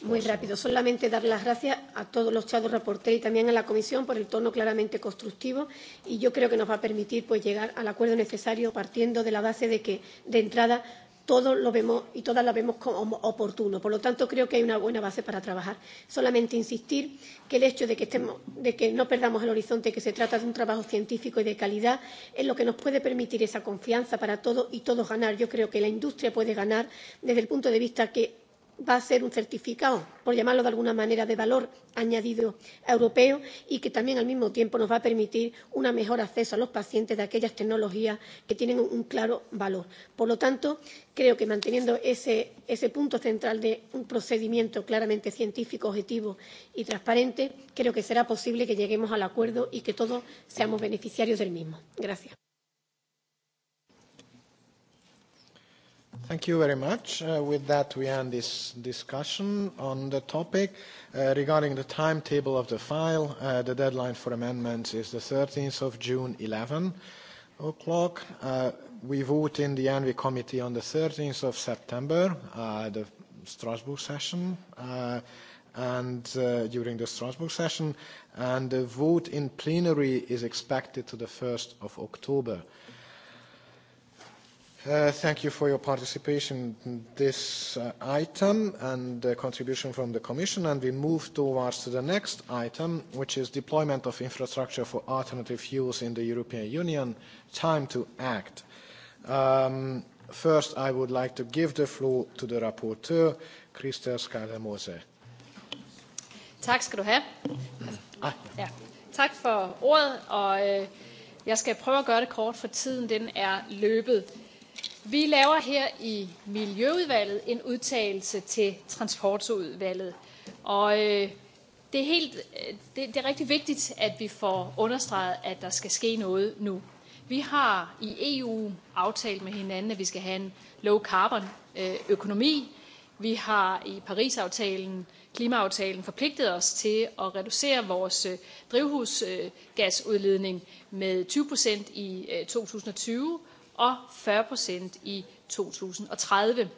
Muy rápido. Solamente dar las gracias a todos los chados reporteros y también a la Comisión por el tono claramente constructivo y yo creo que nos va a permitir pues, llegar al acuerdo necesario partiendo de la base de que, de entrada, todos lo vemos y todas lo vemos como oportuno. Por lo tanto, creo que hay una buena base para trabajar. Solamente insistir que el hecho de que, estemos, de que no perdamos el horizonte, que se trata de un trabajo científico y de calidad, es lo que nos puede permitir esa confianza para todos y todos ganar. Yo creo que la industria puede ganar desde el punto de vista que va a ser un certificado por llamarlo de alguna manera de valor añadido europeo y que también al mismo tiempo nos va a permitir un mejor acceso a los pacientes de aquellas tecnologías que tienen un claro valor. por lo tanto creo que manteniendo ese, ese punto central de un procedimiento claramente científico objetivo y transparente creo que será posible que lleguemos al acuerdo y que todos seamos beneficiarios del mismo. gracias. Thank you very much. Uh, with that, we end this discussion on the topic. Uh, regarding the timetable of the file, uh, the deadline for amendments is the 13th of June, 11 o'clock. Uh, we vote in the ANVI committee on the 13th of September, uh, the Strasbourg session, uh, and during the Strasbourg session, and the vote in plenary is expected to the 1st of October. Uh, thank you for your participation in this uh, item and the uh, contribution from the Commission. And we move towards to the next item, which is deployment of infrastructure for alternative fuels in the European Union. Time to act. Um, first, I would like to give the floor to the rapporteur, Christel Skaldemose. Tak skal du have. Ah. Ja. Tak for ordet, og øh, jeg skal prøve at gøre det kort, for tiden den er løbet. Vi laver her i Miljøudvalget en udtalelse til Transportudvalget. Og øh, det, er helt, øh, det, er rigtig vigtigt, at vi får understreget, at der skal ske noget nu. Vi har i EU aftalt med hinanden, at vi skal have en low carbon øh, økonomi. Vi har i Parisaftalen, klimaaftalen, forpligtet os til at reducere vores drivhusgasudledning med 20 procent i 2020 og 40 procent i 2030.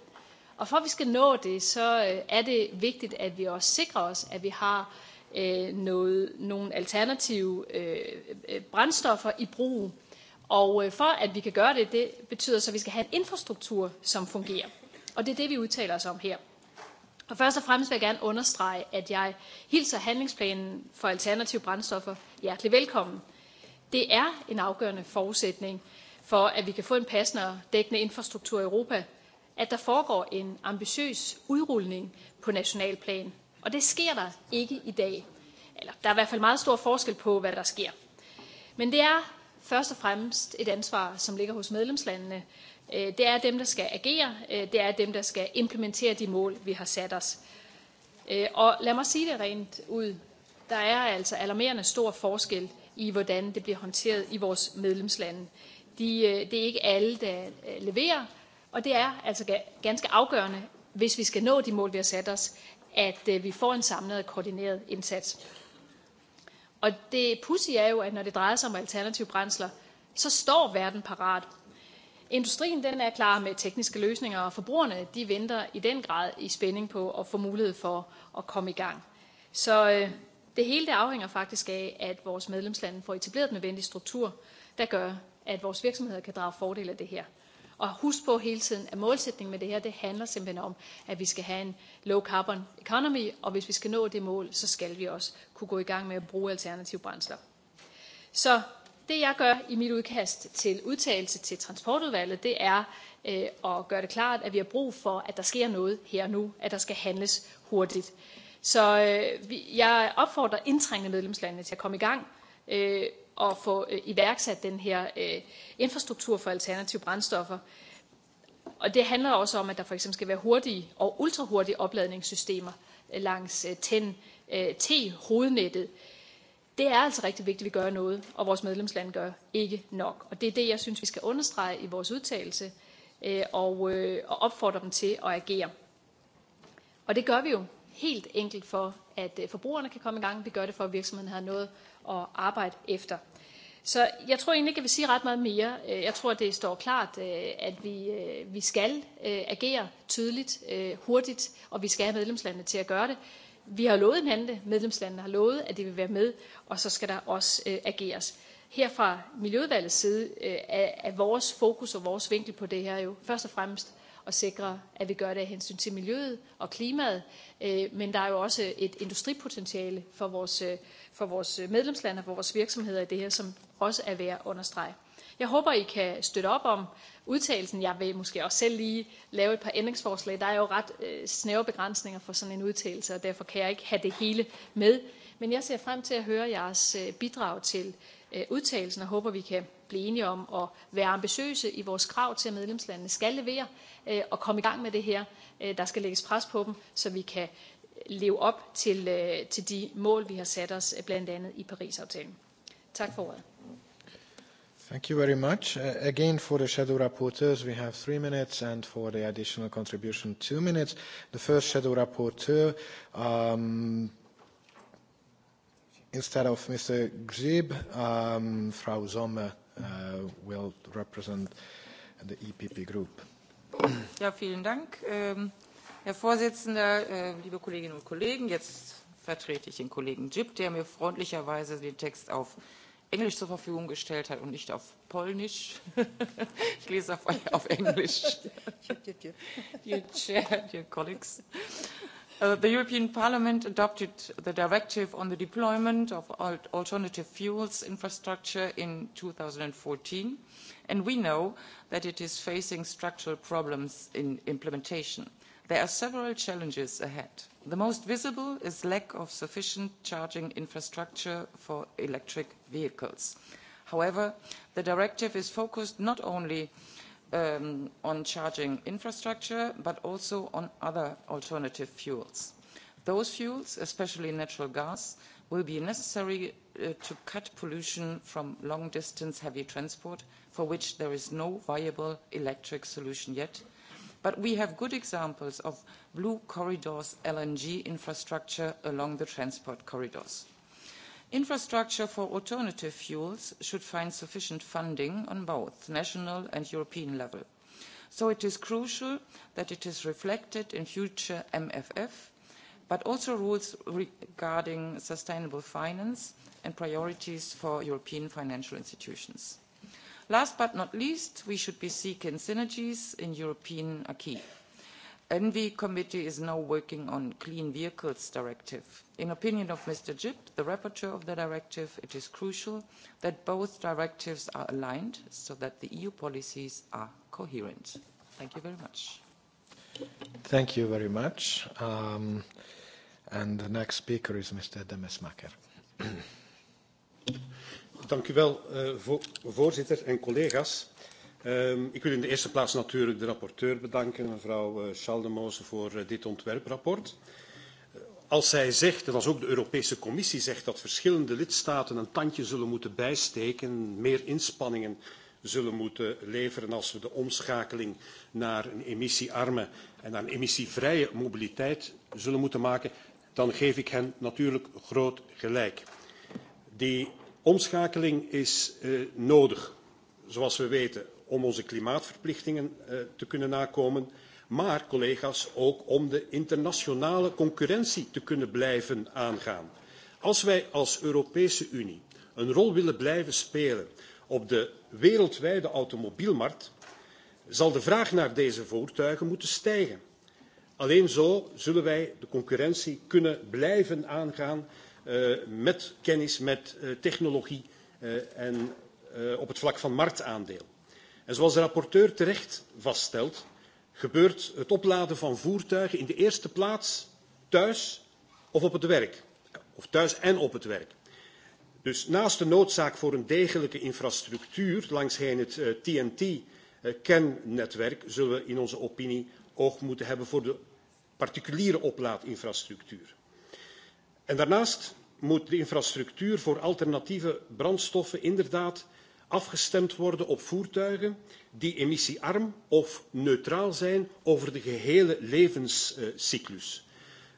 Og for at vi skal nå det, så øh, er det vigtigt, at vi også sikrer os, at vi har øh, noget, nogle alternative øh, brændstoffer i brug. Og for at vi kan gøre det, det betyder så, at vi skal have en infrastruktur, som fungerer. Og det er det, vi udtaler os om her. Og først og fremmest vil jeg gerne understrege, at jeg hilser handlingsplanen for alternative brændstoffer hjertelig velkommen. Det er en afgørende forudsætning for at vi kan få en passende og dækkende infrastruktur i Europa, at der foregår en ambitiøs udrulning på national plan. Og det sker der ikke i dag. Eller der er i hvert fald meget stor forskel på, hvad der sker. Men det er først og fremmest et ansvar, som ligger hos medlemslandene. Øh, det er dem, der skal agere. Øh, det er dem, der skal implementere de mål, vi har sat os. Øh, og lad mig sige det rent ud. Der er altså alarmerende stor forskel i, hvordan det bliver håndteret i vores medlemslande de, øh, det er ikke alle, der øh, leverer, og det er altså ganske afgørende, hvis vi skal nå de mål, vi har sat os, at øh, vi får en samlet og koordineret indsats. Og det pussy er jo, at når det drejer sig om alternative brændsler, så står verden parat. Industrien den er klar med tekniske løsninger, og forbrugerne de venter i den grad i spænding på at få mulighed for at komme i gang. Så det hele det afhænger faktisk af, at vores medlemslande får etableret den nødvendige struktur, der gør, at vores virksomheder kan drage fordel af det her. Og husk på hele tiden, at målsætningen med det her, det handler simpelthen om, at vi skal have en low carbon economy, og hvis vi skal nå det mål, så skal vi også kunne gå i gang med at bruge alternative brændsler. Så det jeg gør i mit udkast til udtalelse til transportudvalget, det er øh, at gøre det klart, at vi har brug for, at der sker noget her og nu, at der skal handles hurtigt. Så øh, jeg opfordrer indtrængende medlemslandene til at komme i gang. Øh, at få øh, iværksat den her øh, infrastruktur for alternative brændstoffer. Og det handler også om, at der for eksempel skal være hurtige og ultrahurtige opladningssystemer øh, langs TEN-T-hovednettet. E, det er altså rigtig vigtigt, at vi gør noget, og vores medlemsland gør ikke nok. Og det er det, jeg synes, vi skal understrege i vores udtalelse og, opfordre dem til at agere. Og det gør vi jo helt enkelt for, at forbrugerne kan komme i gang. Vi gør det for, at virksomhederne har noget at arbejde efter. Så jeg tror egentlig ikke, jeg vil sige ret meget mere. Øh, jeg tror, det står klart, øh, at vi, øh, vi skal agere tydeligt, hurtigt, og vi skal have medlemslandene til at gøre det. Vi har lovet hinanden det. Medlemslandene har lovet, at de vil være med, og så skal der også ageres. Her fra Miljøudvalgets side er, er vores fokus og vores vinkel på det her jo først og fremmest at sikre, at vi gør det af hensyn til miljøet og klimaet. Øh, men der er jo også et industripotentiale for vores, øh, for vores medlemslande og for vores virksomheder i det her, som også er værd at understrege. Jeg håber, I kan støtte op om udtalelsen. Jeg vil måske også selv lige lave et par ændringsforslag. Der er jo ret øh, snævre begrænsninger for sådan en udtalelse, og derfor kan jeg ikke have det hele med. Men jeg ser frem til at høre jeres bidrag til udtalelsen og håber, vi kan blive enige om at være ambitiøse i vores krav til, at medlemslandene skal levere øh, og komme i gang med det her. Øh, der skal lægges pres på dem, så vi kan leve op til, øh, til de mål, vi har sat os, blandt andet i Paris-aftalen. Tak for ordet. Thank you very much. Uh, again, for the shadow rapporteurs, we have three minutes, and for the additional contribution, two minutes. The first shadow rapporteur, um, instead of Mr. Grzyb, um, Frau Sommer. Uh, will represent the EPP group. Ja, vielen Dank, ähm, Herr Vorsitzender, ähm, liebe Kolleginnen und Kollegen. Jetzt vertrete ich den Kollegen Jip, der mir freundlicherweise den Text auf Englisch zur Verfügung gestellt hat und nicht auf Polnisch. (laughs) ich lese auf, auf Englisch. Dear Chair, dear colleagues. Uh, the European Parliament adopted the directive on the deployment of alternative fuels infrastructure in 2014, and we know that it is facing structural problems in implementation. There are several challenges ahead. The most visible is lack of sufficient charging infrastructure for electric vehicles. However, the directive is focused not only um, on charging infrastructure, but also on other alternative fuels. Those fuels, especially natural gas, will be necessary uh, to cut pollution from long-distance heavy transport, for which there is no viable electric solution yet. But we have good examples of Blue Corridors LNG infrastructure along the transport corridors infrastructure for alternative fuels should find sufficient funding on both national and european level so it is crucial that it is reflected in future mff but also rules regarding sustainable finance and priorities for european financial institutions. last but not least we should be seeking synergies in european acquis envi committee is now working on the clean vehicles directive in opinion of mr grzyb the rapporteur of the directive it is crucial that both directives are aligned so that the eu policies are coherent thank you very much thank you very much um, and the next speaker is mr demesmaker dank u wel uh, voorzitter en collega's Ehm, ik wil in de eerste plaats natuurlijk de rapporteur bedanken, mevrouw eh, Schaldemose, voor eh, dit ontwerprapport. Eh, als zij zegt, en als ook de Europese Commissie zegt, dat verschillende lidstaten een tandje zullen moeten bijsteken, meer inspanningen zullen moeten leveren als we de omschakeling naar een emissiearme en naar een emissievrije mobiliteit zullen moeten maken, dan geef ik hen natuurlijk groot gelijk. Die omschakeling is nodig, zoals we weten om onze klimaatverplichtingen eh, te kunnen nakomen, maar collega's ook om de internationale concurrentie te kunnen blijven aangaan. Als wij als Europese Unie een rol willen blijven spelen op de wereldwijde automobielmarkt, zal de vraag naar deze voertuigen moeten stijgen. Alleen zo zullen wij de concurrentie kunnen blijven aangaan eh, met kennis, met eh, technologie en op het vlak van marktaandeel en zoals de rapporteur terecht vaststelt gebeurt het opladen van voertuigen in de eerste plaats thuis of op het werk of thuis en op het werk. dus naast de noodzaak voor een degelijke infrastructuur langs heen het tnt eh, eh, kennetwerk zullen we in onze opinie oog moeten hebben voor de particuliere oplaadinfrastructuur. en daarnaast moet de infrastructuur voor alternatieve brandstoffen inderdaad afgestemd worden op voertuigen die emissiearm of neutraal zijn over de gehele levenscyclus.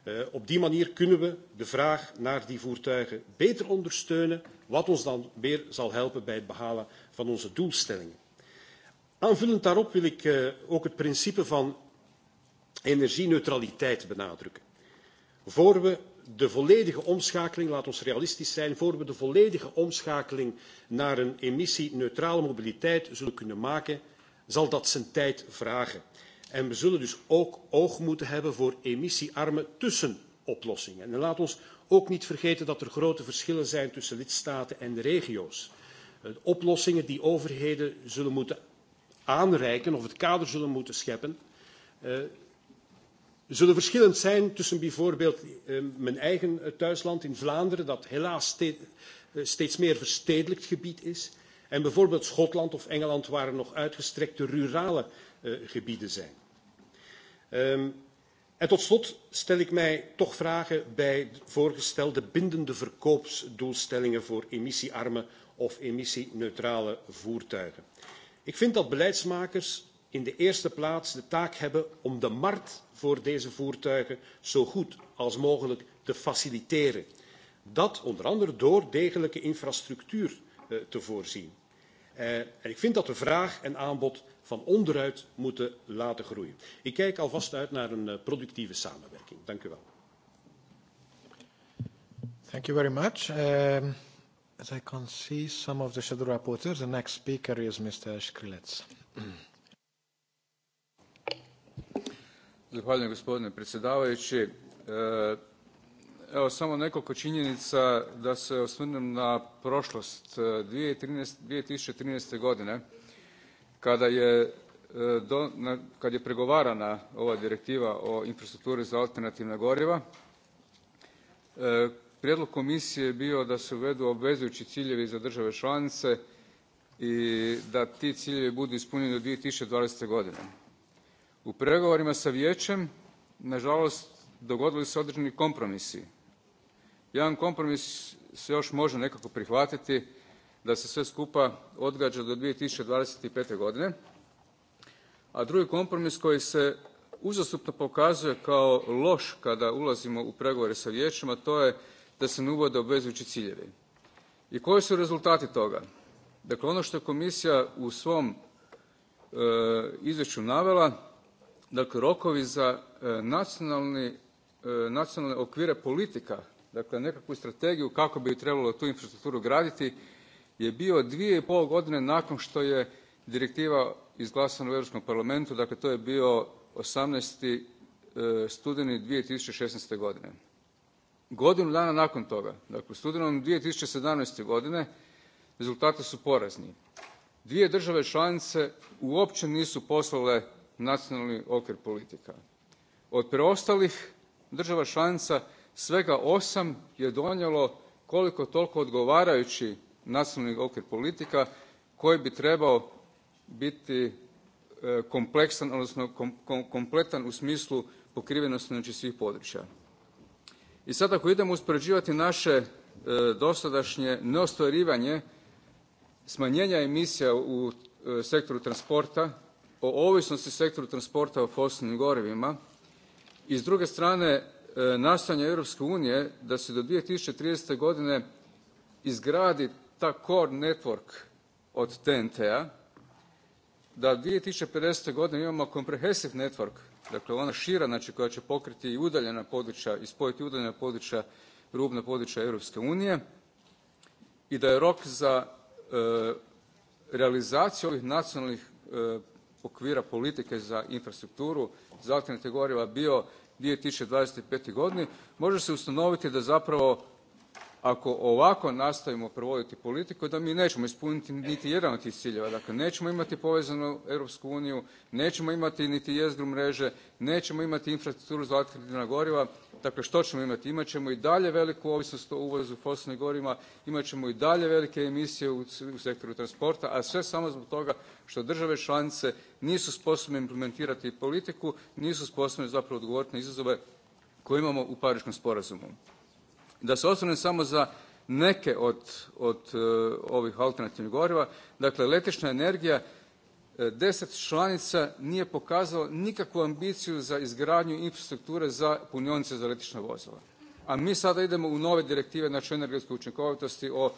Eh, op die manier kunnen we de vraag naar die voertuigen beter ondersteunen, wat ons dan weer zal helpen bij het behalen van onze doelstellingen. Aanvullend daarop wil ik eh, ook het principe van energieneutraliteit benadrukken. Voor we de volledige omschakeling, laat ons realistisch zijn, voor we de volledige omschakeling naar een emissieneutrale mobiliteit zullen kunnen maken, zal dat zijn tijd vragen. En we zullen dus ook oog moeten hebben voor emissiearme tussenoplossingen. En laat ons ook niet vergeten dat er grote verschillen zijn tussen lidstaten en regio's. Eh, oplossingen die overheden zullen moeten aanreiken of het kader zullen moeten scheppen, eh, zullen verschillend zijn tussen bijvoorbeeld eh, mijn eigen eh, thuisland in Vlaanderen, dat helaas eh, steeds meer verstedelijkt gebied is, en bijvoorbeeld Schotland of Engeland, waar er nog uitgestrekte rurale gebieden zijn. Ehm, en tot slot stel ik mij toch vragen bij voorgestelde bindende verkoopsdoelstellingen voor emissiearme of emissieneutrale voertuigen. Ik vind dat beleidsmakers in de eerste plaats de taak hebben om de markt voor deze voertuigen zo goed als mogelijk te faciliteren. Dat onder andere door degelijke infrastructuur eh, te voorzien. Eh, en ik vind dat de vraag en aanbod van onderuit moeten laten groeien. Ik kijk alvast uit naar een eh, productieve samenwerking. Dank u wel. Thank you very much. Ehm, as I can see some of the shadow rapporteurs, the next speaker is Mr. Skrilets. (clears throat) Zahvaljujem gospodine predsjedavajući. E, evo samo nekoliko činjenica da se osvrnem na prošlost. 2013, e, 2013. godine kada je, e, kad je pregovarana ova direktiva o infrastrukturi za alternativna goriva, prijedlog komisije je bio da se uvedu obvezujući ciljevi za države članice i da ti ciljevi budu ispunjeni do 2020. godine u pregovorima s vijećem nažalost dogodili su se određeni kompromisi jedan kompromis se još može nekako prihvatiti da se sve skupa odgađa do. two thousand and twenty godine a drugi kompromis koji se uzastopno pokazuje kao loš kada ulazimo u pregovore s vijećem a to je da se ne uvode obvezujući ciljevi. i koji su rezultati toga? dakle ono što je komisija u svom e, izvješću navela dakle rokovi za e, e, nacionalne okvire politika dakle nekakvu strategiju kako bi trebalo tu infrastrukturu graditi je bio dvije i pol godine nakon što je direktiva izglasana u europskom parlamentu dakle to je bio osamnaest e, studeni. two thousand and godine godinu dana nakon toga dakle u studenom. two thousand and godine rezultati su porazni. dvije države članice uopće nisu poslale nacionalni okvir politika. Od preostalih država članica svega osam je donijelo koliko toliko odgovarajući nacionalni okvir politika koji bi trebao biti e, kompleksan, odnosno kompletan u smislu pokrivenosti znači svih područja. I sad ako idemo uspoređivati naše e, dosadašnje neostvarivanje smanjenja emisija u e, sektoru transporta o ovisnosti sektoru transporta o fosilnim gorivima i s druge strane e, nastojanje Europske unije da se do 2030. godine izgradi ta core network od TNT-a, da 2050. godine imamo comprehensive network, dakle ona šira znači koja će pokriti i udaljena područja i udaljena područja, rubna područja Europske unije i da je rok za e, realizaciju ovih nacionalnih e, okvira politike za infrastrukturu za alternativna goriva bio. two thousand and twenty godini može se ustanoviti da zapravo ako ovako nastavimo provoditi politiku da mi nećemo ispuniti niti jedan od tih ciljeva. Dakle, nećemo imati povezanu Europsku uniju, nećemo imati niti jezgru mreže, nećemo imati infrastrukturu za alternativna goriva. Dakle, što ćemo imati? Imat ćemo i dalje veliku ovisnost o uvozu fosilnih goriva, imat ćemo i dalje velike emisije u, u sektoru transporta, a sve samo zbog toga što države članice nisu sposobne implementirati politiku, nisu sposobne zapravo odgovoriti na izazove koje imamo u Pariškom sporazumu. Da se osvrnem samo za neke od, od e, ovih alternativnih goriva, dakle električna energija, e, deset članica nije pokazalo nikakvu ambiciju za izgradnju infrastrukture za punionice za električna vozila. A mi sada idemo u nove direktive, znači o energetskoj učinkovitosti, o e,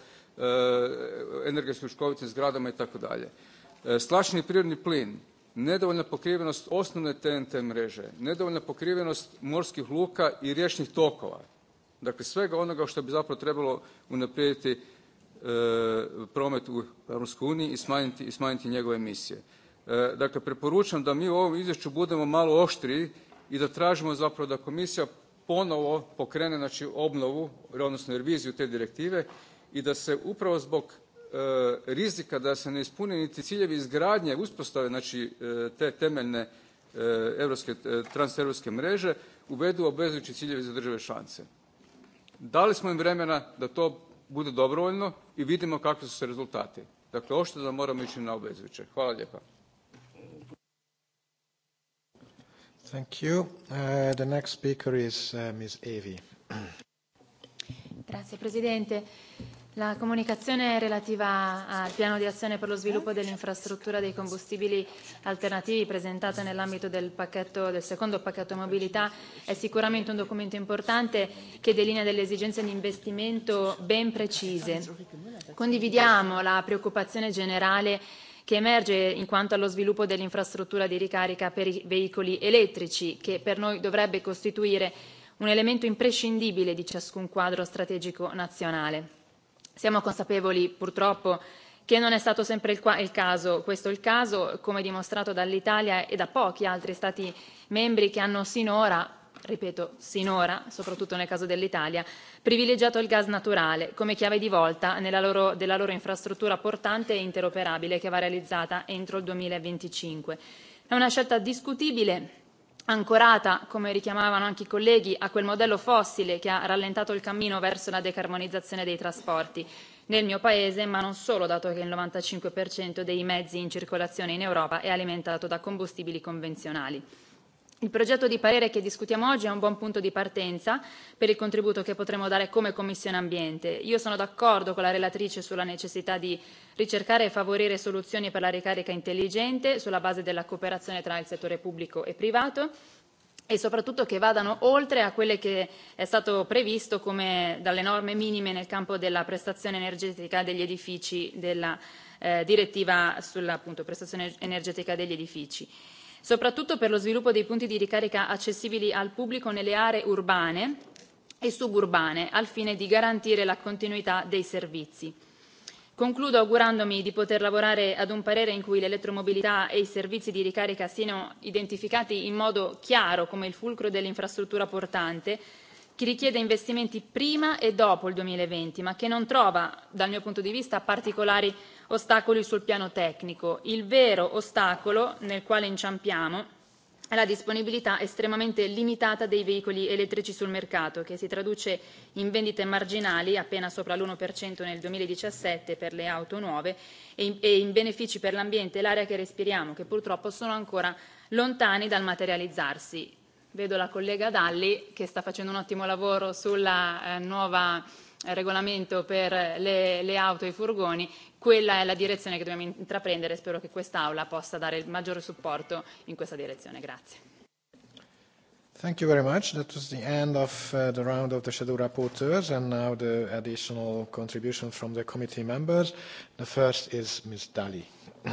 energetskoj učinkovitosti zgradama dalje e, Stlačni prirodni plin, nedovoljna pokrivenost osnovne TNT mreže, nedovoljna pokrivenost morskih luka i riječnih tokova. Dakle, svega onoga što bi zapravo trebalo unaprijediti e, promet u EU i smanjiti njegove emisije. E, dakle, preporučam da mi u ovom izvješću budemo malo oštriji i da tražimo zapravo da komisija ponovo pokrene znači obnovu, odnosno reviziju te direktive i da se upravo zbog e, rizika da se ne ispune niti ciljevi izgradnje uspostave znači te temeljne europske, transeuropske mreže uvedu obvezujući ciljevi za države članice. Dali smo im vremena da to bude dobrovoljno i vidimo kakvi su se rezultati. Dakle, ošto da moramo ići na obvezujuće. Hvala lijepa. Thank you. Uh, the next speaker is uh, Ms. (clears throat) Grazie Presidente. La comunicazione relativa al piano di azione per lo sviluppo dell'infrastruttura dei combustibili alternativi presentata nell'ambito del, del secondo pacchetto mobilità è sicuramente un documento importante che delinea delle esigenze di investimento ben precise. Condividiamo la preoccupazione generale che emerge in quanto allo sviluppo dell'infrastruttura di ricarica per i veicoli elettrici, che per noi dovrebbe costituire un elemento imprescindibile di ciascun quadro strategico nazionale siamo consapevoli purtroppo che non è stato sempre il, caso questo il caso come dimostrato dall'italia e da pochi altri stati membri che hanno sinora ripeto sinora soprattutto nel caso dell'italia privilegiato il gas naturale come chiave di volta nella loro, della loro infrastruttura portante e interoperabile che va realizzata entro il. duemilaventicinque è una scelta discutibile ancorata come richiamavano anche i colleghi a quel modello fossile che ha rallentato il cammino verso la decarbonizzazione dei trasporti nel mio paese ma non solo dato che il 95% dei mezzi in circolazione in europa è alimentato da combustibili convenzionali il progetto di parere che discutiamo oggi è un buon punto di partenza per il contributo che potremo dare come commissione ambiente. io sono d'accordo con la relatrice sulla necessità di ricercare e favorire soluzioni per la ricarica intelligente sulla base della cooperazione tra il settore pubblico e privato e soprattutto che vadano oltre a quelle che è stato previsto come dalle norme minime nel campo della prestazione energetica degli edifici della eh, direttiva sulla appunto, prestazione energetica degli edifici soprattutto per lo sviluppo dei punti di ricarica accessibili al pubblico nelle aree urbane e suburbane al fine di garantire la continuità dei servizi. Concludo augurandomi di poter lavorare ad un parere in cui l'elettromobilità e i servizi di ricarica siano identificati in modo chiaro come il fulcro dell'infrastruttura portante che richiede investimenti prima e dopo il 2020, ma che non trova, dal mio punto di vista, particolari ostacoli sul piano tecnico. Il vero ostacolo nel quale inciampiamo è la disponibilità estremamente limitata dei veicoli elettrici sul mercato, che si traduce in vendite marginali appena sopra l'1% nel 2017 per le auto nuove e, e in benefici per l'ambiente e l'aria che respiriamo, che purtroppo sono ancora lontani dal materializzarsi vedo la collega Dalli che sta facendo un ottimo lavoro sulla eh, nuova eh, regolamento per eh, le, le auto e i furgoni, quella è la direzione che dobbiamo intraprendere e spero che quest'Aula possa dare il maggiore supporto in questa direzione. Grazie. Thank you very much. That was the end of uh, the round of the shadow rapporteurs and now the additional contribution from the committee members. The first is Ms. Dali. (clears throat)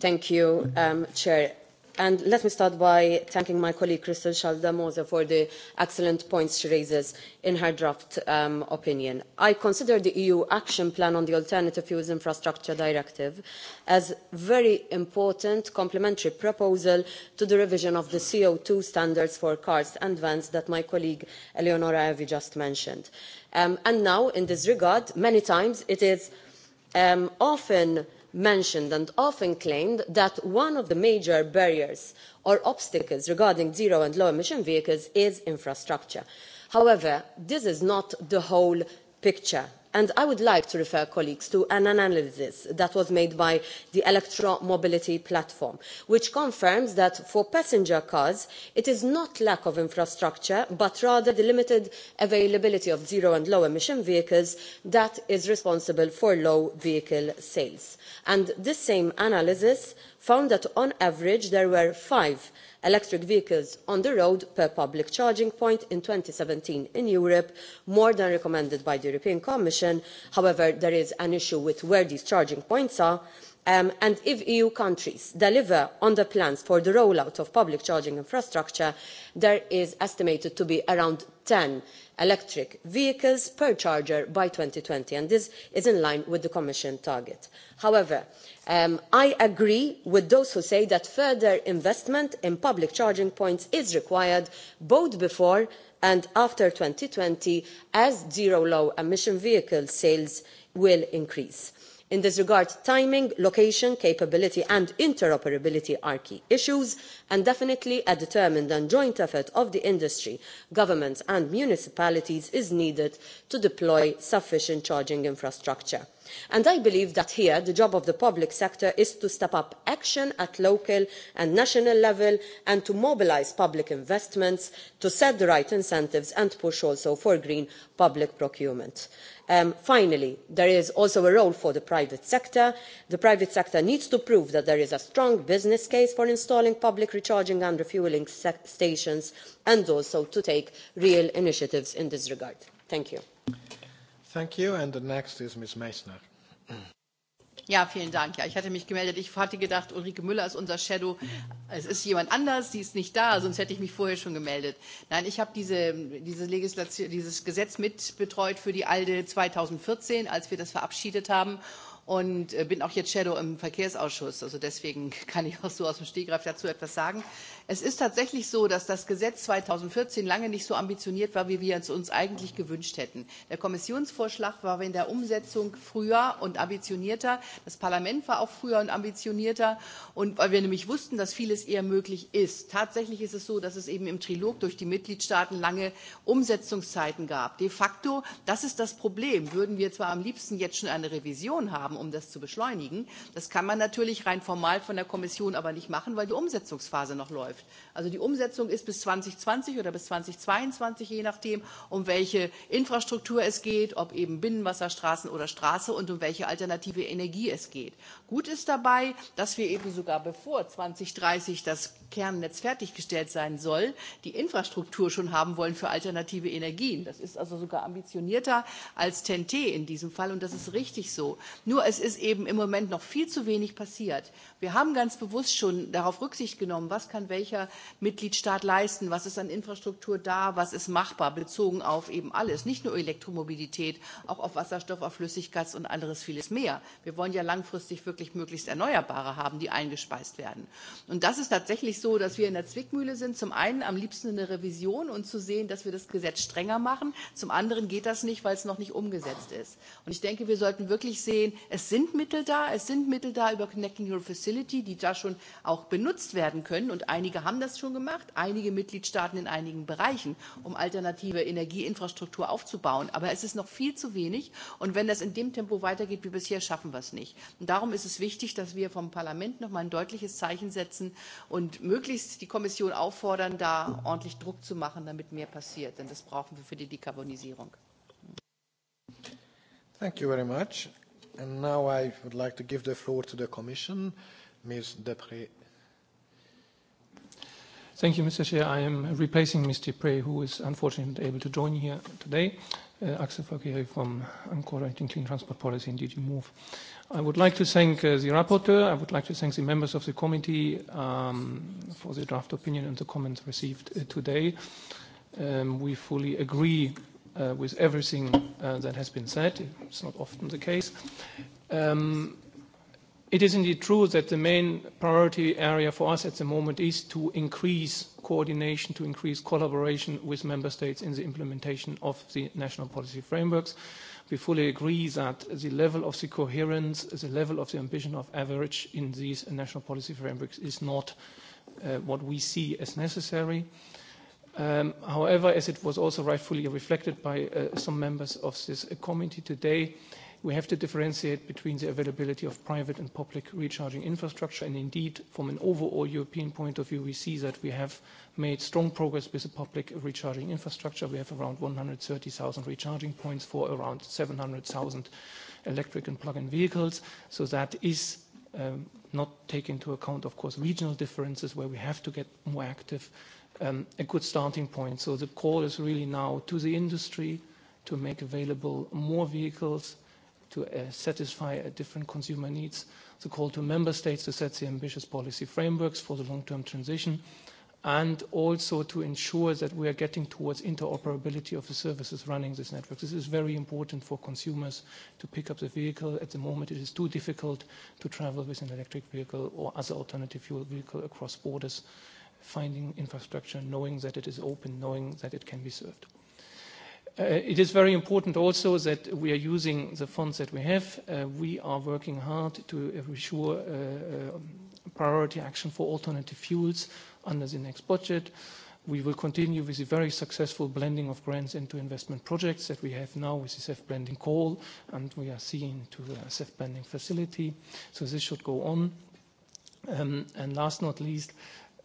Thank you, um, Chair and let me start by thanking my colleague Crystal Schaldemose for the excellent points she raises in her draft um, opinion. I consider the EU Action Plan on the Alternative Fuels Infrastructure Directive as a very important complementary proposal to the revision of the CO2 standards for cars and vans that my colleague Eleonora Evi just mentioned. Um, and now, in this regard, many times it is um, often mentioned and often claimed that one of the major barriers or obstacles regarding zero and low emission vehicles is infrastructure. however this is not the whole picture and i would like to refer colleagues to an analysis that was made by the electromobility platform which confirms that for passenger cars it is not lack of infrastructure but rather the limited availability of zero and low emission vehicles that is responsible for low vehicle sales and this same analysis found that on average there were five electric vehicles on the road per public charging point in two thousand and seventeen in europe more than recommended by the european commission. however there is an issue with where these charging points are um, and if eu countries deliver on the plans for the roll out of public charging infrastructure there is estimated to be around ten electric vehicles per charger by two and twenty and this is in line with the commission target. however um, i agree with those who say that further investment in public charging points is required both before and after two twenty as zero low emission vehicle sales will increase in this regard timing location capability and interoperability are key issues and definitely a determined and joint effort of the industry governments and municipalities is needed to deploy sufficient charging infrastructure and i believe that here the job of the public sector is to step up action at local and national level and to mobilise public investments to set the right incentives and push also for green public procurement. Um, finally there is also a role for the private sector. the private sector needs to prove that there is a strong business case for installing public recharging and refuelling stations and also to take real initiatives in this regard. thank you. the next is Ms. Ja, vielen Dank. Ja, ich hatte mich gemeldet. Ich hatte gedacht, Ulrike Müller ist unser Shadow. Es ist jemand anders, die ist nicht da, sonst hätte ich mich vorher schon gemeldet. Nein, ich habe diese, diese Legislation, dieses Gesetz mitbetreut für die ALDE 2014, als wir das verabschiedet haben und äh, bin auch jetzt Shadow im Verkehrsausschuss. Also deswegen (laughs) kann ich auch so aus dem Stegreif dazu etwas sagen es ist tatsächlich so dass das gesetz 2014 lange nicht so ambitioniert war wie wir es uns eigentlich gewünscht hätten. der kommissionsvorschlag war in der umsetzung früher und ambitionierter das parlament war auch früher und ambitionierter weil wir nämlich wussten dass vieles eher möglich ist. tatsächlich ist es so dass es eben im trilog durch die mitgliedstaaten lange umsetzungszeiten gab. de facto das ist das problem würden wir zwar am liebsten jetzt schon eine revision haben um das zu beschleunigen das kann man natürlich rein formal von der kommission aber nicht machen weil die umsetzungsphase noch läuft läuft. Also die Umsetzung ist bis 2020 oder bis 2022, je nachdem, um welche Infrastruktur es geht, ob eben Binnenwasserstraßen oder Straße und um welche alternative Energie es geht. Gut ist dabei, dass wir eben sogar bevor 2030 das Kernnetz fertiggestellt sein soll, die Infrastruktur schon haben wollen für alternative Energien. Das ist also sogar ambitionierter als ten in diesem Fall und das ist richtig so. Nur es ist eben im Moment noch viel zu wenig passiert. Wir haben ganz bewusst schon darauf Rücksicht genommen, was kann welcher Mitgliedstaat leisten, was ist an Infrastruktur da, was ist machbar, bezogen auf eben alles, nicht nur Elektromobilität, auch auf Wasserstoff, auf Flüssiggas und anderes vieles mehr. Wir wollen ja langfristig wirklich möglichst Erneuerbare haben, die eingespeist werden. Und das ist tatsächlich so, dass wir in der Zwickmühle sind. Zum einen am liebsten eine Revision und zu sehen, dass wir das Gesetz strenger machen. Zum anderen geht das nicht, weil es noch nicht umgesetzt ist. Und ich denke, wir sollten wirklich sehen, es sind Mittel da, es sind Mittel da über Connecting Your Facility, die da schon auch benutzt werden können. Und einige haben das das schon gemacht einige mitgliedstaaten in einigen bereichen um alternative energieinfrastruktur aufzubauen aber es ist noch viel zu wenig und wenn das in dem tempo weitergeht wie bisher schaffen wir es nicht und darum ist es wichtig dass wir vom parlament noch mal ein deutliches zeichen setzen und möglichst die kommission auffordern da ordentlich druck zu machen damit mehr passiert denn das brauchen wir für die dekarbonisierung Thank you very much. And now I would like to give the floor to the Commission. Ms. Depre Thank you, Mr. Chair. I am replacing Mr. Prey, who is unfortunately not able to join here today. Uh, Axel Fakiri from Uncoordinating Clean Transport Policy in DG MOVE. I would like to thank uh, the rapporteur. I would like to thank the members of the committee um, for the draft opinion and the comments received uh, today. Um, we fully agree with everything that has been said. It's not often the case. Um, It is indeed true that the main priority area for us at the moment is to increase coordination, to increase collaboration with member states in the implementation of the national policy frameworks. We fully agree that the level of the coherence, the level of the ambition of average in these national policy frameworks is not uh, what we see as necessary. Um, however, as it was also rightfully reflected by uh, some members of this committee today, We have to differentiate between the availability of private and public recharging infrastructure. And indeed, from an overall European point of view, we see that we have made strong progress with the public recharging infrastructure. We have around 130,000 recharging points for around 700,000 electric and plug-in vehicles. So that is um, not take into account, of course, regional differences where we have to get more active. Um, a good starting point. So the call is really now to the industry to make available more vehicles to uh, satisfy a uh, different consumer needs, the call to member states to set the ambitious policy frameworks for the long-term transition, and also to ensure that we are getting towards interoperability of the services running this network. This is very important for consumers to pick up the vehicle. At the moment, it is too difficult to travel with an electric vehicle or other alternative fuel vehicle across borders, finding infrastructure, knowing that it is open, knowing that it can be served. Uh, it is very important also that we are using the funds that we have. Uh, we are working hard to uh, ensure priority action for alternative fuels under the next budget. We will continue with the very successful blending of grants into investment projects that we have now with the CEF blending call, and we are seeing to the CEF blending facility. So this should go on. Um, and last not least,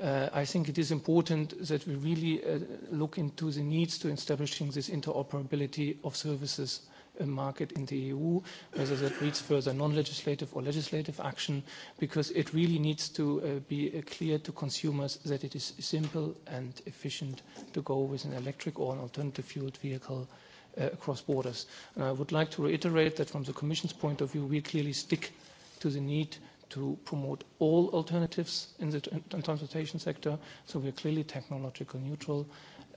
Uh, I think it is important that we really uh, look into the needs to establishing this interoperability of services uh, market in the EU, whether that leads further non-legislative or legislative action, because it really needs to uh, be uh, clear to consumers that it is simple and efficient to go with an electric or an alternative fueled vehicle uh, across borders. And I would like to reiterate that from the Commission's point of view, we clearly stick to the need to promote all alternatives in the transportation sector. So we're clearly technological neutral.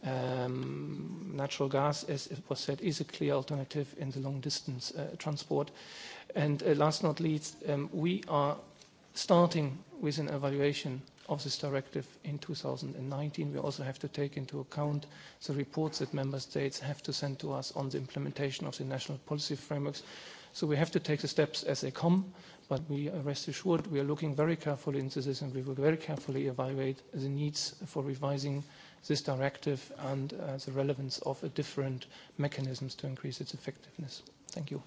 Um, natural gas, as it was said, is a clear alternative in the long-distance uh, transport. And uh, last not least, um, we are starting with an evaluation of this directive in 2019. We also have to take into account the reports that member states have to send to us on the implementation of the national policy frameworks. So we have to take the steps as they come, But we uh, rest assured we are looking very carefully into this and we will very carefully evaluate the needs for revising this directive and uh, the relevance of a different mechanisms to increase its effectiveness. Thank you.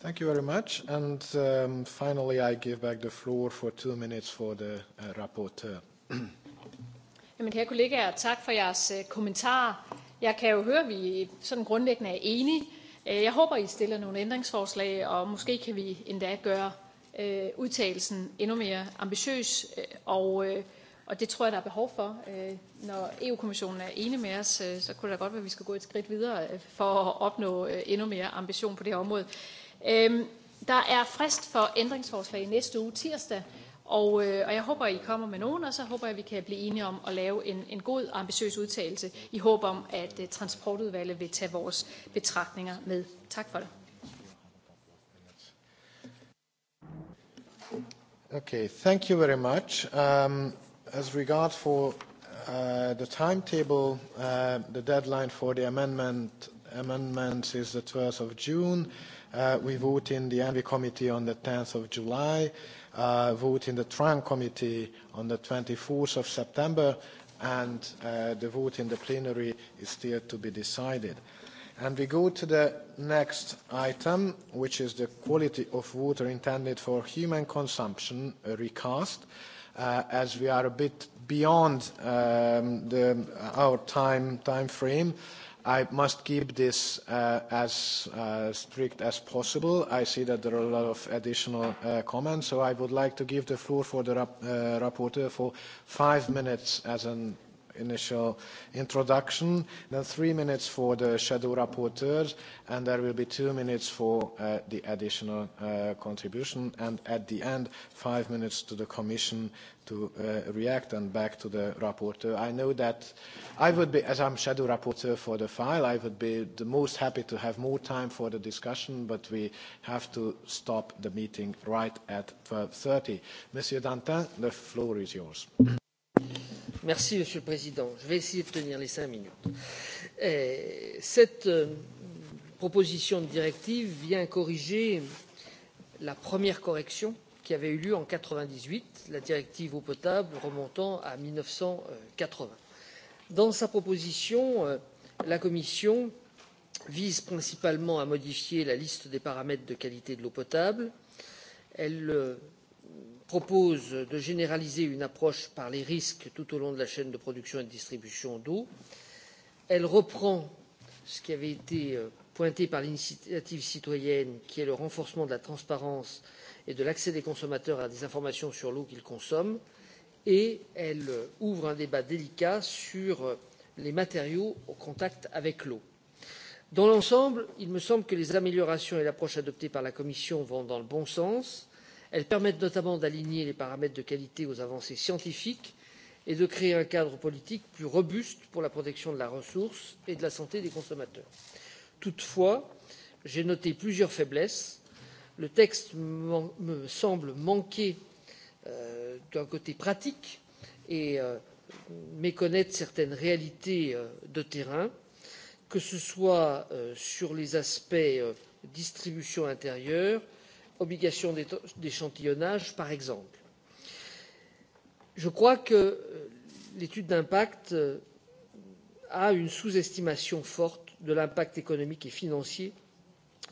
Thank you very much. And um, finally, I give back the floor for two minutes for the uh, rapporteur. (clears throat) Jamen, kære kollegaer, tak for jeres uh, kommentarer. Jeg kan jo høre, at vi sådan grundlæggende er enige. Uh, jeg håber, I stiller nogle ændringsforslag, og måske kan vi endda gøre øh, udtalelsen endnu mere ambitiøs, øh, og, øh, og det tror jeg, der er behov for. Øh, når EU-kommissionen er enig med os, så kunne det da godt være, at vi skal gå et skridt videre for at opnå endnu mere ambition på det område. der er frist for ændringsforslag i næste uge tirsdag, og, og jeg håber, I kommer med nogen, og så håber jeg, at vi kan blive enige om at lave en, en god og ambitiøs udtalelse i håb om, at transportudvalget vil tage vores betragtninger med. Tak for det. Okay, thank you very much. Um, as regards for uh, the timetable, uh, the deadline for the amendment, amendments is the 12 of June. Uh, we vote in the envy committee on the 10th of July, uh, vote in the TRAN committee on the 24th of September, and uh, the vote in the plenary is still to be decided. And we go to the next item, which is the quality of water intended for human consumption recast. Uh, as we are a bit beyond um, our time, frame, I must keep this uh, as uh, strict as possible. I see that there are a lot of additional comments, so I would like to give the floor for the rapporteur for five minutes as an initial introduction, then three minutes for the shadow rapporteurs, and there will be two minutes for uh, the additional uh, contribution, and at the end, five minutes to the Commission to uh, react and back to the rapporteur. I know that I would be, as I'm shadow rapporteur for the file, I would be the most happy to have more time for the discussion, but we have to stop the meeting right at 12.30. Monsieur Dantin, the floor is yours. Merci, Monsieur le Président. Je vais essayer de tenir les cinq minutes. Eh, cette euh, proposition de directive vient corriger la première correction qui avait eu lieu en quatre vingt dix huit la directive eau potable remontant à. mille neuf cent quatre vingts dans sa proposition euh, la commission vise principalement à modifier la liste des paramètres de qualité de l'eau potable elle euh, propose de généraliser une approche par les risques tout au long de la chaîne de production et de distribution d'eau. Elle reprend ce qui avait été euh, pointé par l'initiative citoyenne, qui est le renforcement de la transparence et de l'accès des consommateurs à des informations sur l'eau qu'ils consomment, et elle euh, ouvre un débat délicat sur euh, les matériaux au contact avec l'eau. Dans l'ensemble, il me semble que les améliorations et l'approche adoptées par la Commission vont dans le bon sens elles permettent notamment d'aligner les paramètres de qualité aux avancées scientifiques et de créer un cadre politique plus robuste pour la protection de la ressource et de la santé des consommateurs. toutefois j'ai noté plusieurs faiblesses. le texte me semble manquer euh, d'un côté pratique et euh, méconnaître certaines réalités euh, de terrain que ce soit sur les aspects distribution intérieure obligation d'échantillonnage par exemple. je crois que euh, l'étude d'impact euh, a une sous estimation forte de l'impact économique et financier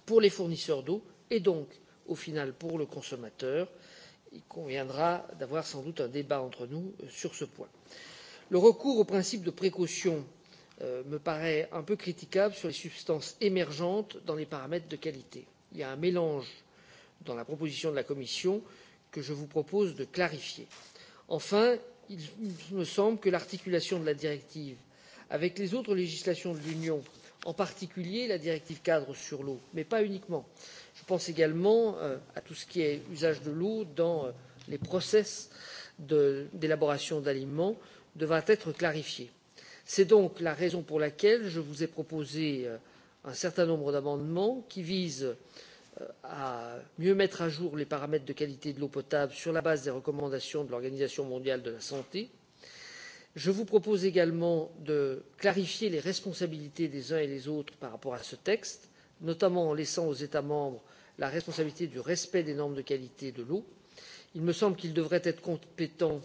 pour les fournisseurs d'eau et donc au final pour le consommateur. il conviendra d'avoir sans doute un débat entre nous euh, sur ce point. le recours au principe de précaution me paraît un peu critiquable sur les substances émergentes dans les paramètres de qualité. il y a un mélange dans la proposition de la Commission que je vous propose de clarifier. Enfin, il me semble que l'articulation de la directive avec les autres législations de l'Union, en particulier la directive cadre sur l'eau, mais pas uniquement. Je pense également euh, à tout ce qui est usage de l'eau dans euh, les process d'élaboration d'aliments devra être clarifié. C'est donc la raison pour laquelle je vous ai proposé euh, un certain nombre d'amendements qui visent à mieux mettre à jour les paramètres de qualité de l'eau potable sur la base des recommandations de l'organisation mondiale de la santé. je vous propose également de clarifier les responsabilités des uns et des autres par rapport à ce texte notamment en laissant aux états membres la responsabilité du respect des normes de qualité de l'eau. il me semble qu'ils devraient être compétents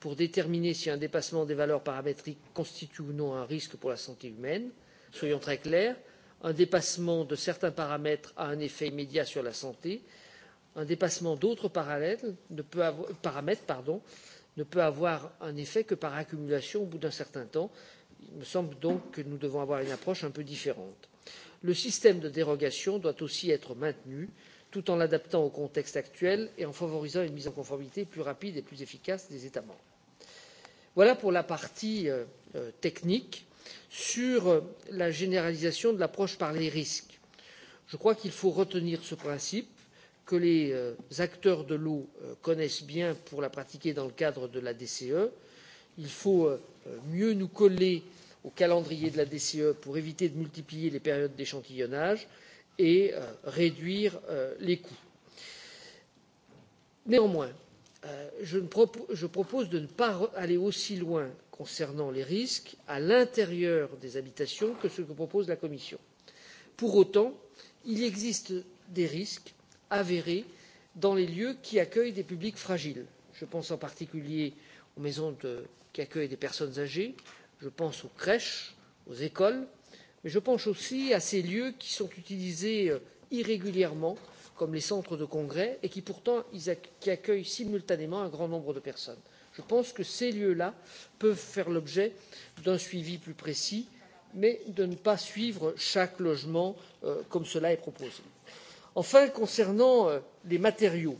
pour déterminer si un dépassement des valeurs paramétriques constitue ou non un risque pour la santé humaine. soyons très clairs un dépassement de certains paramètres a un effet immédiat sur la santé un dépassement d'autres paramètres ne peut avoir, pardon, ne peut avoir un effet que par accumulation au bout d'un certain temps. Il me semble donc que nous devons avoir une approche un peu différente. Le système de dérogation doit aussi être maintenu tout en l'adaptant au contexte actuel et en favorisant une mise en conformité plus rapide et plus efficace des États membres. Voilà pour la partie euh, euh, technique sur la généralisation de l'approche par les risques. Je crois qu'il faut retenir ce principe que les euh, acteurs de l'eau euh, connaissent bien pour la pratiquer dans le cadre de la DCE. Il faut euh, mieux nous coller au calendrier de la DCE pour éviter de multiplier les périodes d'échantillonnage et réduire les coûts. Néanmoins, je propose de ne pas aller aussi loin concernant les risques à l'intérieur des habitations que ce que propose la commission. pour autant il existe des risques avérés dans les lieux qui accueillent des publics fragiles je pense en particulier aux maisons qui accueillent des personnes âgées je pense aux crèches aux écoles mais je pense aussi à ces lieux qui sont utilisés euh, irrégulièrement comme les centres de congrès et qui pourtant ils, accueillent simultanément un grand nombre de personnes je pense que ces lieux là peuvent faire l'objet d'un suivi plus précis mais de ne pas suivre chaque logement euh, comme cela est proposé. enfin concernant euh, les matériaux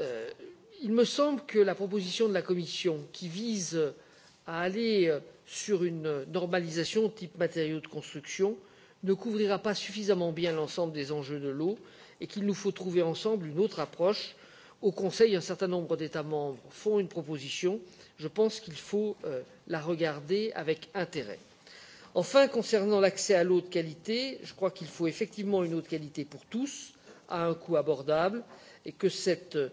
euh, il me semble que la proposition de la commission qui vise à aller sur une normalisation type matériaux de construction ne couvrira pas suffisamment bien l'ensemble des enjeux de l'eau et qu'il nous faut trouver ensemble une autre approche Au Conseil, un certain nombre d'États membres font une proposition. Je pense qu'il faut euh, la regarder avec intérêt. Enfin, concernant l'accès à l'eau de qualité, je crois qu'il faut effectivement une eau de qualité pour tous, à un coût abordable, et que cette euh,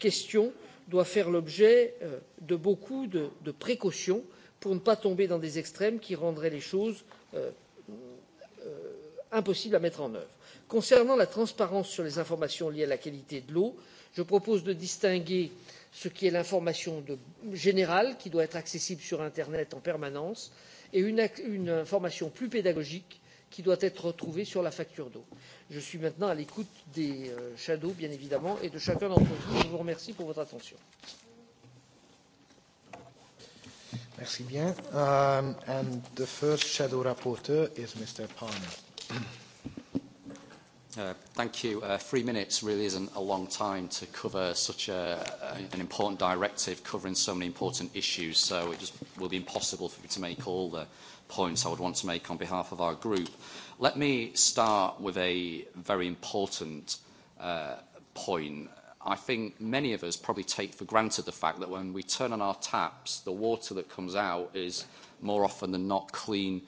question doit faire l'objet euh, de beaucoup de, de précautions pour ne pas tomber dans des extrêmes qui rendraient les choses impossibles à mettre en œuvre. Concernant la transparence sur les informations liées à la qualité de l'eau, je propose de distinguer ce qui est l'information générale qui doit être accessible sur internet en permanence et une, information plus pédagogique qui doit être retrouvée sur la facture d'eau. je suis maintenant à l'écoute des euh, shadows, bien évidemment et de chacun d'entre vous. je vous remercie pour votre attention. Merci bien. Um, and the first shadow rapporteur is Mr. Palmer. Uh, thank you. Uh, three minutes really isn't a long time to cover such an important directive covering so many important issues, so it just will be impossible for me to make all the points I would want to make on behalf of our group. Let me start with a very important uh, point. I think many of us probably take for granted the fact that when we turn on our taps, the water that comes out is more often than not clean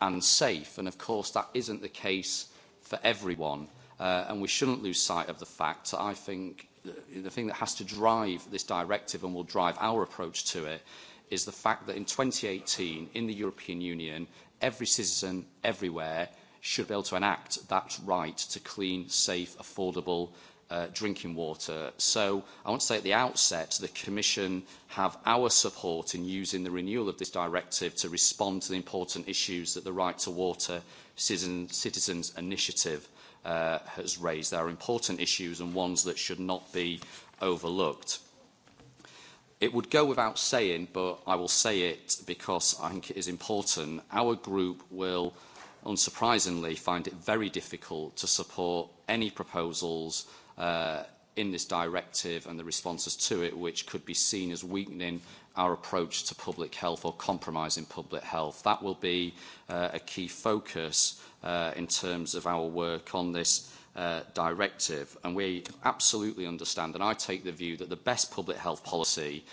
and safe. And of course, that isn't the case for everyone. Uh, and we shouldn't lose sight of the fact, I think, the thing that has to drive this directive and will drive our approach to it is the fact that in 2018, in the European Union, every citizen everywhere should be able to enact that right to clean, safe, affordable uh, drinking water. So I want to say at the outset, the Commission have our support in using the renewal of this directive to respond to the important issues that the Right to Water Citizens Initiative uh, has raised. There are important issues and ones that should not be overlooked. It would go without saying, but I will say it because I think it is important. Our group will, unsurprisingly, find it very difficult to support any proposals uh, in this directive and the responses to it, which could be seen as weakening our approach to public health or compromising public health. That will be uh, a key focus uh, in terms of our work on this uh, directive. And we absolutely understand, and I take the view that the best public health policy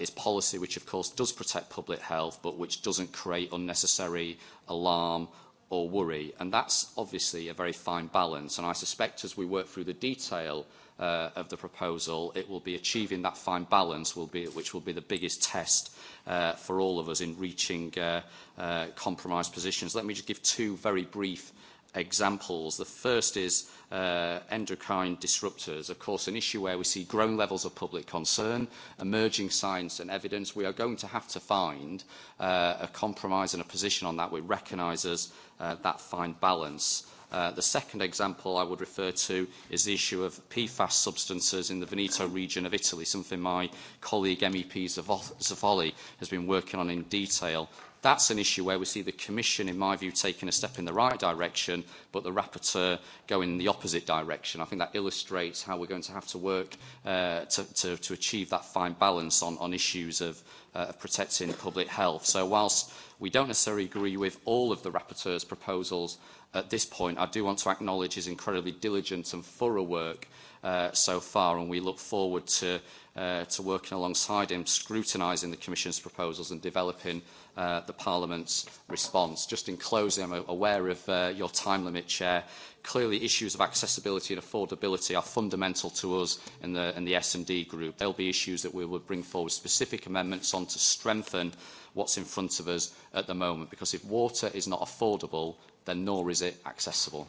is policy which, of course, does protect public health, but which doesn't create unnecessary alarm or worry. And that's obviously a very fine balance. And I suspect as we work through the detail uh, of the proposal. It will be achieving that fine balance, will be, which will be the biggest test uh, for all of us in reaching uh, uh, compromise positions. Let me just give two very brief examples. The first is uh, endocrine disruptors, of course, an issue where we see growing levels of public concern, emerging science and evidence. We are going to have to find uh, a compromise and a position on that which recognises uh, that fine balance. Uh, the second example I would refer to is the issue of PFAS substances in the Veneto region of Italy, something my colleague MEP Zavoli has been working on in detail. That's an issue where we see the Commission, in my view, taking a step in the right direction, but the rapporteur going in the opposite direction. I think that illustrates how we're going to have to work uh, to, to, to achieve that fine balance on, on issues of, uh, of protecting public health. So whilst we don't necessarily agree with all of the rapporteur's proposals, at this point, I do want to acknowledge his incredibly diligent and thorough work uh, so far, and we look forward to, uh, to working alongside him, scrutinising the Commission's proposals and developing uh, the Parliament's response. Just in closing, I'm aware of uh, your time limit, Chair. Clearly, issues of accessibility and affordability are fundamental to us in the, in the S&D group. will be issues that we will bring forward specific amendments on to strengthen what's in front of us at the moment, because if water is not affordable, then nor is it accessible.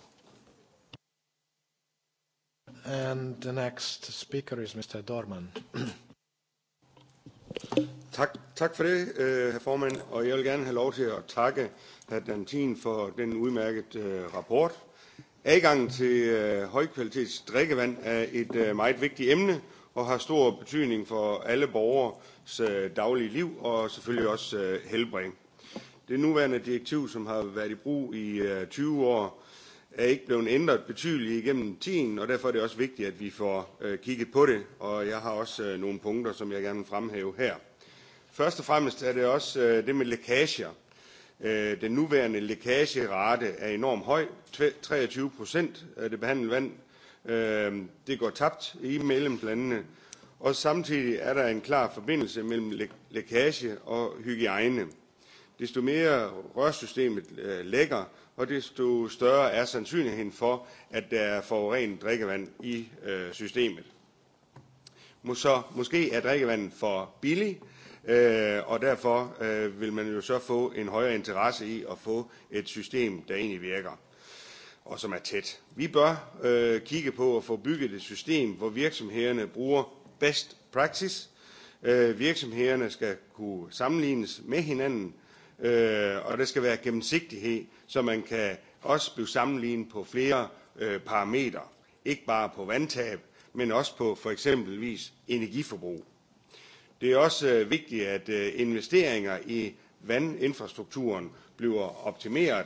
And the next speaker is Mr. Dorman. (clears throat) tak, tak for det, øh, herr formand, og jeg vil gerne have lov til at takke herr Dantin for den udmærket øh, rapport. Adgangen til uh, højkvalitets drikkevand er et uh, meget vigtigt emne og har stor betydning for alle borgers daglige liv og selvfølgelig også helbring. Det nuværende direktiv, som har været i brug i 20 øh, år, er ikke blevet ændret betydeligt igennem tiden, og derfor er det også vigtigt, at vi får øh, kigget på det, og jeg har også øh, nogle punkter, som jeg gerne vil fremhæve her. Først og fremmest er det også det med lækager. Den nuværende lækagerate er enormt høj, 23 procent af det behandlede vand. Det går tabt i medlemslandene, og samtidig er der en klar forbindelse mellem lækage og hygiejne desto mere rørsystemet øh, lækker, og desto større er sandsynligheden for, at der er forurenet drikkevand i øh, systemet. Så måske er drikkevandet for billigt, øh, og derfor vil man jo så få en højere interesse i at få et system, der egentlig virker og som er tæt. Vi bør kigge på at få bygget et system, hvor virksomhederne bruger best practice. Øh, virksomhederne skal kunne sammenlignes med hinanden, øh, og der skal være gennemsigtighed, så man kan også blive sammenlignet på flere øh, parametre. Ikke bare på vandtab, men også på for eksempelvis energiforbrug. Det er også øh, vigtigt, at øh, investeringer i vandinfrastrukturen bliver optimeret.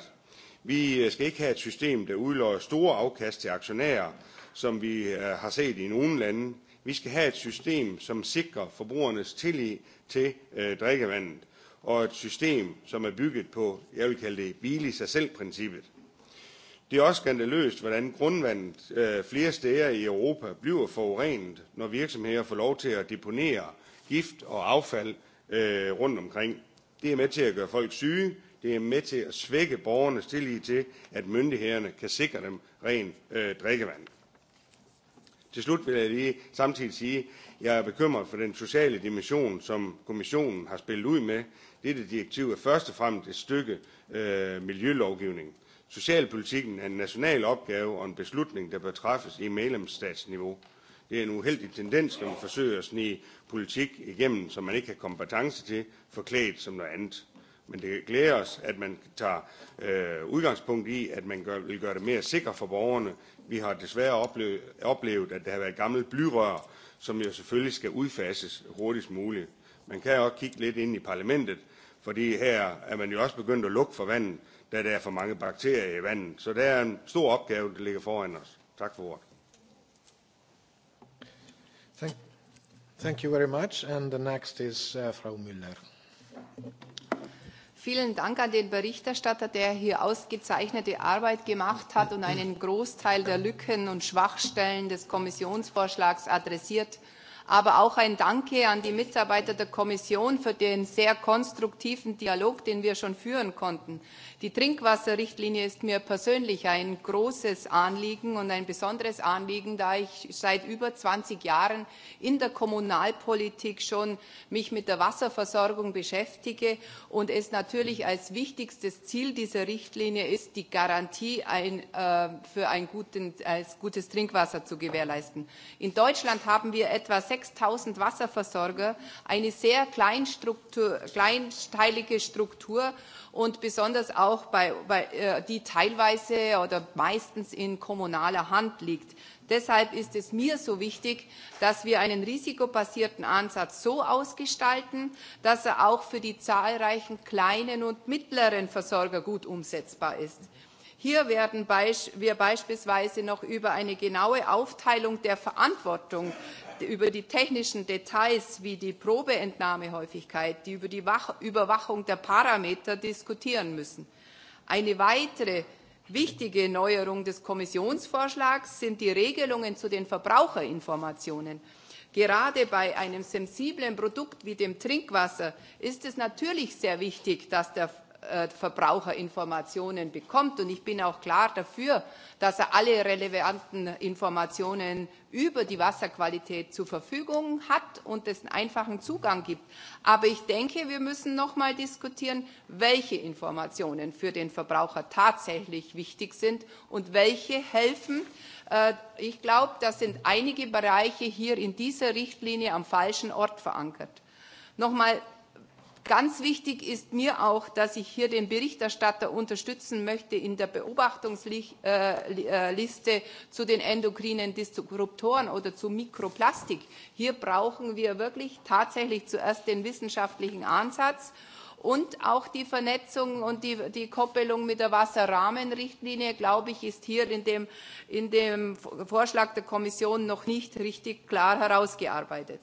Vi øh, skal ikke have et system, der udløjer store afkast til aktionærer, som vi øh, har set i nogle lande. Vi skal have et system, som sikrer forbrugernes tillid til øh, drikkevandet og et system, som er bygget på, jeg vil kalde det, hvile i sig selv-princippet. Det er også skandaløst, hvordan grundvandet øh, flere steder i Europa bliver forurenet, når virksomheder får lov til at deponere gift og affald øh, rundt omkring. Det er med til at gøre folk syge, det er med til at svække borgernes tillid til, at myndighederne kan sikre dem rent øh, drikkevand. Til slut vil jeg lige samtidig sige, Jeg er bekymret for den sociale dimension, som kommissionen har spillet ud med. Dette direktiv er først og fremmest et stykke øh, miljølovgivning. Socialpolitikken er en national opgave og en beslutning, der bør træffes i medlemsstatsniveau. Det er en uheldig tendens, når man forsøger at snige politik igennem, som man ikke har kompetence til, forklædt som noget andet. Men det glæder os, at man tager øh, udgangspunkt i, at man vil gøre det mere sikkert for borgerne. Vi har desværre oplevet, at det har været gamle blyrør, som jo selvfølgelig skal udfases hurtigst muligt. Man kan også kigge lidt ind i parlamentet, fordi her er man jo også begyndt at lukke for vandet, da der er for mange bakterier i vandet. Så det er en stor opgave, der ligger foran os. Tak for ordet. Thank, thank you very much. And the next is uh, Frau Müller. Vielen Dank an den Berichterstatter, der hier ausgezeichnete Arbeit gemacht hat und einen Großteil der Lücken und Schwachstellen des Kommissionsvorschlags adressiert aber auch ein Danke an die Mitarbeiter der Kommission für den sehr konstruktiven Dialog, den wir schon führen konnten. Die Trinkwasserrichtlinie ist mir persönlich ein großes Anliegen und ein besonderes Anliegen, da ich seit über 20 Jahren in der Kommunalpolitik schon mich mit der Wasserversorgung beschäftige und es natürlich als wichtigstes Ziel dieser Richtlinie ist, die Garantie ein, äh, für ein guten, als gutes Trinkwasser zu gewährleisten. In Deutschland haben wir etwa 6000 Wasserversorger, eine sehr Kleinstruktur, kleinsteilige Struktur und besonders auch bei, bei, äh, die teilweise oder meistens in kommunaler Hand liegt. Deshalb ist es mir so wichtig, dass wir einen risikobasierten Ansatz so ausgestalten, dass er auch für die zahlreichen kleinen und mittleren Versorger gut umsetzbar ist. Hier werden wir beispielsweise noch über eine genaue Aufteilung der Verantwortung über die technischen Details wie die Probeentnahmehäufigkeit, die über die Wach Überwachung der Parameter diskutieren müssen. Eine weitere wichtige Neuerung des Kommissionsvorschlags sind die Regelungen zu den Verbraucherinformationen. Gerade bei einem sensiblen Produkt wie dem Trinkwasser ist es natürlich sehr wichtig, dass der Äh, Verbraucherinformationen bekommt. Und ich bin auch klar dafür, dass er alle relevanten Informationen über die Wasserqualität zur Verfügung hat und es einen einfachen Zugang gibt. Aber ich denke, wir müssen noch einmal diskutieren, welche Informationen für den Verbraucher tatsächlich wichtig sind und welche helfen. Äh, ich glaube, das sind einige Bereiche hier in dieser Richtlinie am falschen Ort verankert. Nochmal Ganz wichtig ist mir auch, dass ich hier den Berichterstatter unterstützen möchte in der Beobachtungsliste äh, äh, zu den endokrinen Disruptoren oder zu Mikroplastik. Hier brauchen wir wirklich tatsächlich zuerst den wissenschaftlichen Ansatz und auch die Vernetzung und die, die Koppelung mit der Wasserrahmenrichtlinie, glaube ich, ist hier in dem, in dem Vorschlag der Kommission noch nicht richtig klar herausgearbeitet.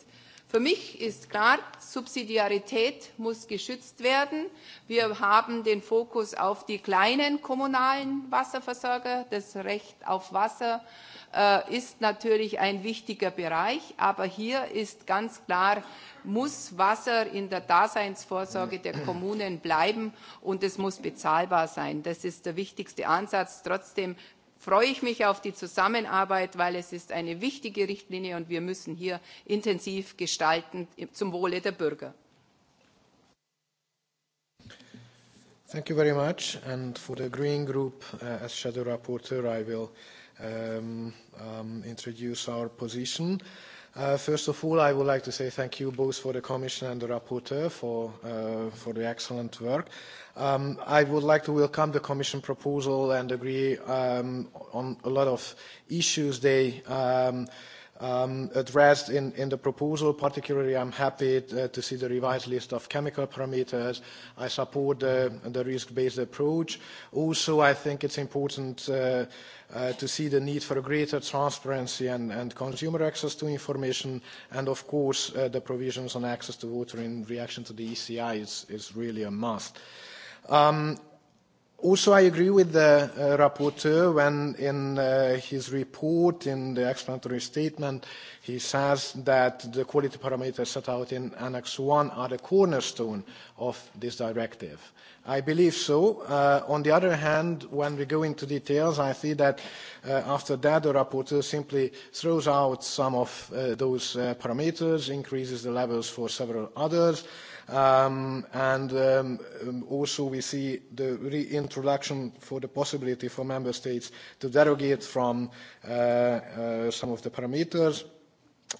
Für mich ist klar, Subsidiarität muss geschützt werden. Wir haben den Fokus auf die kleinen kommunalen Wasserversorger. Das Recht auf Wasser äh, ist natürlich ein wichtiger Bereich, aber hier ist ganz klar, muss Wasser in der Daseinsvorsorge der Kommunen bleiben und es muss bezahlbar sein. Das ist der wichtigste Ansatz. Trotzdem freue ich mich auf die zusammenarbeit weil es ist eine wichtige richtlinie und wir müssen hier intensiv gestalten zum wohle der bürger. Thank you very much. And for the Green Group, uh, as Shadow Rapporteur, I will um, um, introduce our position. Uh, first of all, I would like to say thank you both for the Commission and the Rapporteur for, uh, for the excellent work. Um, I would like to welcome the Commission proposal and agree um, on a lot of issues they um, um, addressed in, in the proposal. Particularly, I'm happy uh, to, see the revised list of chemical parameters. I support the, the risk-based approach. Also, I think it's important uh, uh, to see the need for greater transparency and, and consumer access to information. And of course, the provisions on access to water in reaction to the ECI is, is really a must. Um, Also, I agree with the uh, rapporteur when in uh, his report, in the explanatory statement, he says that the quality parameters set out in Annex 1 are the cornerstone of this directive. I believe so. Uh, on the other hand, when we go into details, I see that uh, after that, the rapporteur simply throws out some of uh, those parameters, increases the levels for several others. Um, and um, um, also we see the reintroduction for the possibility for member states to derogate from some of the parameters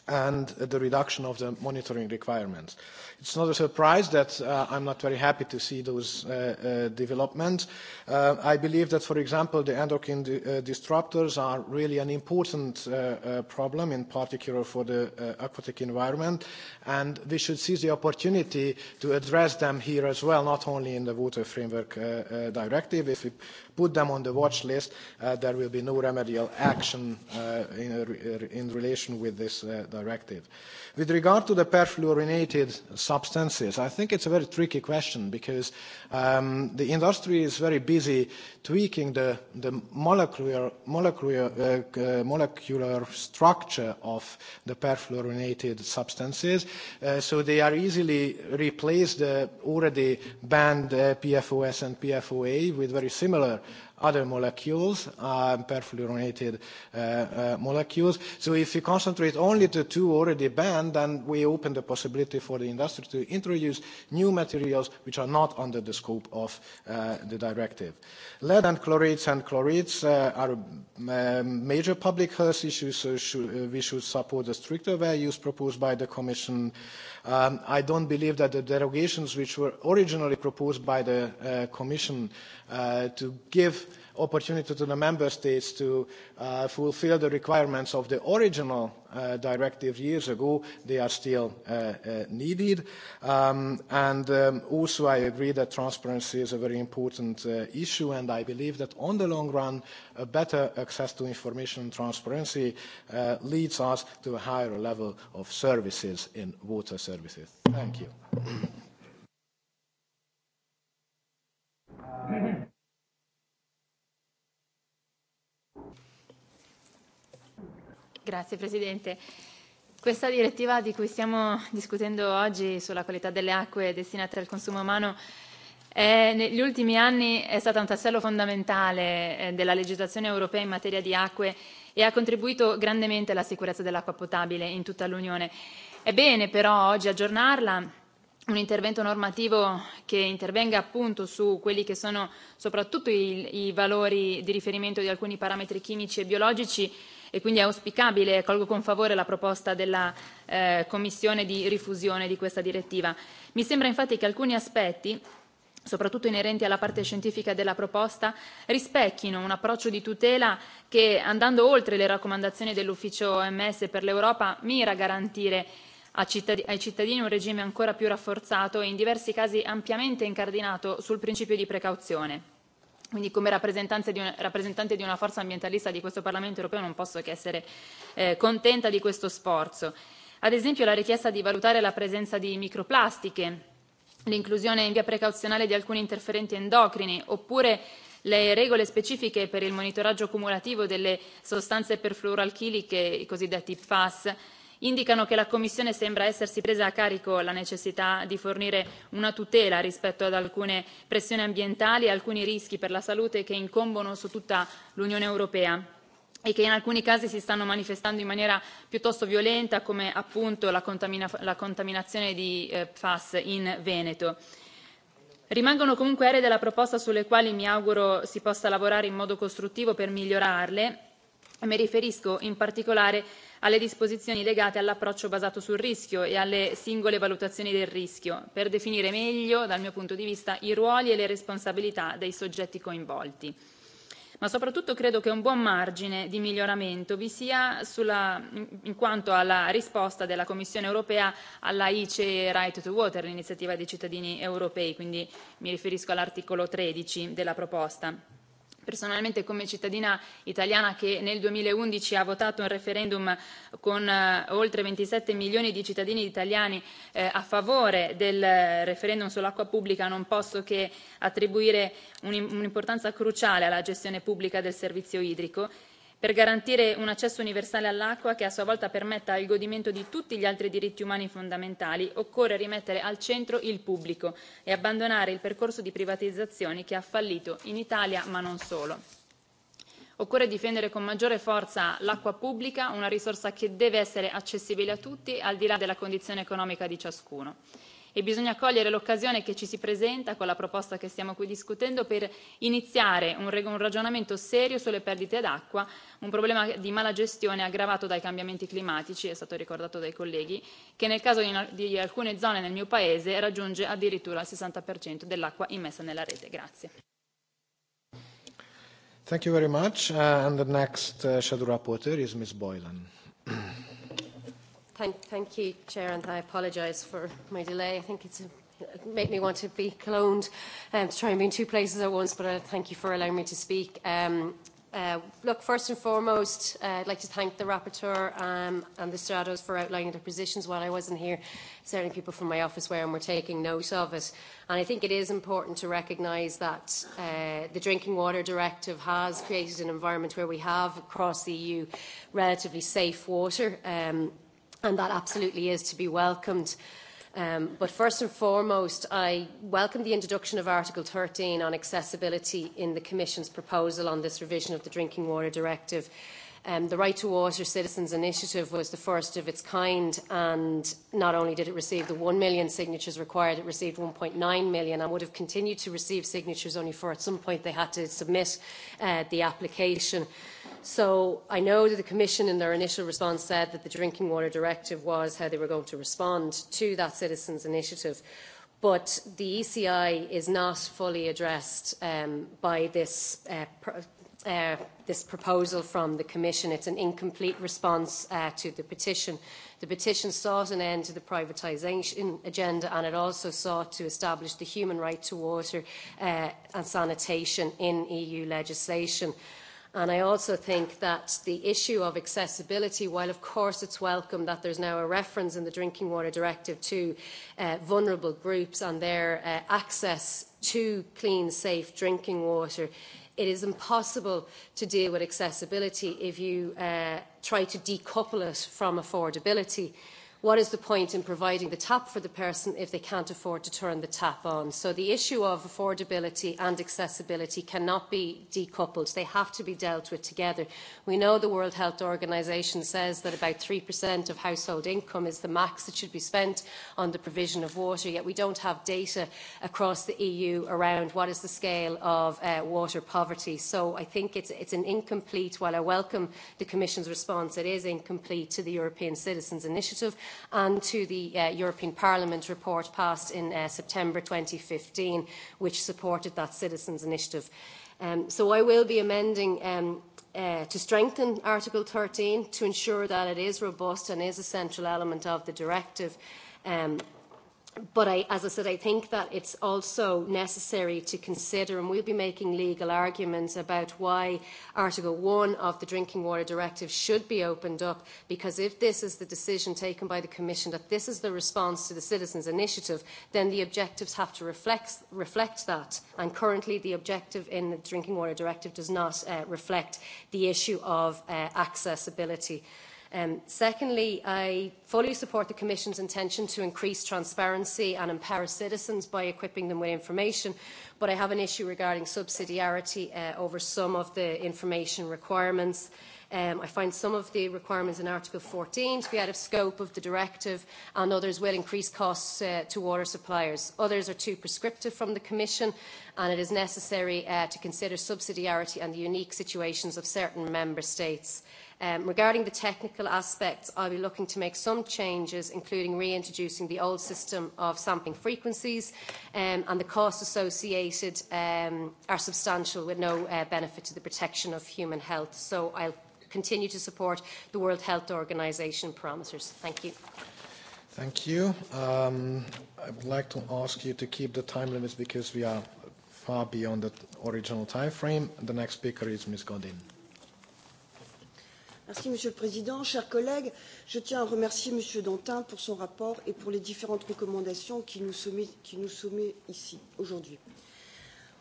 and uh, the reduction of the monitoring requirements. It's not a surprise that uh, I'm not very happy to see those uh, developments. I believe that, for example, the endocrine disruptors are really an important problem, in particular for the aquatic environment, and we should seize the opportunity to address them here as well, not only in the Water Framework Directive. If we put them on the watch list, there will be no remedial action in, in relation with this directive. With regard to the perfluorinated substances, I think it's a very tricky question because um, the industry is very busy tweaking the, the molecular, molecular, uh, uh, molecular structure of the perfluorinated substances, uh, so they are easily replaced the already banned PFOS and PFOA with very similar other molecules, uh, perfluorinated uh, uh, molecules. So if you concentrate only the two already banned, then we open the possibility for the industry to introduce new materials which are not under the scope of the directive. Lead and chlorides and chlorides are um, major public health issues, so we should support the stricter values proposed by the Commission. Um, I don't believe that the derogations which were originally proposed by the uh, Commission uh, to give opportunity to the member states to uh, fulfil the requirements of the original uh, directive years ago, they are still uh, uh, needed. Um, and um, also I agree that transparency is a very important issue, and I believe that on the long run, better access to information and transparency leads us to a higher level of services in water services. Thank you. (laughs) Grazie Presidente. Questa direttiva di cui stiamo discutendo oggi sulla qualità delle acque destinate al consumo umano è, negli ultimi anni è stata un tassello fondamentale eh, della legislazione europea in materia di acque e ha contribuito grandemente alla sicurezza dell'acqua potabile in tutta l'Unione. È bene però oggi aggiornarla un intervento normativo che intervenga appunto su quelli che sono soprattutto i, i valori di riferimento di alcuni parametri chimici e biologici e quindi è auspicabile e colgo con favore la proposta della eh, Commissione di rifusione di questa direttiva. Mi sembra infatti che alcuni aspetti soprattutto inerenti alla parte scientifica della proposta, rispecchino un approccio di tutela che, andando oltre le raccomandazioni dell'ufficio OMS per l'Europa, mira a garantire ai cittadini un regime ancora più rafforzato e in diversi casi ampiamente incardinato sul principio di precauzione Quindi come rappresentante di, una, rappresentante di una forza ambientalista di questo Parlamento europeo non posso che essere eh, contenta di questo sforzo. Ad esempio la richiesta di valutare la presenza di microplastiche, l'inclusione in via precauzionale di alcuni interferenti endocrini, oppure le regole specifiche per il monitoraggio cumulativo delle sostanze perfluoralchiliche, i cosiddetti PFAS, indicano che la Commissione sembra essersi presa a carico la necessità di fornire una tutela rispetto ad alcune pressioni ambientali e alcuni rischi per la salute che incombono su tutta l'Unione europea e che in alcuni casi si stanno manifestando in maniera piuttosto violenta come appunto la, contaminazione di PFAS eh, in Veneto. Rimangono comunque aree della proposta sulle quali mi auguro si possa lavorare in modo costruttivo per migliorarle e mi riferisco in particolare alle disposizioni legate all'approccio basato sul rischio e alle singole valutazioni del rischio per definire meglio dal mio punto di vista i ruoli e le responsabilità dei soggetti coinvolti ma soprattutto credo che un buon margine di miglioramento vi sia in quanto alla risposta della Commissione europea alla ICE Right to Water, l'iniziativa dei cittadini europei, quindi mi riferisco all'articolo 13 della proposta personalmente come cittadina italiana che nel 2011 ha votato un referendum con eh, oltre 27 milioni di cittadini italiani eh, a favore del referendum sull'acqua pubblica non posso che attribuire un'importanza cruciale alla gestione pubblica del servizio idrico per garantire un accesso universale all'acqua che a sua volta permetta il godimento di tutti gli altri diritti umani fondamentali occorre rimettere al centro il pubblico e abbandonare il percorso di privatizzazioni che ha fallito in italia ma non solo. occorre difendere con maggiore forza l'acqua pubblica una risorsa che deve essere accessibile a tutti al di là della condizione economica di ciascuno e bisogna cogliere l'occasione che ci si presenta con la proposta che stiamo qui discutendo per iniziare un, ragionamento serio sulle perdite d'acqua, un problema di mala gestione aggravato dai cambiamenti climatici, è stato ricordato dai colleghi, che nel caso di alcune zone nel mio paese raggiunge addirittura il 60% dell'acqua immessa nella rete. Grazie. Thank you very much. Uh, and the next uh, shadow is Boylan. (clears throat) Thank, thank you, Chair, and I apologise for my delay. I think it's made me want to be cloned um, to try and be in two places at once, but I uh, thank you for allowing me to speak. Um, uh, look, first and foremost, uh, I'd like to thank the Rapporteur um, and the Stratos for outlining their positions while I wasn't here. Certainly people from my office were and were taking note of it. And I think it is important to recognise that uh, the Drinking Water Directive has created an environment where we have across the EU relatively safe water. Um, and that absolutely is to be welcomed. Um, but first and foremost, I welcome the introduction of Article 13 on accessibility in the Commission's proposal on this revision of the Drinking Water Directive. Um, the Right to Water Citizens Initiative was the first of its kind, and not only did it receive the 1 million signatures required, it received 1.9 million and would have continued to receive signatures only for at some point they had to submit uh, the application. So I know that the Commission in their initial response said that the Drinking Water Directive was how they were going to respond to that citizens' initiative but the ECI is not fully addressed um, by this uh, Uh, this proposal from the Commission. It's an incomplete response uh, to the petition. The petition sought an end to the privatisation agenda and it also sought to establish the human right to water uh, and sanitation in EU legislation. And I also think that the issue of accessibility, while of course it's welcome that there's now a reference in the Drinking Water Directive to uh, vulnerable groups and their uh, access to clean, safe drinking water, It is impossible to deal with accessibility if you uh, try to decouple it from affordability what is the point in providing the tap for the person if they can't afford to turn the tap on? so the issue of affordability and accessibility cannot be decoupled they have to be dealt with together. we know the world health organisation says that about 3 of household income is the max that should be spent on the provision of water yet we don't have data across the eu around what is the scale of uh, water poverty so i think it's, it's an incomplete while i welcome the commission's response it is incomplete to the european citizens' initiative and to the uh, European Parliament report passed in uh, September 2015, which supported that citizens' initiative. Um, so I will be amending um, uh, to strengthen Article 13 to ensure that it is robust and is a central element of the directive. Um, but I, as I said, I think that it's also necessary to consider, and we'll be making legal arguments about why Article 1 of the Drinking Water Directive should be opened up, because if this is the decision taken by the Commission, that this is the response to the Citizens' Initiative, then the objectives have to reflect, reflect that. And currently, the objective in the Drinking Water Directive does not uh, reflect the issue of uh, accessibility. Um, secondly, I fully support the Commission's intention to increase transparency and empower citizens by equipping them with information, but I have an issue regarding subsidiarity uh, over some of the information requirements. Um, I find some of the requirements in Article 14 to be out of scope of the directive, and others will increase costs uh, to water suppliers. Others are too prescriptive from the Commission, and it is necessary uh, to consider subsidiarity and the unique situations of certain member states. Um, regarding the technical aspects, I'll be looking to make some changes, including reintroducing the old system of sampling frequencies, um, and the costs associated um, are substantial with no uh, benefit to the protection of human health. So I'll continue to support the World Health Organization parameters. Thank you. Thank you. Um, I would like to ask you to keep the time limits because we are far beyond the original time frame. The next speaker is Ms. Godin. Merci, Monsieur le Président, chers collègues. Je tiens à remercier Monsieur Dantin pour son rapport et pour les différentes recommandations qui nous soumet, qui nous soumet ici aujourd'hui.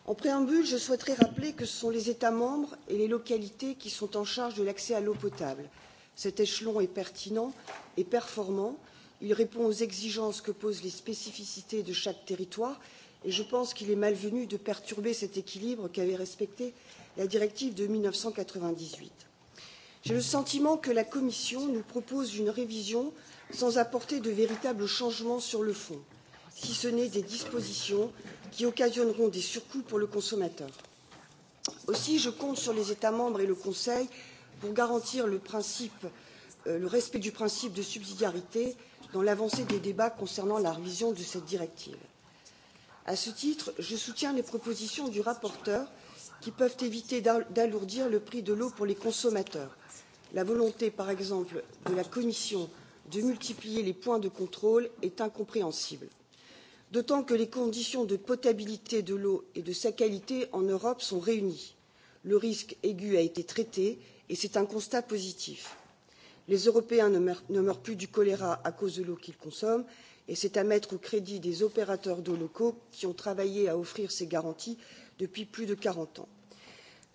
En préambule, je souhaiterais rappeler que ce sont les États membres et les localités qui sont en charge de l'accès à l'eau potable. Cet échelon est pertinent et performant. Il répond aux exigences que posent les spécificités de chaque territoire et je pense qu'il est malvenu de perturber cet équilibre qu'avait respecté la directive de mille neuf cent quatre vingt dix huit j'ai le sentiment que la commission nous propose une révision sans apporter de véritables changements sur le fond si ce n'est des dispositions qui occasionneront des surcoûts pour le consommateur. aussi je compte sur les états membres et le conseil pour garantir le, principe, euh, le respect du principe de subsidiarité dans l'avancée des débats concernant la révision de cette directive. à ce titre je soutiens les propositions du rapporteur qui peuvent éviter d'alourdir le prix de l'eau pour les consommateurs la volonté par exemple de la commission de multiplier les points de contrôle est incompréhensible d'autant que les conditions de potabilité de l'eau et de sa qualité en europe sont réunies le risque aigu a été traité et c'est un constat positif. les européens ne meurent, plus du choléra à cause de l'eau qu'ils consomment et c'est à mettre au crédit des opérateurs d'eau locaux qui ont travaillé à offrir ces garanties depuis plus de quarante ans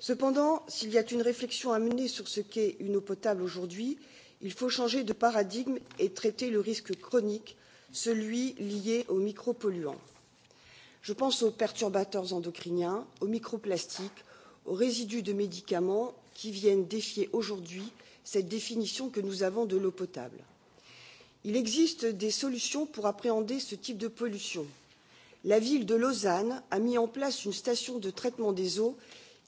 cependant s'il y a une réflexion à mener sur ce qu'est une eau potable aujourd'hui il faut changer de paradigme et traiter le risque chronique celui lié aux micropolluants. je pense aux perturbateurs endocriniens aux microplastiques aux résidus de médicaments qui viennent défier aujourd'hui cette définition que nous avons de l'eau potable. il existe des solutions pour appréhender ce type de pollution. la ville de lausanne a mis en place une station de traitement des eaux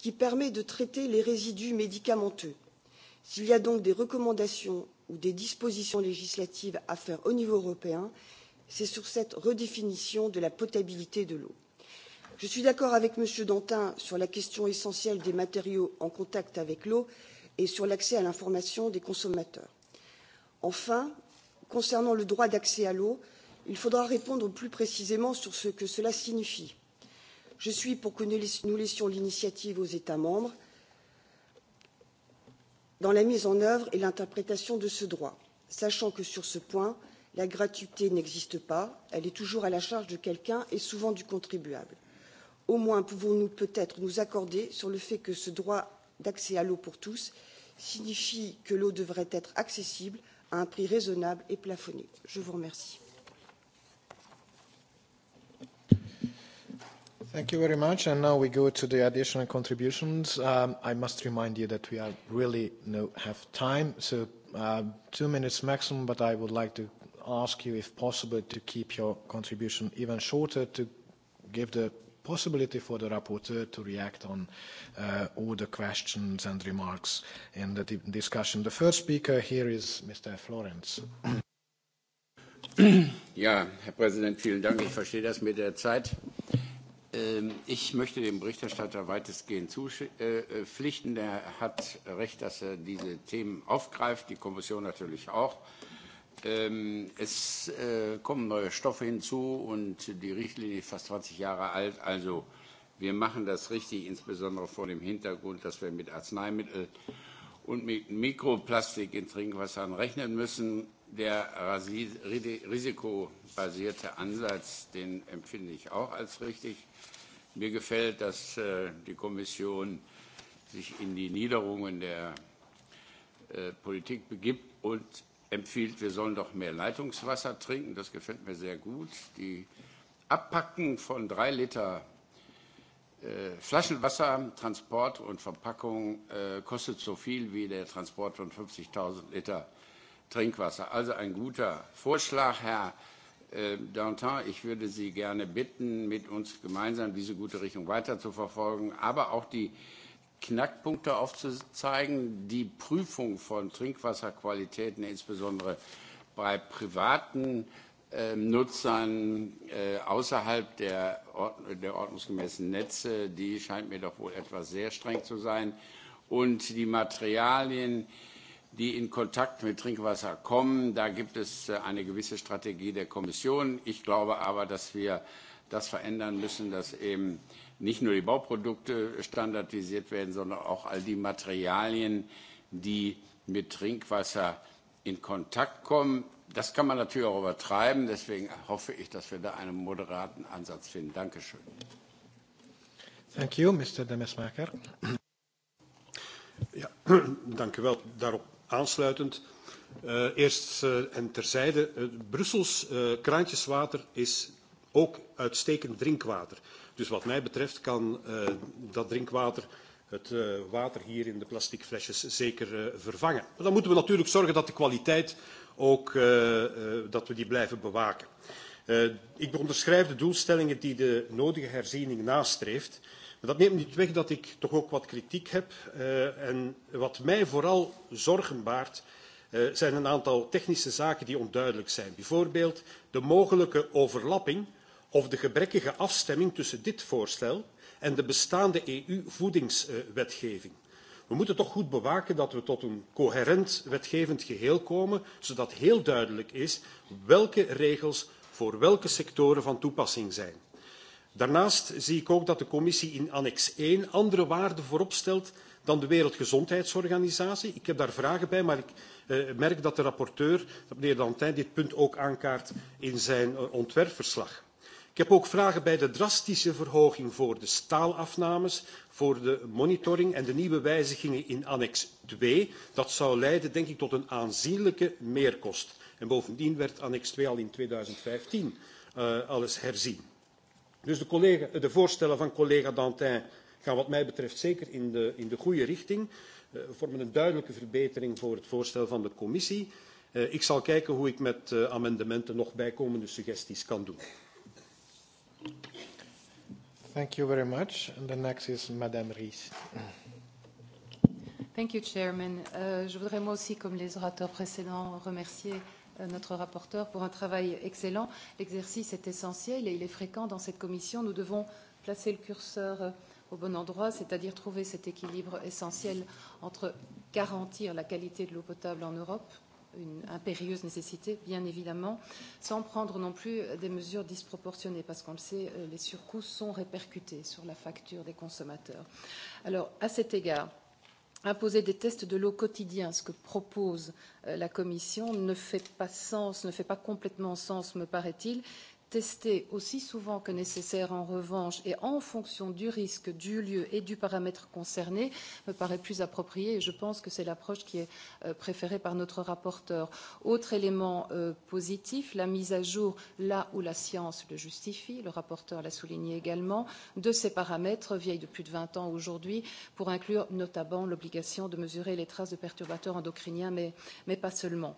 qui permet de traiter les résidus médicamenteux. s'il y a donc des recommandations ou des dispositions législatives à faire au niveau européen c'est sur cette redéfinition de la potabilité de l'eau. je suis d'accord avec m. dantin sur la question essentielle des matériaux en contact avec l'eau et sur l'accès à l'information des consommateurs. enfin concernant le droit d'accès à l'eau il faudra répondre plus précisément sur ce que cela signifie je suis pour que nous laissions l'initiative aux états membres dans la mise en œuvre et l'interprétation de ce droit sachant que sur ce point la gratuité n'existe pas elle est toujours à la charge de quelqu'un et souvent du contribuable. au moins pouvons nous peut être nous accorder sur le fait que ce droit d'accès à l'eau pour tous signifie que l'eau devrait être accessible à un prix raisonnable et plafonné. je vous remercie. Thank you very much. And now we go to the additional contributions. Um, I must remind you that we are really no have time, so uh, two minutes maximum, but I would like to ask you, if possible, to keep your contribution even shorter to give the possibility for the rapporteur to react on uh, all the questions and remarks in the discussion. The first speaker here is Mr. Florence. Ja, Herr Präsident, vielen Dank. Ich verstehe das mit der Zeit. Ähm, ich möchte dem Berichterstatter weitestgehend zupflichten. Äh, äh, er hat recht, dass er diese Themen aufgreift, die Kommission natürlich auch. Ähm, es äh, kommen neue Stoffe hinzu und die Richtlinie ist fast 20 Jahre alt. Also wir machen das richtig, insbesondere vor dem Hintergrund, dass wir mit Arzneimitteln und mit Mikroplastik in Trinkwassern rechnen müssen. Der risikobasierte Ansatz, den empfinde ich auch als richtig. Mir gefällt, dass äh, die Kommission sich in die Niederungen der äh, Politik begibt und empfiehlt, wir sollen doch mehr Leitungswasser trinken. Das gefällt mir sehr gut. Die Abpacken von drei Liter äh, Flaschenwasser, Transport und Verpackung kostet so viel wie der Transport von 50.000 Liter Trinkwasser. Also ein guter Vorschlag, Herr äh, Dantin. Ich würde Sie gerne bitten, mit uns gemeinsam diese gute Richtung weiterzuverfolgen, aber auch die Knackpunkte aufzuzeigen, die Prüfung von Trinkwasserqualitäten, insbesondere bei privaten äh, Nutzern äh, außerhalb der, der ordnungsgemäßen Netze, die scheint mir doch wohl etwas sehr streng zu sein. Und die Materialien, äh, die in Kontakt mit Trinkwasser kommen. Da gibt es äh, eine gewisse Strategie der Kommission. Ich glaube aber, dass wir das verändern müssen, dass eben nicht nur die Bauprodukte standardisiert werden, sondern auch all die Materialien, die mit Trinkwasser in Kontakt kommen. Das kann man natürlich auch übertreiben. Deswegen hoffe ich, dass wir da einen moderaten Ansatz finden. Dankeschön. Thank you, Mr. Ja, (clears throat) wel. Aansluitend, eh, eerst eh, en terzijde, eh, Brussels kraantjeswater is ook uitstekend drinkwater. Dus wat mij betreft kan dat drinkwater het water hier in de plastic flesjes zeker vervangen. Maar dan moeten we natuurlijk zorgen dat de kwaliteit ook dat we die blijven bewaken. Ik onderschrijf de doelstellingen die de nodige herziening nastreeft. Dat neemt niet weg dat ik toch ook wat kritiek heb. Eh, en wat mij vooral zorgen baart, eh, zijn een aantal technische zaken die onduidelijk zijn. Bijvoorbeeld de mogelijke overlapping of de gebrekkige afstemming tussen dit voorstel en de bestaande EU-voedingswetgeving. We moeten toch goed bewaken dat we tot een coherent wetgevend geheel komen, zodat heel duidelijk is welke regels voor welke sectoren van toepassing zijn daarnaast zie ik ook dat de commissie in annex i andere waarden voorop stelt dan de wereldgezondheidsorganisatie. ik heb daar vragen bij maar ik eh, merk dat de rapporteur meneer dantin dit punt ook aankaart in zijn eh, ontwerpverslag. ik heb ook vragen bij de drastische verhoging voor de staalafnames voor de monitoring en de nieuwe wijzigingen in annex ii. dat zou leiden denk ik tot een aanzienlijke meerkost en bovendien werd annex ii al in 2015 eh, alles herzien. Dus de, collega, de voorstellen van collega Dantin gaan wat mij betreft zeker in de, in de goede richting. Uh, vormen een duidelijke verbetering voor het voorstel van de commissie. Eh, ik zal kijken hoe ik met eh, amendementen nog bijkomende suggesties kan doen. Thank you very much. And the next is Madame Ries. Thank you, Chairman. Euh, je voudrais moi aussi, comme les orateurs précédents, remercier Euh, notre rapporteur pour un travail excellent. L'exercice est essentiel et il est fréquent dans cette commission. Nous devons placer le curseur euh, au bon endroit, c'est-à-dire trouver cet équilibre essentiel entre garantir la qualité de l'eau potable en Europe, une impérieuse nécessité, bien évidemment, sans prendre non plus des mesures disproportionnées, parce qu'on le sait, euh, les surcoûts sont répercutés sur la facture des consommateurs. Alors, à cet égard, imposer des tests de l'eau quotidien, ce que propose euh, la Commission, ne fait pas sens, ne fait pas complètement sens, me paraît-il, tester aussi souvent que nécessaire en revanche et en fonction du risque, du lieu et du paramètre concerné me paraît plus approprié et je pense que c'est l'approche qui est euh, préférée par notre rapporteur. Autre élément euh, positif, la mise à jour là où la science le justifie, le rapporteur l'a souligné également, de ces paramètres vieilles de plus de 20 ans aujourd'hui pour inclure notamment l'obligation de mesurer les traces de perturbateurs endocriniens mais, mais pas seulement.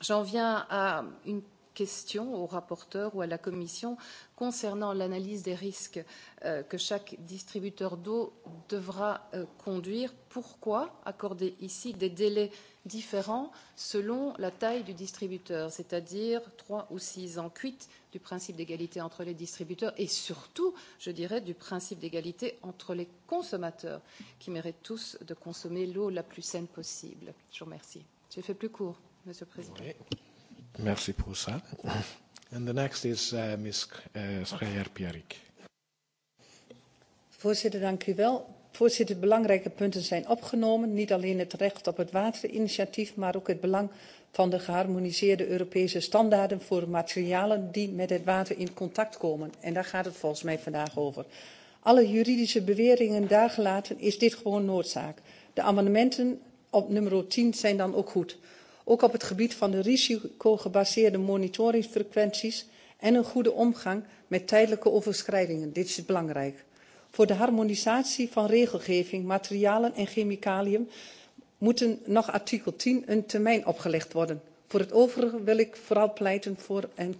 J'en viens à une questions au rapporteur ou à la Commission concernant l'analyse des risques euh, que chaque distributeur d'eau devra euh, conduire. Pourquoi accorder ici des délais différents selon la taille du distributeur, c'est-à-dire trois ou six ans, cuite du principe d'égalité entre les distributeurs et surtout, je dirais, du principe d'égalité entre les consommateurs qui méritent tous de consommer l'eau la plus saine possible. Je vous remercie. J'ai fait plus court, Monsieur le Président. Oui. Merci pour ça. And the next is uh, Ms. Uh, Schreier-Pierik. Voorzitter, dank u wel. Voorzitter, belangrijke punten zijn opgenomen. Niet alleen het recht op het waterinitiatief, maar ook het belang van de geharmoniseerde Europese standaarden voor materialen die met het water in contact komen. En daar gaat het volgens mij vandaag over. Alle juridische beweringen daar gelaten is dit gewoon noodzaak. De amendementen op nummer 10 zijn dan ook goed ook op het gebied van de risicogebaseerde monitoringsfrequenties en een goede omgang met tijdelijke overschrijdingen. dit is belangrijk. voor de harmonisatie van regelgeving materialen en chemicaliën moeten nog artikel 10 een termijn opgelegd worden. voor het overige wil ik vooral pleiten voor en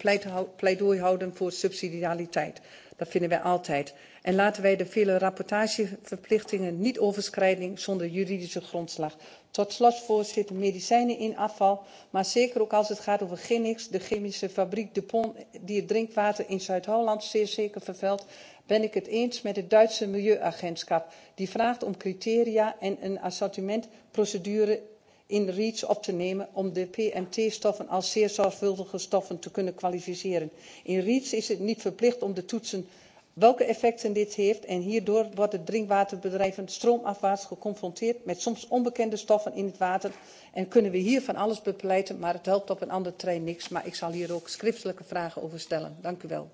pleidooi houden voor subsidiariteit. Dat vinden wij altijd. En laten wij de vele rapportageverplichtingen niet overschrijden zonder juridische grondslag. Tot slot, voorzitter, medicijnen in afval, maar zeker ook als het gaat over Genix, de chemische fabriek DuPont, die het drinkwater in Zuid-Holland zeer zeker vervuilt, ben ik het eens met het Duitse Milieuagentschap. Die vraagt om criteria en een assortimentprocedure in reach op te nemen om de pmt stoffen als zeer zorgvuldige stoffen te kunnen kwalificeren. in reach is het niet verplicht om te toetsen welke effecten dit heeft en hierdoor worden drinkwaterbedrijven stroomafwaarts geconfronteerd met soms onbekende stoffen in het water en kunnen we hier van alles bepleiten maar het helpt op een ander terrein niks. maar ik zal hier ook schriftelijke vragen over stellen. dank u wel.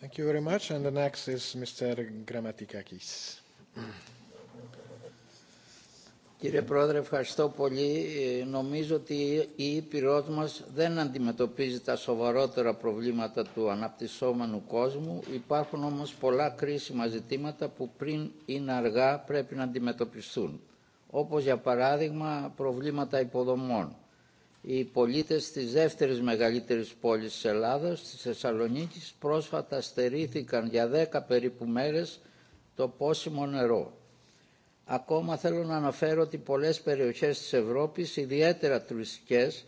Thank you very much. And the next is Mr. Grammatikakis. Κύριε Πρόεδρε, ευχαριστώ πολύ. Νομίζω ότι η Ήπειρός μας δεν αντιμετωπίζει τα σοβαρότερα προβλήματα του αναπτυσσόμενου κόσμου. Υπάρχουν όμως πολλά κρίσιμα ζητήματα που πριν είναι αργά πρέπει να αντιμετωπιστούν. Όπως για παράδειγμα προβλήματα υποδομών. Οι πολίτες της δεύτερης μεγαλύτερης πόλης της Ελλάδας, της Θεσσαλονίκης, πρόσφατα στερήθηκαν για 10 περίπου μέρες το πόσιμο νερό Ακόμα θέλω να αναφέρω ότι πολλές περιοχές της Ευρώπης, ιδιαίτερα τουριστικές,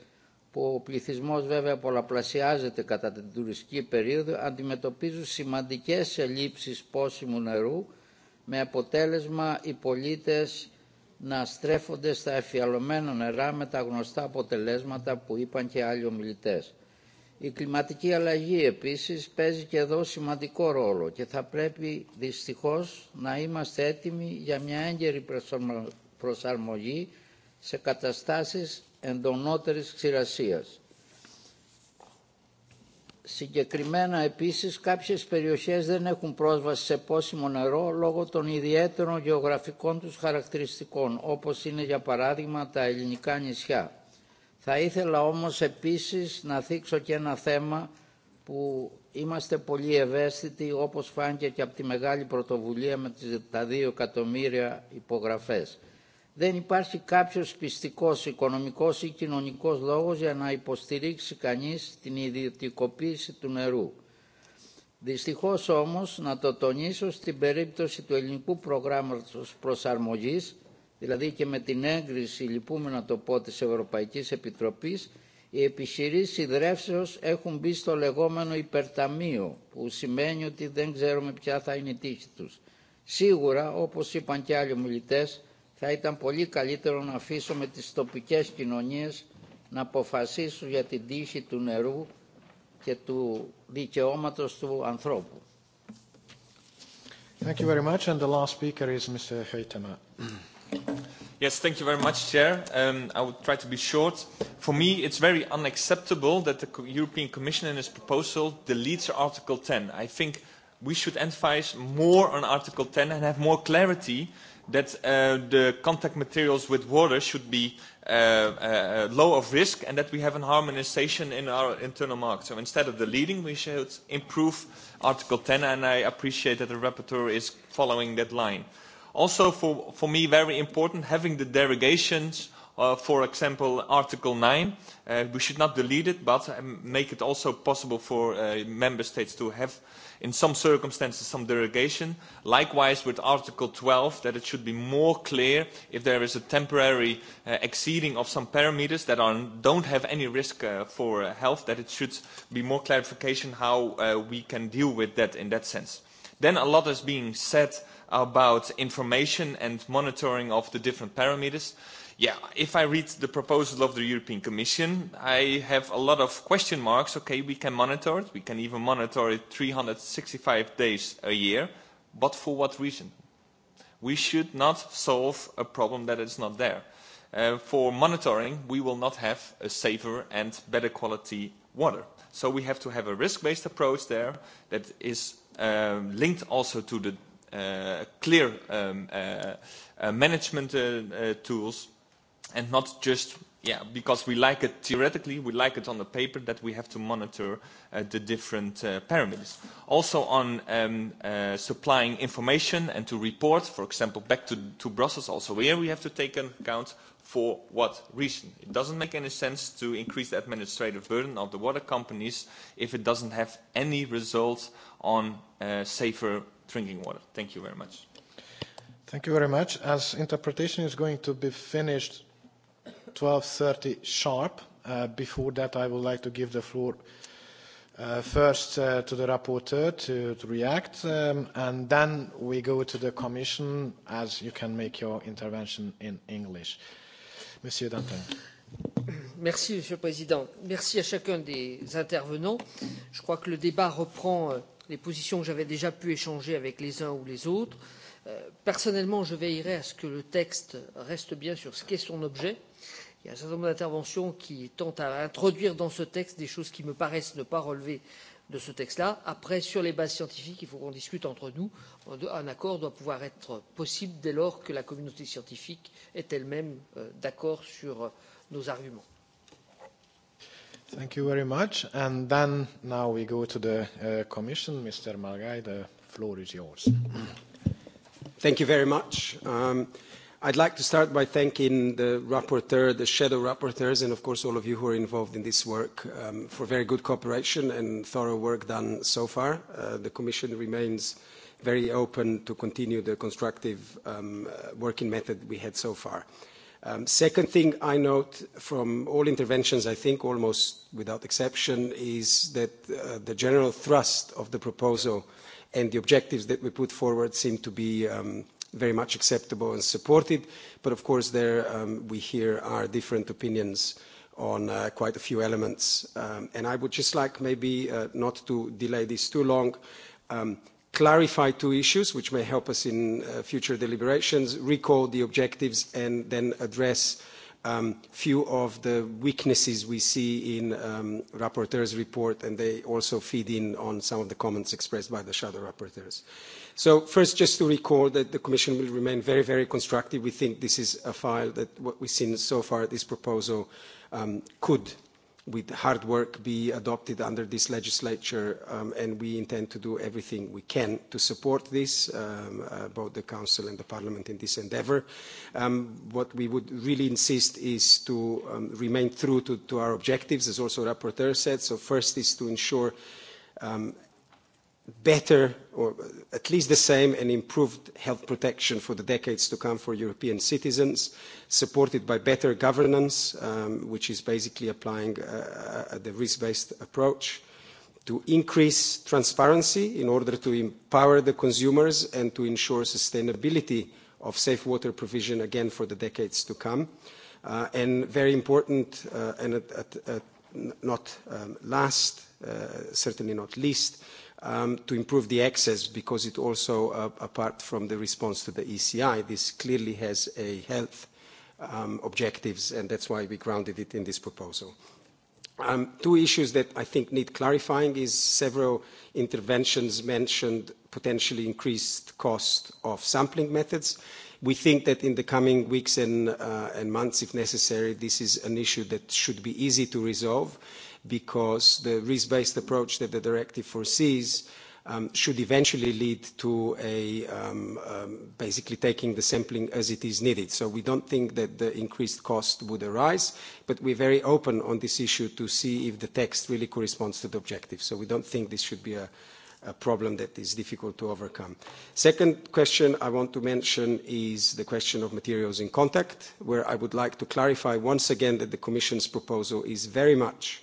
που ο πληθυσμός βέβαια πολλαπλασιάζεται κατά την τουριστική περίοδο, αντιμετωπίζουν σημαντικές ελλείψεις πόσιμου νερού, με αποτέλεσμα οι πολίτες να στρέφονται στα εφιαλωμένα νερά με τα γνωστά αποτελέσματα που είπαν και άλλοι ομιλητές. Η κλιματική αλλαγή επίσης παίζει και εδώ σημαντικό ρόλο και θα πρέπει δυστυχώς να είμαστε έτοιμοι για μια έγκαιρη προσαρμογή σε καταστάσεις εντονότερης ξηρασίας. Συγκεκριμένα επίσης κάποιες περιοχές δεν έχουν πρόσβαση σε πόσιμο νερό λόγω των ιδιαίτερων γεωγραφικών τους χαρακτηριστικών όπως είναι για παράδειγμα τα ελληνικά νησιά. Θα ήθελα όμως επίσης να θίξω και ένα θέμα που είμαστε πολύ ευαίσθητοι όπως φάνηκε και από τη μεγάλη πρωτοβουλία με τα δύο εκατομμύρια υπογραφές. Δεν υπάρχει κάποιος πιστικός, οικονομικός ή κοινωνικός λόγος για να υποστηρίξει κανείς την ιδιωτικοποίηση του νερού. Δυστυχώς όμως, να το τονίσω, στην περίπτωση του ελληνικού προγράμματος προσαρμογής δηλαδή και με την έγκριση, λυπούμε να το πω, της Ευρωπαϊκής Επιτροπής, οι επιχειρήσεις δρεύσεως έχουν μπει στο λεγόμενο υπερταμείο, που σημαίνει ότι δεν ξέρουμε ποια θα είναι η τύχη τους. Σίγουρα, όπως είπαν και άλλοι ομιλητέ, θα ήταν πολύ καλύτερο να αφήσουμε τις τοπικές κοινωνίες να αποφασίσουν για την τύχη του νερού και του δικαιώματος του ανθρώπου. Thank you very much. And the last speaker is Mr. Heitema. Yes, thank you very much, Chair. Um, I will try to be short. For me, it's very unacceptable that the European Commission in its proposal deletes Article 10. I think we should emphasize more on Article 10 and have more clarity that uh, the contact materials with water should be uh, uh, low of risk and that we have an harmonization in our internal market. So instead of deleting, we should improve Article 10, and I appreciate that the rapporteur is following that line also for, for me very important having the derogations uh, for example article 9 uh, we should not delete it but um, make it also possible for uh, member states to have in some circumstances some derogation likewise with article 12 that it should be more clear if there is a temporary uh, exceeding of some parameters that are don't have any risk uh, for uh, health that it should be more clarification how uh, we can deal with that in that sense then a lot is being said about information and monitoring of the different parameters, yeah, if I read the proposal of the European Commission, I have a lot of question marks. Okay, we can monitor it. We can even monitor it 365 days a year. But for what reason? We should not solve a problem that is not there. Uh, for monitoring, we will not have a safer and better quality water. So we have to have a risk-based approach there that is uh, linked also to the Uh, clear um, uh, uh, management tools and not just yeah because we like it theoretically we like it on the paper that we have to monitor uh, the different uh, parameters also on um, uh, supplying information and to report for example back to, to brussels also here we have to take account for what reason it doesn't make any sense to increase the administrative burden of the water companies if it doesn't have any results on safer drinking water. Thank you very much. Thank you very much. As interpretation is going to be finished 12.30 sharp, uh, before that I would like to give the floor uh, first uh, to the rapporteur to, to react, um, and then we go to the Commission as you can make your intervention in English. Monsieur Dantin. Merci, Monsieur le Président. Merci à chacun des intervenants. Je crois que le débat reprend euh, les positions que j'avais déjà pu échanger avec les uns ou les autres. Euh, personnellement, je veillerai à ce que le texte reste bien sur ce qu'est son objet. Il y a un certain nombre d'interventions qui tentent à introduire dans ce texte des choses qui me paraissent ne pas relever de ce texte là. Après, sur les bases scientifiques, il faut qu'on discute entre nous. Un accord doit pouvoir être possible dès lors que la communauté scientifique est elle même euh, d'accord sur euh, nos arguments. Thank you very much. And then now we go to the uh, Commission. Mr. Malgai, the floor is yours. Thank you very much. Um, I'd like to start by thanking the rapporteur, the shadow rapporteurs, and of course all of you who are involved in this work um, for very good cooperation and thorough work done so far. Uh, the Commission remains very open to continue the constructive um, uh, working method we had so far. Um, second thing I note from all interventions, I think almost without exception, is that uh, the general thrust of the proposal and the objectives that we put forward seem to be um, very much acceptable and supported. But of course, there um, we hear our different opinions on uh, quite a few elements. Um, and I would just like maybe uh, not to delay this too long, um, clarify two issues which may help us in uh, future deliberations, recall the objectives and then address um, few of the weaknesses we see in um, rapporteur's report and they also feed in on some of the comments expressed by the shadow rapporteurs. So first, just to recall that the Commission will remain very, very constructive. We think this is a file that what we've seen so far, this proposal um, could with hard work be adopted under this legislature um, and we intend to do everything we can to support this um, uh, both the council and the parliament in this endeavour um, what we would really insist is to um, remain true to, to our objectives as also rapporteur said so first is to ensure um, better or at least the same and improved health protection for the decades to come for European citizens, supported by better governance, um, which is basically applying a uh, uh, the risk-based approach, to increase transparency in order to empower the consumers and to ensure sustainability of safe water provision again for the decades to come. Uh, and very important and not um, last, certainly not least, um, to improve the access because it also, uh, apart from the response to the ECI, this clearly has a health um, objectives and that's why we grounded it in this proposal. Um, two issues that I think need clarifying is several interventions mentioned potentially increased cost of sampling methods. We think that in the coming weeks and, uh, and months, if necessary, this is an issue that should be easy to resolve because the risk-based approach that the directive foresees um, should eventually lead to um, um, basically taking the sampling as it is needed. So we don't think that the increased cost would arise, but we're very open on this issue to see if the text really corresponds to the objective. So we don't think this should be a problem that is difficult to overcome. Second question I want to mention is the question of materials in contact, where I would like to clarify once again that the Commission's proposal is very much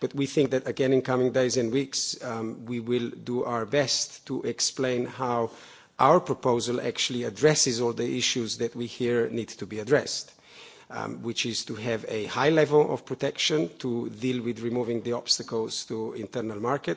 But we think that, again, in coming days and weeks, um, we will do our best to explain how our proposal actually addresses all the issues that we hear need to be addressed. Um, which is to have a high level of protection to deal with removing the obstacles to internal market,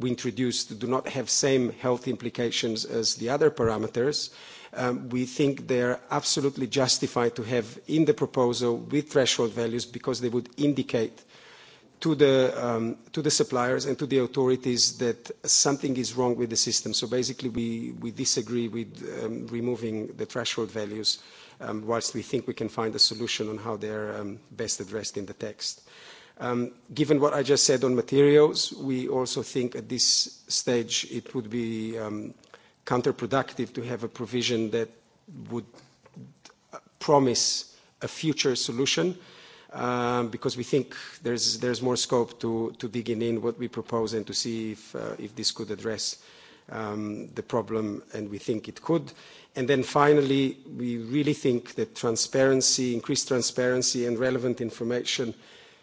we introduced do not have same health implications as the other parameters. Um, we think they are absolutely justified to have in the proposal with threshold values because they would indicate to the, um, to the suppliers and to the authorities that something is wrong with the system. So basically we, we disagree with um, removing the threshold values whilst we think we can find a solution on how they are best addressed in the text. Um, given what I just said on materials, we also think at this stage it would be um, counterproductive to have a provision that would uh, promise a future solution um, because we think there's, there's more scope to, to digging in what we propose and to see if, uh, if this could address um, the problem, and we think it could. And then finally, we really think that transparency, increased transparency and relevant information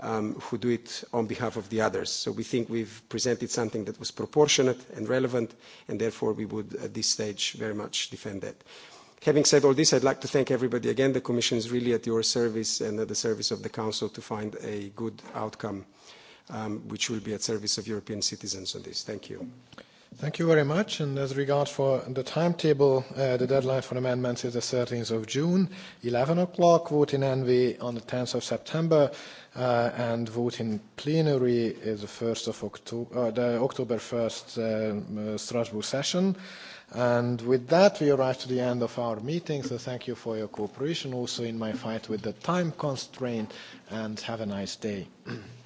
um, who do it on behalf of the others. So we think we've presented something that was proportionate and relevant, and therefore we would, at this stage, very much defend that. Having said all this, I'd like to thank everybody again. The Commission is really at your service and at the service of the Council to find a good outcome, um, which will be at service of European citizens on this. Thank you. Thank you very much. And as regards for the timetable, uh, the deadline for amendments is the 13th of June, 11 o'clock, vote in on the 10th of September. Uh, and vote in plenary is the 1st of October, uh, the October 1st uh, uh, Strasbourg session. And with that, we arrive to the end of our meeting. So thank you for your cooperation also in my fight with the time constraint and have a nice day. (clears throat)